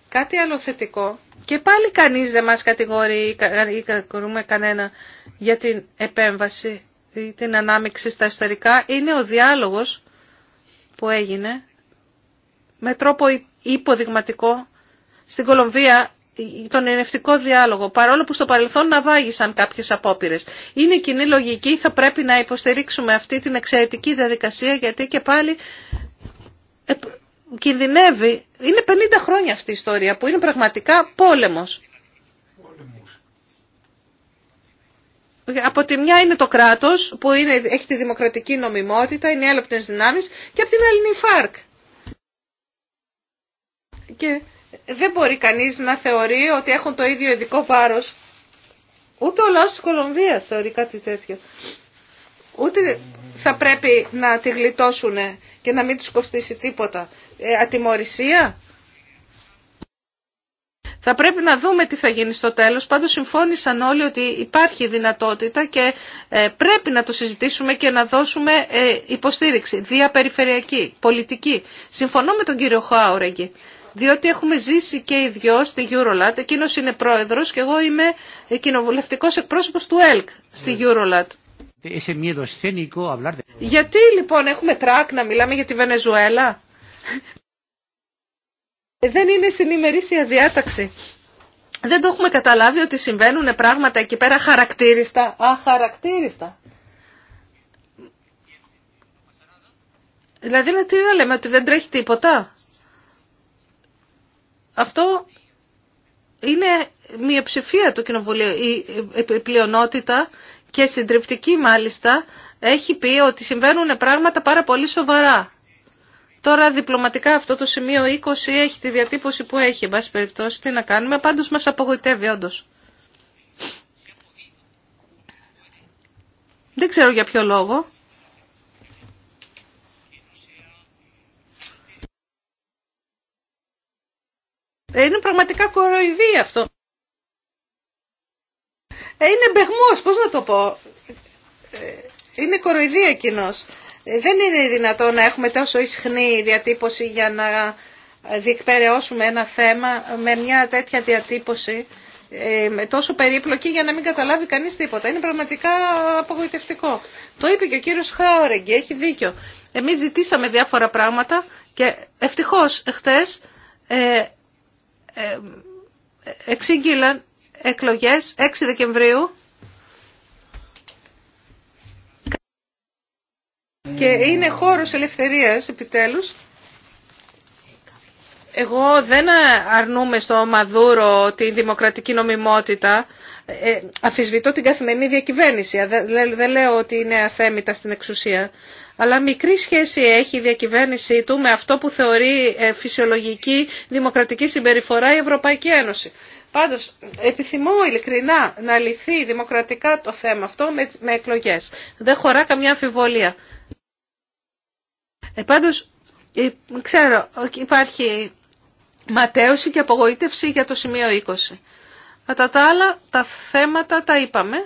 Κάτι άλλο θετικό. Και πάλι κανείς δεν μας κατηγορεί ή κατηγορούμε κανένα για την επέμβαση ή την ανάμειξη στα ιστορικά. Είναι ο διάλογος που έγινε με τρόπο υποδειγματικό στην Κολομβία τον ενευτικό διάλογο, παρόλο που στο παρελθόν να βάγισαν κάποιες απόπειρε. Είναι κοινή λογική, θα πρέπει να υποστηρίξουμε αυτή την εξαιρετική διαδικασία, γιατί και πάλι κινδυνεύει. Είναι 50 χρόνια αυτή η ιστορία που είναι πραγματικά πόλεμος. Από τη μια είναι το κράτος που είναι, έχει τη δημοκρατική νομιμότητα, είναι έλεπτες δυνάμεις και από την άλλη είναι η ΦΑΡΚ. Και δεν μπορεί κανείς να θεωρεί ότι έχουν το ίδιο ειδικό βάρος. Ούτε ο λαός της Κολομβίας θεωρεί κάτι τέτοιο. Ούτε θα πρέπει να τη γλιτώσουν και να μην τους κοστίσει τίποτα. Ε, ατιμορρησία. Θα πρέπει να δούμε τι θα γίνει στο τέλος. Πάντως συμφώνησαν όλοι ότι υπάρχει δυνατότητα και ε, πρέπει να το συζητήσουμε και να δώσουμε ε, υποστήριξη διαπεριφερειακή, πολιτική. Συμφωνώ με τον κύριο Χάουρεγγι διότι έχουμε ζήσει και οι δυο στη Eurolat. Εκείνο είναι πρόεδρο και εγώ είμαι κοινοβουλευτικό εκπρόσωπο του ΕΛΚ στη ναι. Eurolat. Γιατί λοιπόν έχουμε τρακ να μιλάμε για τη Βενεζουέλα. Ε, δεν είναι στην ημερήσια διάταξη. Δεν το έχουμε καταλάβει ότι συμβαίνουν πράγματα εκεί πέρα χαρακτήριστα, αχαρακτήριστα. Δηλαδή τι να λέμε ότι δεν τρέχει τίποτα. Αυτό είναι μία ψηφία του Κοινοβουλίου. Η πλειονότητα και συντριπτική μάλιστα έχει πει ότι συμβαίνουν πράγματα πάρα πολύ σοβαρά. Τώρα διπλωματικά αυτό το σημείο 20 έχει τη διατύπωση που έχει, εν πάση περιπτώσει, τι να κάνουμε, πάντως μας απογοητεύει όντω. Δεν ξέρω για ποιο λόγο. Είναι πραγματικά κοροϊδί αυτό. Ε, είναι μπεγμός, πώς να το πω. Ε, είναι κοροϊδί εκείνος. Ε, δεν είναι δυνατό να έχουμε τόσο ισχνή διατύπωση για να διεκπαιρεώσουμε ένα θέμα με μια τέτοια διατύπωση με τόσο περίπλοκη για να μην καταλάβει κανείς τίποτα. Είναι πραγματικά απογοητευτικό. Το είπε και ο κύριος Χάορεγγι, έχει δίκιο. Εμείς ζητήσαμε διάφορα πράγματα και ευτυχώς χτες ε, ε, εξήγηλαν εκλογές 6 Δεκεμβρίου και είναι χώρος ελευθερίας επιτέλους. Εγώ δεν αρνούμε στο Μαδούρο τη δημοκρατική νομιμότητα. Ε, ε, αφισβητώ την καθημερινή διακυβέρνηση. Δεν, λέω ότι είναι αθέμητα στην εξουσία. Αλλά μικρή σχέση έχει η διακυβέρνησή του με αυτό που θεωρεί ε, φυσιολογική δημοκρατική συμπεριφορά η Ευρωπαϊκή Ένωση. Πάντως, επιθυμώ ειλικρινά να λυθεί δημοκρατικά το θέμα αυτό με εκλογές. Δεν χωρά καμιά αμφιβολία. Ε, πάντως, ε, ξέρω, ε, υπάρχει ματέωση και απογοήτευση για το σημείο 20. Κατά τα άλλα, τα θέματα τα είπαμε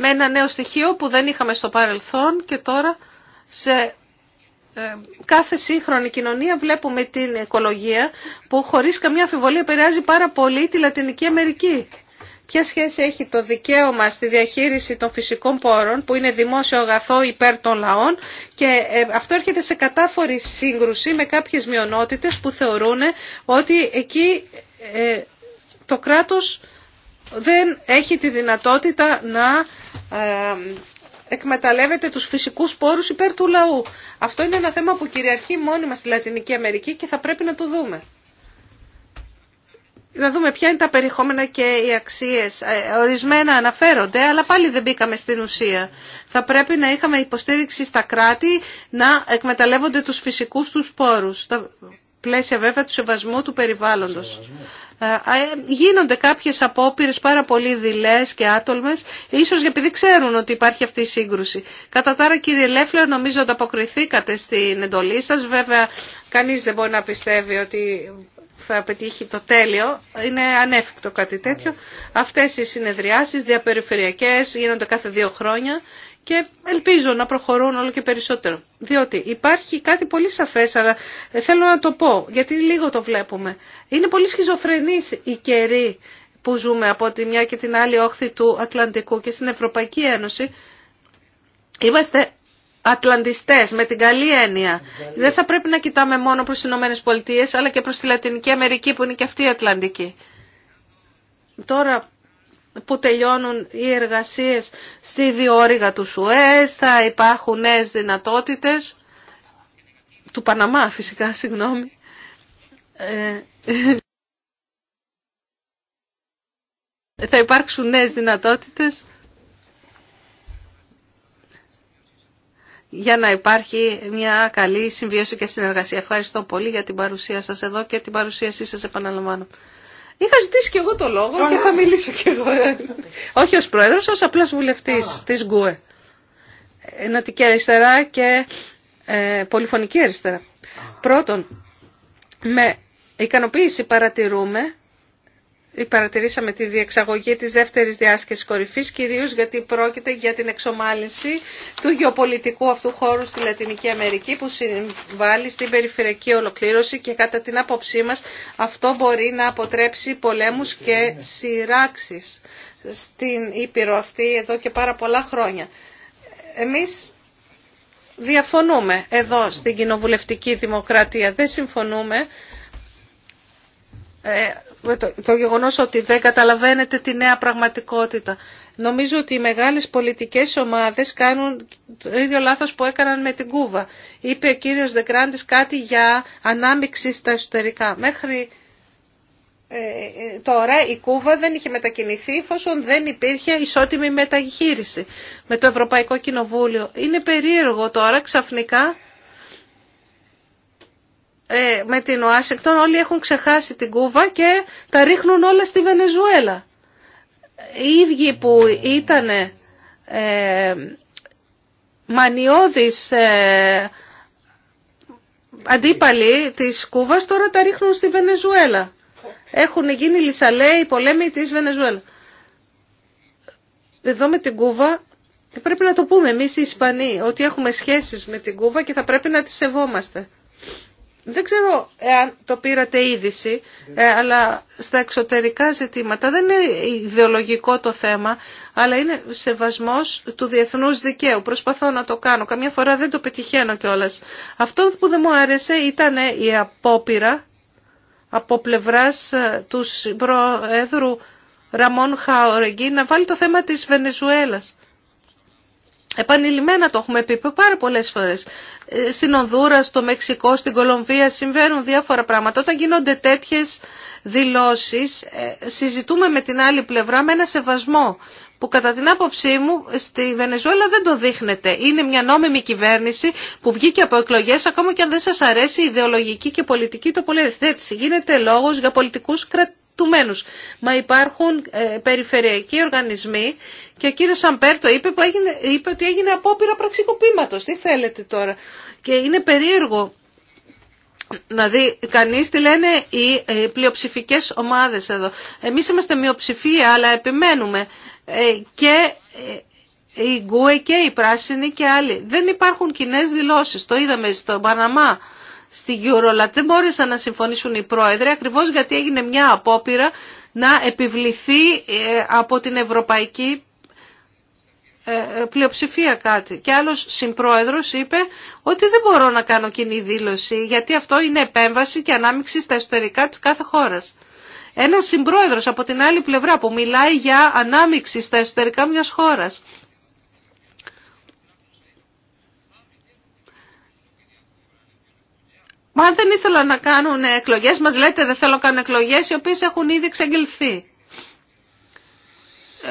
με ένα νέο στοιχείο που δεν είχαμε στο παρελθόν και τώρα σε ε, κάθε σύγχρονη κοινωνία βλέπουμε την οικολογία που χωρίς καμία αφιβολία επηρεάζει πάρα πολύ τη Λατινική Αμερική. Ποια σχέση έχει το δικαίωμα στη διαχείριση των φυσικών πόρων που είναι δημόσιο αγαθό υπέρ των λαών και ε, αυτό έρχεται σε κατάφορη σύγκρουση με κάποιες μειονότητες που θεωρούν ότι εκεί ε, το κράτος δεν έχει τη δυνατότητα να εκμεταλλεύεται τους φυσικούς πόρους υπέρ του λαού. Αυτό είναι ένα θέμα που κυριαρχεί μόνιμα στη Λατινική Αμερική και θα πρέπει να το δούμε. Να δούμε ποια είναι τα περιεχόμενα και οι αξίες. Ε, ορισμένα αναφέρονται, αλλά πάλι δεν μπήκαμε στην ουσία. Θα πρέπει να είχαμε υποστήριξη στα κράτη να εκμεταλλεύονται τους φυσικούς τους πόρους πλαίσια βέβαια του σεβασμού του περιβάλλοντος. Ε, ε, γίνονται κάποιες απόπειρες πάρα πολύ δειλές και άτολμες, ίσως επειδή ξέρουν ότι υπάρχει αυτή η σύγκρουση. Κατά τάρα κύριε Λέφλερ νομίζω ότι αποκριθήκατε στην εντολή σας. Βέβαια κανείς δεν μπορεί να πιστεύει ότι θα πετύχει το τέλειο. Είναι ανέφικτο κάτι τέτοιο. Αυτές οι συνεδριάσεις διαπεριφερειακές γίνονται κάθε δύο χρόνια και ελπίζω να προχωρούν όλο και περισσότερο. Διότι υπάρχει κάτι πολύ σαφές, αλλά θέλω να το πω, γιατί λίγο το βλέπουμε. Είναι πολύ σχιζοφρενής η καιρή που ζούμε από τη μια και την άλλη όχθη του Ατλαντικού και στην Ευρωπαϊκή Ένωση. Είμαστε Ατλαντιστές με την καλή έννοια. Δεν θα πρέπει να κοιτάμε μόνο προς τις Ηνωμένες Πολιτείες, αλλά και προς τη Λατινική Αμερική που είναι και αυτή η Ατλαντική. Τώρα που τελειώνουν οι εργασίες στη διόρυγα του ΣΟΕΣ, θα υπάρχουν νέε δυνατότητες, του Παναμά φυσικά, συγγνώμη. Ε, θα υπάρξουν νέες δυνατότητες για να υπάρχει μια καλή συμβίωση και συνεργασία. Ευχαριστώ πολύ για την παρουσία σας εδώ και την παρουσίασή σας επαναλαμβάνω. Είχα ζητήσει και εγώ το λόγο και θα μιλήσω κι εγώ. Όχι ως πρόεδρος, ως απλός βουλευτής τη της ΓΚΟΕ. Νοτική αριστερά και ε, πολυφωνική αριστερά. Πρώτον, με ικανοποίηση παρατηρούμε παρατηρήσαμε τη διεξαγωγή της δεύτερης διάσκεσης κορυφής, κυρίως γιατί πρόκειται για την εξομάλυνση του γεωπολιτικού αυτού χώρου στη Λατινική Αμερική που συμβάλλει στην περιφερειακή ολοκλήρωση και κατά την άποψή μας αυτό μπορεί να αποτρέψει πολέμους και σειράξεις στην Ήπειρο αυτή εδώ και πάρα πολλά χρόνια. Εμείς διαφωνούμε εδώ στην κοινοβουλευτική δημοκρατία, δεν συμφωνούμε ε, το γεγονός ότι δεν καταλαβαίνετε τη νέα πραγματικότητα. Νομίζω ότι οι μεγάλες πολιτικές ομάδες κάνουν το ίδιο λάθος που έκαναν με την Κούβα. Είπε ο κύριος Δεκράντης κάτι για ανάμειξη στα εσωτερικά. Μέχρι ε, τώρα η Κούβα δεν είχε μετακινηθεί εφόσον δεν υπήρχε ισότιμη μεταχείριση με το Ευρωπαϊκό Κοινοβούλιο. Είναι περίεργο τώρα ξαφνικά ε, με την Ουάσιγκτον όλοι έχουν ξεχάσει την Κούβα και τα ρίχνουν όλα στη Βενεζουέλα. Οι ίδιοι που ήταν ε, μανιώδεις ε, αντίπαλοι της Κούβας τώρα τα ρίχνουν στη Βενεζουέλα. Έχουν γίνει λυσαλέοι πολέμοι της Βενεζουέλα. Εδώ με την Κούβα πρέπει να το πούμε εμείς οι Ισπανοί ότι έχουμε σχέσεις με την Κούβα και θα πρέπει να τις σεβόμαστε. Δεν ξέρω εάν το πήρατε είδηση, ε, αλλά στα εξωτερικά ζητήματα δεν είναι ιδεολογικό το θέμα, αλλά είναι σεβασμός του διεθνούς δικαίου. Προσπαθώ να το κάνω. Καμιά φορά δεν το πετυχαίνω κιόλας. Αυτό που δεν μου άρεσε ήταν ε, η απόπειρα από πλευράς ε, του Προέδρου Ραμόν Χαορεγγί να βάλει το θέμα της Βενεζουέλας. Επανειλημμένα το έχουμε πει πάρα πολλές φορές. Ε, στην Ονδούρα, στο Μεξικό, στην Κολομβία συμβαίνουν διάφορα πράγματα. Όταν γίνονται τέτοιες δηλώσεις ε, συζητούμε με την άλλη πλευρά με ένα σεβασμό που κατά την άποψή μου στη Βενεζουέλα δεν το δείχνεται. Είναι μια νόμιμη κυβέρνηση που βγήκε από εκλογέ, ακόμα και αν δεν σα αρέσει η ιδεολογική και πολιτική τοποθέτηση. Γίνεται λόγο για πολιτικού κρατού μένους. Μα υπάρχουν ε, περιφερειακοί οργανισμοί και ο κύριος Αμπέρτο είπε, που έγινε, είπε ότι έγινε απόπειρα πραξικοπήματος. Τι θέλετε τώρα. Και είναι περίεργο να δει κανείς τι λένε οι ε, πλειοψηφικές ομάδες εδώ. Εμείς είμαστε μειοψηφία αλλά επιμένουμε ε, και οι ε, Γκουε και οι Πράσινοι και άλλοι. Δεν υπάρχουν κοινέ δηλώσεις. Το είδαμε στο Παναμά στη Eurolat. Δεν μπόρεσαν να συμφωνήσουν οι πρόεδροι ακριβώς γιατί έγινε μια απόπειρα να επιβληθεί ε, από την Ευρωπαϊκή ε, ε, πλειοψηφία κάτι. Και άλλος συμπρόεδρος είπε ότι δεν μπορώ να κάνω κοινή δήλωση γιατί αυτό είναι επέμβαση και ανάμειξη στα εσωτερικά της κάθε χώρας. Ένας συμπρόεδρος από την άλλη πλευρά που μιλάει για ανάμειξη στα εσωτερικά μιας χώρας Μα αν δεν ήθελα να κάνουν εκλογές, μας λέτε δεν θέλω να κάνουν εκλογές, οι οποίες έχουν ήδη εξαγγελθεί. Ε,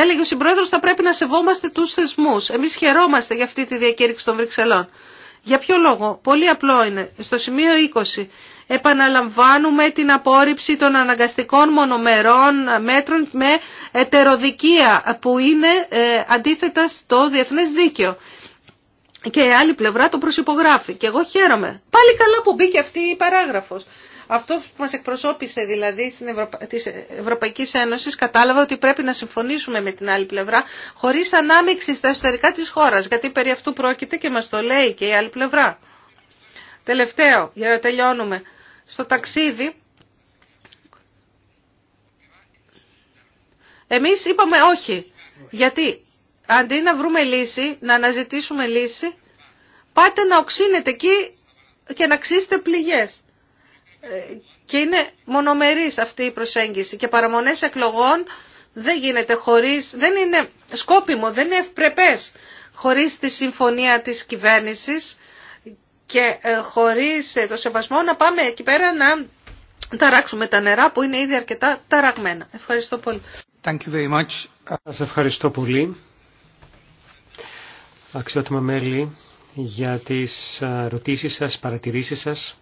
έλεγε ο συμπρόεδρο θα πρέπει να σεβόμαστε του θεσμού. Εμεί χαιρόμαστε για αυτή τη διακήρυξη των Βρυξελών. Για ποιο λόγο, πολύ απλό είναι. Στο σημείο 20 επαναλαμβάνουμε την απόρριψη των αναγκαστικών μονομερών μέτρων με ετεροδικία που είναι ε, αντίθετα στο διεθνές δίκαιο και η άλλη πλευρά το προσυπογράφει. Και εγώ χαίρομαι. Πάλι καλά που μπήκε αυτή η παράγραφος. Αυτό που μας εκπροσώπησε δηλαδή στην Ευρωπα... της Ευρωπαϊκής Ένωσης κατάλαβα ότι πρέπει να συμφωνήσουμε με την άλλη πλευρά χωρίς ανάμειξη στα εσωτερικά της χώρας γιατί περί αυτού πρόκειται και μας το λέει και η άλλη πλευρά. Τελευταίο, για να τελειώνουμε. Στο ταξίδι εμείς είπαμε όχι. Γιατί Αντί να βρούμε λύση, να αναζητήσουμε λύση, πάτε να οξύνετε εκεί και να ξύσετε πληγές. Ε, και είναι μονομερής αυτή η προσέγγιση και παραμονές εκλογών δεν γίνεται χωρίς, δεν είναι σκόπιμο, δεν είναι ευπρεπές χωρίς τη συμφωνία της κυβέρνησης και ε, χωρίς ε, το σεβασμό να πάμε εκεί πέρα να ταράξουμε τα νερά που είναι ήδη αρκετά ταραγμένα. Ευχαριστώ πολύ. Thank ευχαριστώ πολύ αξιότιμα μέλη, για τις ρωτήσεις σας, παρατηρήσεις σας.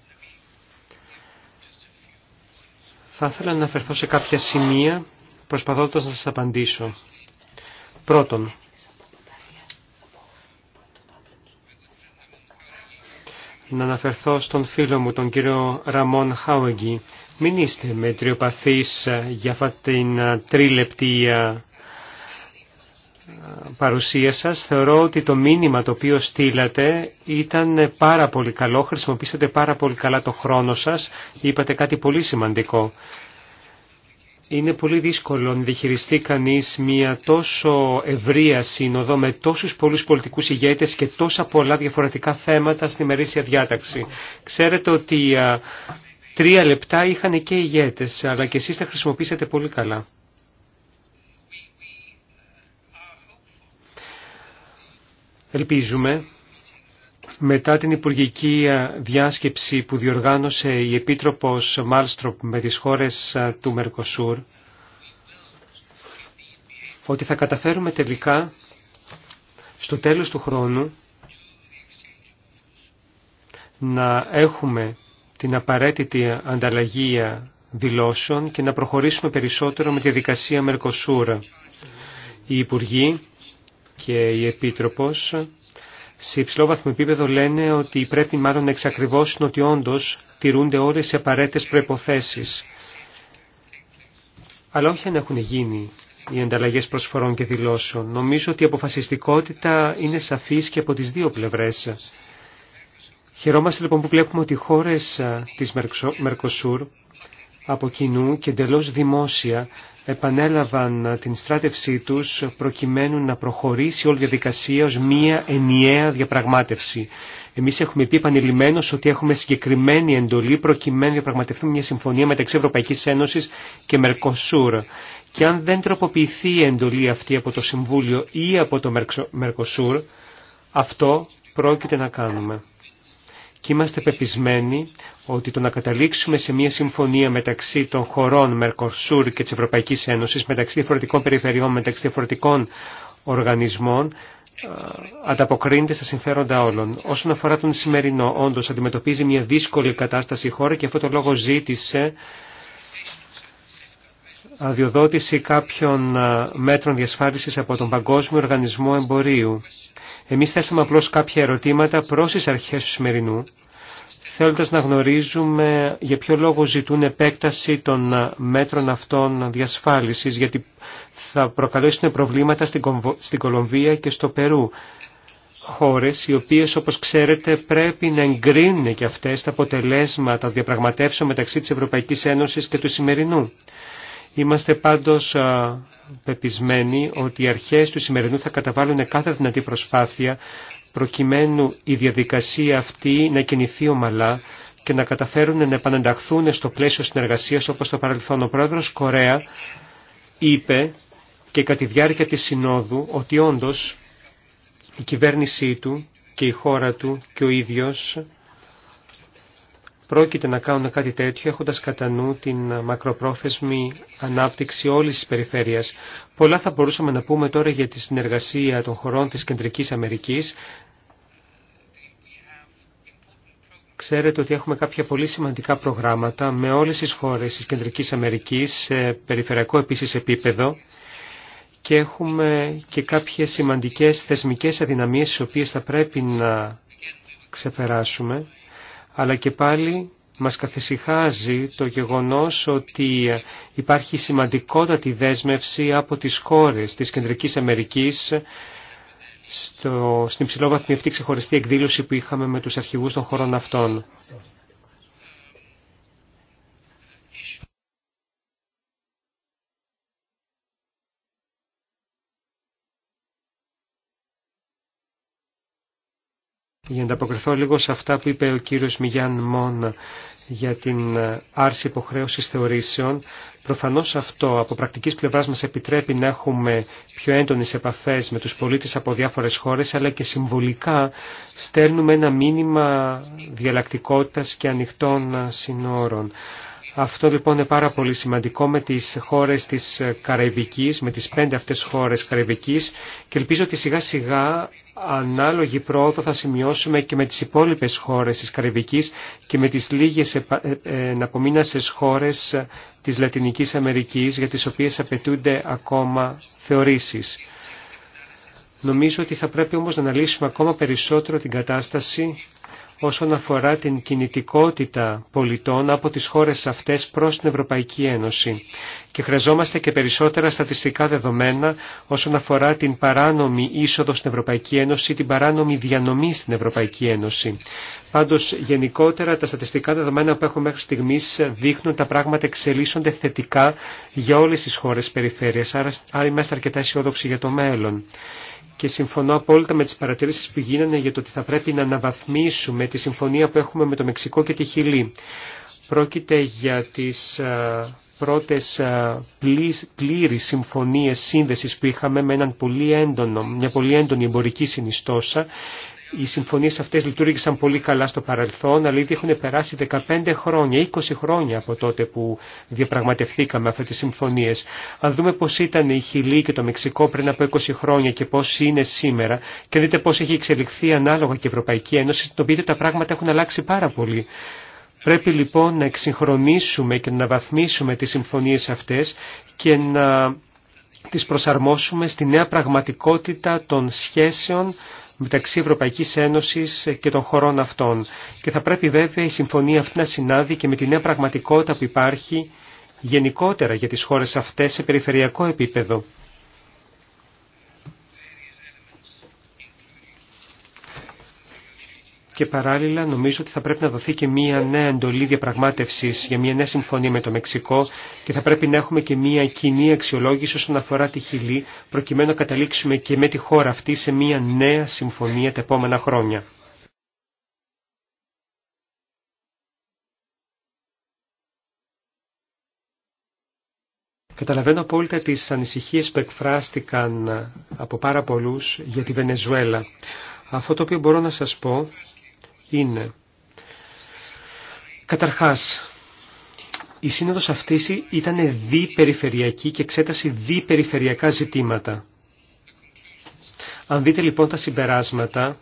Θα ήθελα να αναφερθώ σε κάποια σημεία, προσπαθώντας να σας απαντήσω. Πρώτον, να αναφερθώ στον φίλο μου, τον κύριο Ραμόν Χάουγγι. Μην είστε μετριοπαθείς ε, για αυτή την ε, τρίλεπτη ε, παρουσία σας. Θεωρώ ότι το μήνυμα το οποίο στείλατε ήταν πάρα πολύ καλό. Χρησιμοποίησατε πάρα πολύ καλά το χρόνο σας. Είπατε κάτι πολύ σημαντικό. Είναι πολύ δύσκολο να διχειριστεί κανείς μια τόσο ευρία σύνοδο με τόσους πολλούς πολιτικούς ηγέτες και τόσα πολλά διαφορετικά θέματα στη μερίσια διάταξη. Ξέρετε ότι τρία λεπτά είχαν και ηγέτες, αλλά και εσείς τα χρησιμοποίησατε πολύ καλά. Ελπίζουμε μετά την υπουργική διάσκεψη που διοργάνωσε η Επίτροπος Μάλστροπ με τις χώρες του Μερκοσούρ ότι θα καταφέρουμε τελικά στο τέλος του χρόνου να έχουμε την απαραίτητη ανταλλαγή δηλώσεων και να προχωρήσουμε περισσότερο με τη δικασία Μερκοσούρα. Η Υπουργοί και η Επίτροπος σε υψηλό βαθμό επίπεδο λένε ότι πρέπει μάλλον να εξακριβώσουν ότι όντως τηρούνται όλε οι απαραίτητες προϋποθέσεις. Αλλά όχι αν έχουν γίνει οι ανταλλαγέ προσφορών και δηλώσεων. Νομίζω ότι η αποφασιστικότητα είναι σαφής και από τις δύο πλευρές. Χαιρόμαστε λοιπόν που βλέπουμε ότι οι χώρες ε, της Μερκοσούρ από κοινού και εντελώ δημόσια επανέλαβαν την στράτευσή τους προκειμένου να προχωρήσει όλη η διαδικασία ως μία ενιαία διαπραγμάτευση. Εμείς έχουμε πει επανειλημμένως ότι έχουμε συγκεκριμένη εντολή προκειμένου να διαπραγματευτούμε μια συμφωνία μεταξύ Ευρωπαϊκής Ένωσης και Μερκοσούρ. Και αν δεν τροποποιηθεί η εντολή αυτή από το Συμβούλιο ή από το Μερκοσούρ, αυτό πρόκειται να κάνουμε και είμαστε πεπισμένοι ότι το να καταλήξουμε σε μια συμφωνία μεταξύ των χωρών Μερκοσούρ και της Ευρωπαϊκής Ένωσης, μεταξύ διαφορετικών περιφερειών, μεταξύ διαφορετικών οργανισμών, ε, ανταποκρίνεται στα συμφέροντα όλων. Όσον αφορά τον σημερινό, όντως αντιμετωπίζει μια δύσκολη κατάσταση η χώρα και αυτό το λόγο ζήτησε αδειοδότηση κάποιων ε, μέτρων διασφάλισης από τον Παγκόσμιο Οργανισμό Εμπορίου. Εμείς θέσαμε απλώς κάποια ερωτήματα προς τις αρχές του σημερινού, θέλοντας να γνωρίζουμε για ποιο λόγο ζητούν επέκταση των μέτρων αυτών διασφάλισης, γιατί θα προκαλέσουν προβλήματα στην Κολομβία και στο Περού χώρες οι οποίες όπως ξέρετε πρέπει να εγκρίνουν και αυτές τα αποτελέσματα διαπραγματεύσεων μεταξύ της Ευρωπαϊκής Ένωσης και του σημερινού. Είμαστε πάντως πεπισμένοι ότι οι αρχές του σημερινού θα καταβάλουν κάθε δυνατή προσπάθεια προκειμένου η διαδικασία αυτή να κινηθεί ομαλά και να καταφέρουν να επανενταχθούν στο πλαίσιο συνεργασίας όπως το παρελθόν. Ο πρόεδρος Κορέα είπε και κατά τη διάρκεια της Συνόδου ότι όντως η κυβέρνησή του και η χώρα του και ο ίδιος πρόκειται να κάνουν κάτι τέτοιο έχοντας κατά νου την μακροπρόθεσμη ανάπτυξη όλης της περιφέρειας. Πολλά θα μπορούσαμε να πούμε τώρα για τη συνεργασία των χωρών της Κεντρικής Αμερικής. Ξέρετε ότι έχουμε κάποια πολύ σημαντικά προγράμματα με όλες τις χώρες της Κεντρικής Αμερικής σε περιφερειακό επίσης επίπεδο και έχουμε και κάποιες σημαντικές θεσμικές αδυναμίες τις οποίες θα πρέπει να ξεπεράσουμε αλλά και πάλι μας καθησυχάζει το γεγονός ότι υπάρχει σημαντικότατη δέσμευση από τις χώρες της Κεντρικής Αμερικής στο, στην ψηλόβαθμη αυτή ξεχωριστή εκδήλωση που είχαμε με τους αρχηγούς των χωρών αυτών. για να ανταποκριθώ λίγο σε αυτά που είπε ο κύριος Μιγιάν Μόνα για την άρση υποχρέωση θεωρήσεων. Προφανώς αυτό από πρακτικής πλευράς μας επιτρέπει να έχουμε πιο έντονες επαφές με τους πολίτες από διάφορες χώρες, αλλά και συμβολικά στέλνουμε ένα μήνυμα διαλλακτικότητας και ανοιχτών συνόρων. Αυτό λοιπόν είναι πάρα πολύ σημαντικό με τις χώρες της Καραϊβικής, με τις πέντε αυτές χώρες Καραϊβικής και ελπίζω ότι σιγά σιγά ανάλογη πρόοδο θα σημειώσουμε και με τις υπόλοιπες χώρες της Καραϊβικής και με τις λίγες ε, ε, εναπομείνασες χώρες της Λατινικής Αμερικής για τις οποίες απαιτούνται ακόμα θεωρήσεις. Νομίζω ότι θα πρέπει όμως να αναλύσουμε ακόμα περισσότερο την κατάσταση όσον αφορά την κινητικότητα πολιτών από τις χώρες αυτές προς την Ευρωπαϊκή Ένωση. Και χρειαζόμαστε και περισσότερα στατιστικά δεδομένα όσον αφορά την παράνομη είσοδο στην Ευρωπαϊκή Ένωση ή την παράνομη διανομή στην Ευρωπαϊκή Ένωση. Πάντως, γενικότερα, τα στατιστικά δεδομένα που έχουμε μέχρι στιγμής δείχνουν τα πράγματα εξελίσσονται θετικά για όλες τις χώρες περιφέρειας, άρα είμαστε αρκετά αισιόδοξοι για το μέλλον και συμφωνώ απόλυτα με τις παρατηρήσεις που γίνανε για το ότι θα πρέπει να αναβαθμίσουμε τη συμφωνία που έχουμε με το Μεξικό και τη Χιλή. Πρόκειται για τις ε, πρώτες ε, πλήρης συμφωνίες σύνδεσης που είχαμε με έναν πολύ έντονο, μια πολύ έντονη εμπορική συνιστόσα οι συμφωνίε αυτέ λειτουργήσαν πολύ καλά στο παρελθόν, αλλά ήδη έχουν περάσει 15 χρόνια, 20 χρόνια από τότε που διαπραγματευθήκαμε αυτέ τι συμφωνίε. Αν δούμε πώ ήταν η Χιλή και το Μεξικό πριν από 20 χρόνια και πώ είναι σήμερα, και δείτε πώ έχει εξελιχθεί ανάλογα και η Ευρωπαϊκή Ένωση, το οποίο τα πράγματα έχουν αλλάξει πάρα πολύ. Πρέπει λοιπόν να εξυγχρονίσουμε και να βαθμίσουμε τις συμφωνίες αυτές και να τις προσαρμόσουμε στη νέα πραγματικότητα των σχέσεων μεταξύ Ευρωπαϊκής Ένωσης και των χωρών αυτών. Και θα πρέπει βέβαια η συμφωνία αυτή να συνάδει και με τη νέα πραγματικότητα που υπάρχει γενικότερα για τις χώρες αυτές σε περιφερειακό επίπεδο. και παράλληλα νομίζω ότι θα πρέπει να δοθεί και μία νέα εντολή διαπραγμάτευση για μία νέα συμφωνία με το Μεξικό και θα πρέπει να έχουμε και μία κοινή αξιολόγηση όσον αφορά τη Χιλή προκειμένου να καταλήξουμε και με τη χώρα αυτή σε μία νέα συμφωνία τα επόμενα χρόνια. Καταλαβαίνω απόλυτα τις ανησυχίες που εκφράστηκαν από πάρα πολλούς για τη Βενεζουέλα. Αυτό το οποίο μπορώ να σας πω είναι καταρχάς η σύνοδος αυτή ήταν διπεριφερειακή και εξέταση διπεριφερειακά ζητήματα. Αν δείτε λοιπόν τα συμπεράσματα,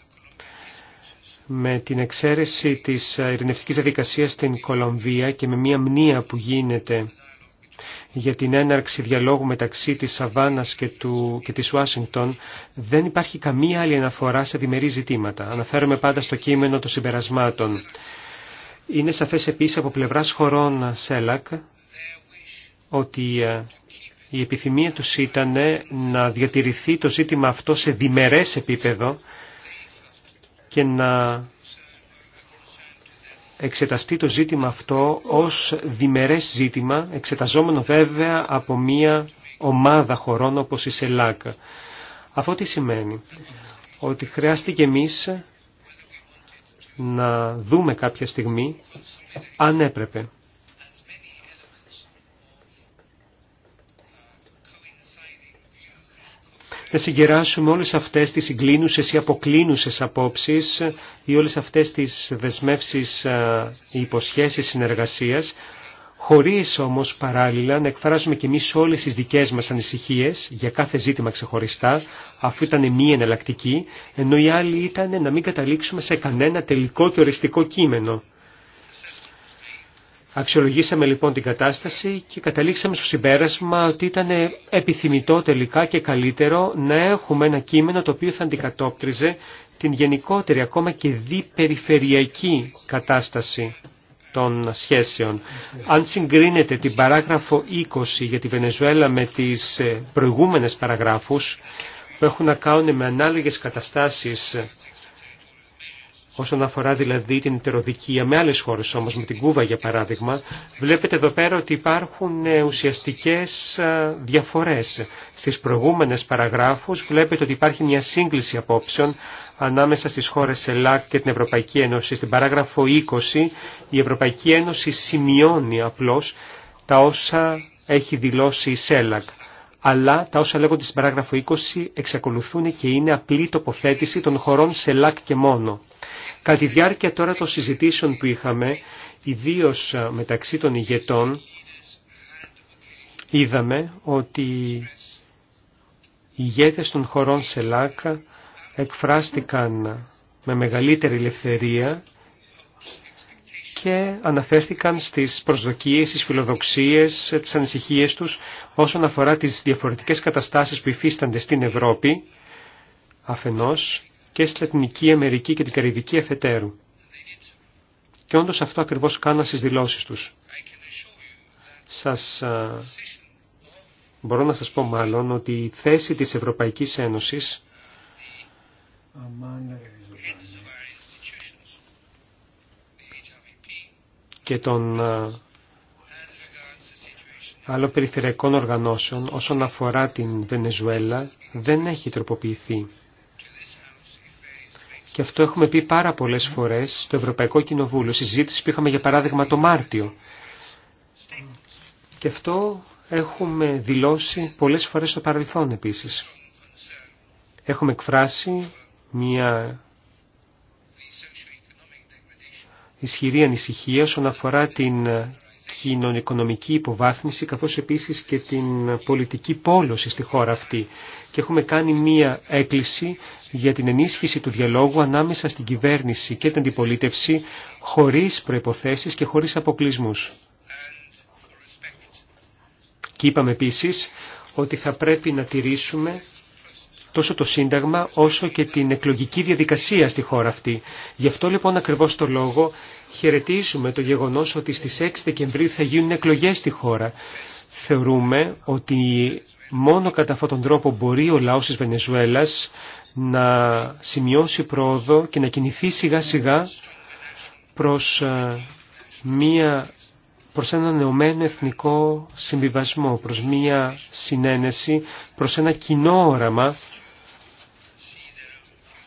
με την εξαίρεση της ειρηνευτικής διαδικασίας στην Κολομβία και με μία μνήα που γίνεται για την έναρξη διαλόγου μεταξύ της Σαββάνας και, του, και της Ουάσιγκτον δεν υπάρχει καμία άλλη αναφορά σε διμερεί ζητήματα. Αναφέρομαι πάντα στο κείμενο των συμπερασμάτων. Είναι σαφές επίσης από πλευράς χωρών ΣΕΛΑΚ ότι ε, η επιθυμία τους ήταν να διατηρηθεί το ζήτημα αυτό σε διμερές επίπεδο και να εξεταστεί το ζήτημα αυτό ως διμερές ζήτημα, εξεταζόμενο βέβαια από μία ομάδα χωρών όπως η ΣΕΛΑΚ. Αυτό τι σημαίνει, ότι χρειάστηκε εμείς να δούμε κάποια στιγμή αν έπρεπε θα συγκεράσουμε όλες αυτές τις συγκλίνουσες ή αποκλίνουσες απόψεις ή όλες αυτές τις δεσμεύσεις ή ε, υποσχέσεις συνεργασίας, χωρίς όμως παράλληλα να εκφράζουμε κι εμείς όλες τις δικές μας ανησυχίες για κάθε ζήτημα ξεχωριστά, αφού ήταν μία εναλλακτική, ενώ η αποκλινουσες αποψεις η ολες αυτες τις δεσμευσεις η υποσχεσεις συνεργασιας χωρις ομως παραλληλα να εκφραζουμε και εμεις ήταν να μην καταλήξουμε σε κανένα τελικό και οριστικό κείμενο. Αξιολογήσαμε λοιπόν την κατάσταση και καταλήξαμε στο συμπέρασμα ότι ήταν επιθυμητό τελικά και καλύτερο να έχουμε ένα κείμενο το οποίο θα αντικατόπτριζε την γενικότερη ακόμα και διπεριφερειακή κατάσταση των σχέσεων. Αν συγκρίνετε την παράγραφο 20 για τη Βενεζουέλα με τις ε, προηγούμενες παραγράφους που έχουν να κάνουν με ανάλογες καταστάσεις όσον αφορά δηλαδή την εταιροδικία με άλλες χώρες όμως, με την Κούβα για παράδειγμα, βλέπετε εδώ πέρα ότι υπάρχουν ε, ουσιαστικές ε, διαφορές. Στις προηγούμενες παραγράφους βλέπετε ότι υπάρχει μια σύγκληση απόψεων ανάμεσα στις χώρες ΕΛΑΚ και την Ευρωπαϊκή Ένωση. Στην παράγραφο 20 η Ευρωπαϊκή Ένωση σημειώνει απλώς τα όσα έχει δηλώσει η ΣΕΛΑΚ. Αλλά τα όσα λέγονται στην παράγραφο 20 εξακολουθούν και είναι απλή τοποθέτηση των χωρών ΣΕΛΑΚ και μόνο. Κατά τη διάρκεια τώρα των συζητήσεων που είχαμε, ιδίω ε, μεταξύ των ηγετών, είδαμε ότι οι ηγέτες των χωρών ΣΕΛΑΚ εκφράστηκαν με μεγαλύτερη ελευθερία και αναφέρθηκαν στις προσδοκίες, στις φιλοδοξίες, ε, τις ανησυχίες τους όσον αφορά τις διαφορετικές καταστάσεις που υφίστανται στην Ευρώπη αφενός και στη Λατινική Αμερική και την Καρυβική εφετέρου. Και όντως αυτό ακριβώς κάνα στις δηλώσεις τους. Σας, μπορώ να σας πω μάλλον ότι η θέση της Ευρωπαϊκής Ένωσης και των άλλων περιφερειακών οργανώσεων όσον αφορά την Βενεζουέλα δεν έχει τροποποιηθεί. Και αυτό έχουμε πει πάρα πολλές φορές στο Ευρωπαϊκό Κοινοβούλιο, συζήτηση που είχαμε για παράδειγμα το Μάρτιο. Και αυτό έχουμε δηλώσει πολλές φορές στο παρελθόν επίσης. Έχουμε εκφράσει μια ισχυρή ανησυχία όσον αφορά την κοινωνικονομική υποβάθμιση καθώς επίσης και την πολιτική πόλωση στη χώρα αυτή. Και έχουμε κάνει μία έκκληση για την ενίσχυση του διαλόγου ανάμεσα στην κυβέρνηση και την αντιπολίτευση χωρίς προϋποθέσεις και χωρίς αποκλεισμούς. Και είπαμε επίσης ότι θα πρέπει να τηρήσουμε τόσο το Σύνταγμα όσο και την εκλογική διαδικασία στη χώρα αυτή. Γι' αυτό λοιπόν ακριβώς το λόγο χαιρετίζουμε το γεγονός ότι στις 6 Δεκεμβρίου θα γίνουν εκλογές στη χώρα. Θεωρούμε ότι μόνο κατά αυτόν τον τρόπο μπορεί ο λαός της Βενεζουέλας να σημειώσει πρόοδο και να κινηθεί σιγά σιγά προς, ε, μία, προς ένα νεωμένο εθνικό συμβιβασμό, προς μία συνένεση, προς ένα κοινό όραμα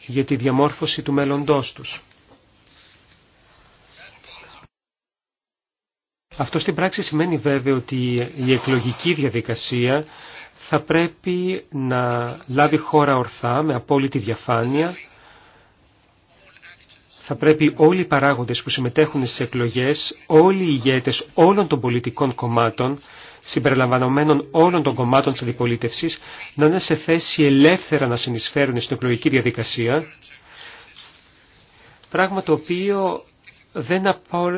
για τη διαμόρφωση του μέλλοντός τους. Αυτό στην πράξη σημαίνει βέβαια ότι η εκλογική διαδικασία θα πρέπει να λάβει χώρα ορθά, με απόλυτη διαφάνεια. Θα πρέπει όλοι οι παράγοντες που συμμετέχουν στις εκλογές, όλοι οι ηγέτες όλων των πολιτικών κομμάτων συμπεριλαμβανομένων όλων των κομμάτων της αντιπολίτευσης, να είναι σε θέση ελεύθερα να συνεισφέρουν στην εκλογική διαδικασία, πράγμα το οποίο δεν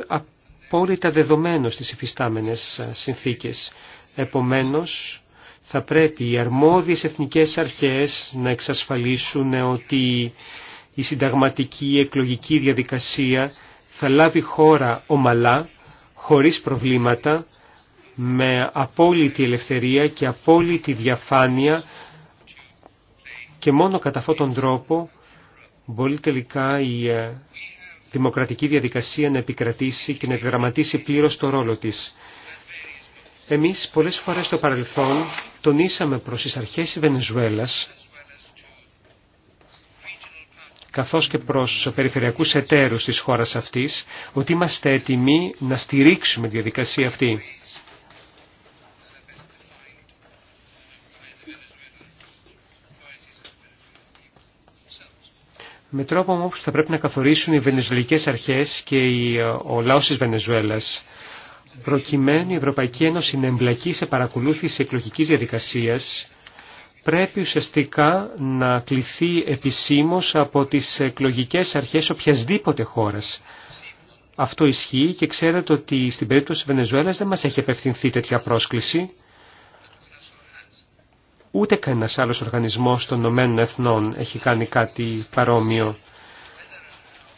απόλυτα δεδομένο στις υφιστάμενες συνθήκες. Επομένως, θα πρέπει οι αρμόδιες εθνικές αρχές να εξασφαλίσουν ότι η συνταγματική εκλογική διαδικασία θα λάβει χώρα ομαλά, χωρίς προβλήματα, με απόλυτη ελευθερία και απόλυτη διαφάνεια και μόνο κατά αυτόν τον τρόπο μπορεί τελικά η ε, δημοκρατική διαδικασία να επικρατήσει και να δραματίσει πλήρως το ρόλο της. Εμείς πολλές φορές στο παρελθόν τονίσαμε προς τις αρχές της Βενεζουέλας καθώς και προς περιφερειακούς εταίρους της χώρας αυτής ότι είμαστε έτοιμοι να στηρίξουμε τη διαδικασία αυτή. με τρόπο όμω που θα πρέπει να καθορίσουν οι βενεζουελικές αρχές και ε, ο λαός της Βενεζουέλας προκειμένου η Ευρωπαϊκή Ένωση να εμπλακεί σε παρακολούθηση εκλογικής διαδικασίας πρέπει ουσιαστικά να κληθεί επισήμως από τις εκλογικές αρχές οποιασδήποτε χώρας. Αυτό ισχύει και ξέρετε ότι στην περίπτωση της Βενεζουέλας δεν μας έχει απευθυνθεί τέτοια πρόσκληση. Ούτε κανένας άλλος οργανισμός των ΗΕ Εθνών έχει κάνει κάτι παρόμοιο.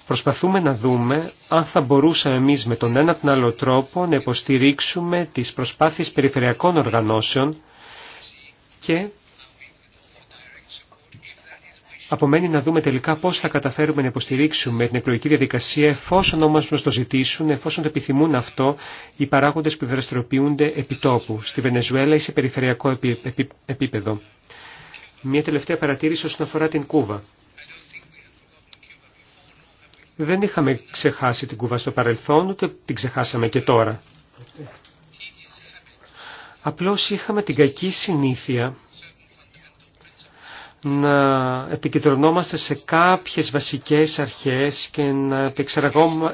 Προσπαθούμε να δούμε αν θα μπορούσαμε εμείς με τον ένα τον άλλο τρόπο να υποστηρίξουμε τις προσπάθειες περιφερειακών οργανώσεων και Απομένει να δούμε τελικά πώς θα καταφέρουμε να υποστηρίξουμε την εκλογική διαδικασία εφόσον όμως μας το ζητήσουν, εφόσον το επιθυμούν αυτό οι παράγοντες που δραστηριοποιούνται επί τόπου, στη Βενεζουέλα ή σε περιφερειακό επίπεδο. Μία τελευταία παρατήρηση όσον αφορά την Κούβα. Δεν είχαμε ξεχάσει την Κούβα στο παρελθόν, ούτε την ξεχάσαμε και τώρα. Απλώς είχαμε την κακή συνήθεια να επικεντρωνόμαστε σε κάποιες βασικές αρχές και να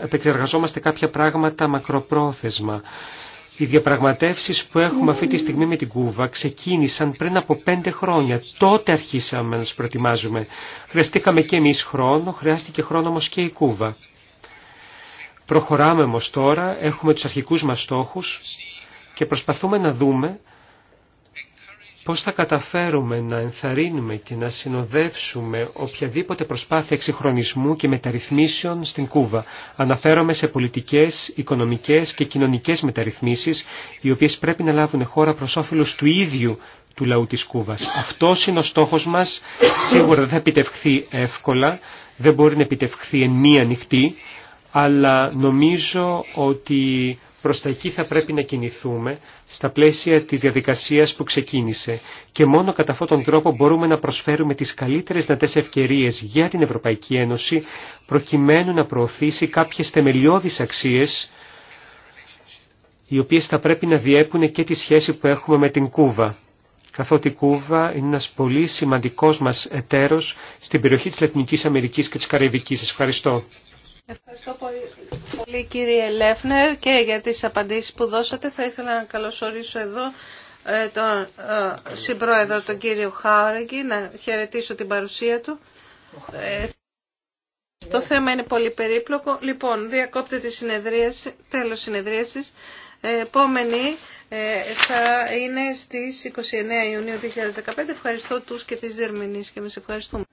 επεξεργαζόμαστε κάποια πράγματα μακροπρόθεσμα. Οι διαπραγματεύσεις που έχουμε αυτή τη στιγμή με την Κούβα ξεκίνησαν πριν από πέντε χρόνια. Τότε αρχίσαμε να τους προετοιμάζουμε. Χρειαστήκαμε και εμείς χρόνο, χρειάστηκε χρόνο όμως και η Κούβα. Προχωράμε όμω τώρα, έχουμε τους αρχικούς μας στόχους και προσπαθούμε να δούμε πώς θα καταφέρουμε να ενθαρρύνουμε και να συνοδεύσουμε οποιαδήποτε προσπάθεια εξυγχρονισμού και μεταρρυθμίσεων στην Κούβα. Αναφέρομαι σε πολιτικές, οικονομικές και κοινωνικές μεταρρυθμίσεις, οι οποίες πρέπει να λάβουν χώρα προς όφελος του ίδιου του λαού της Κούβας. Αυτός είναι ο στόχος μας, σίγουρα δεν θα επιτευχθεί εύκολα, δεν μπορεί να επιτευχθεί εν μία νυχτή, αλλά νομίζω ότι προς τα εκεί θα πρέπει να κινηθούμε στα πλαίσια της διαδικασίας που ξεκίνησε και μόνο κατά αυτόν τον τρόπο μπορούμε να προσφέρουμε τις καλύτερες δυνατές ευκαιρίες για την Ευρωπαϊκή Ένωση προκειμένου να προωθήσει κάποιες θεμελιώδεις αξίες οι οποίες θα πρέπει να διέπουν και τη σχέση που έχουμε με την Κούβα καθότι η Κούβα είναι ένας πολύ σημαντικός μας εταίρος στην περιοχή της Λατινικής Αμερικής και της Καραϊβικής. Σας ευχαριστώ. Ευχαριστώ πολύ, κύριε Λέφνερ και για τις απαντήσεις που δώσατε. Θα ήθελα να καλωσορίσω εδώ ε, τον ε, συμπρόεδρο τον κύριο Χάουρεγγι, να χαιρετήσω την παρουσία του. Ε, το θέμα είναι πολύ περίπλοκο. Λοιπόν, διακόπτε τη συνεδρίαση, τέλος συνεδρίασης. Επόμενη θα είναι στις 29 Ιουνίου 2015. Ευχαριστώ τους και τις Δερμηνείς και μας ευχαριστούμε.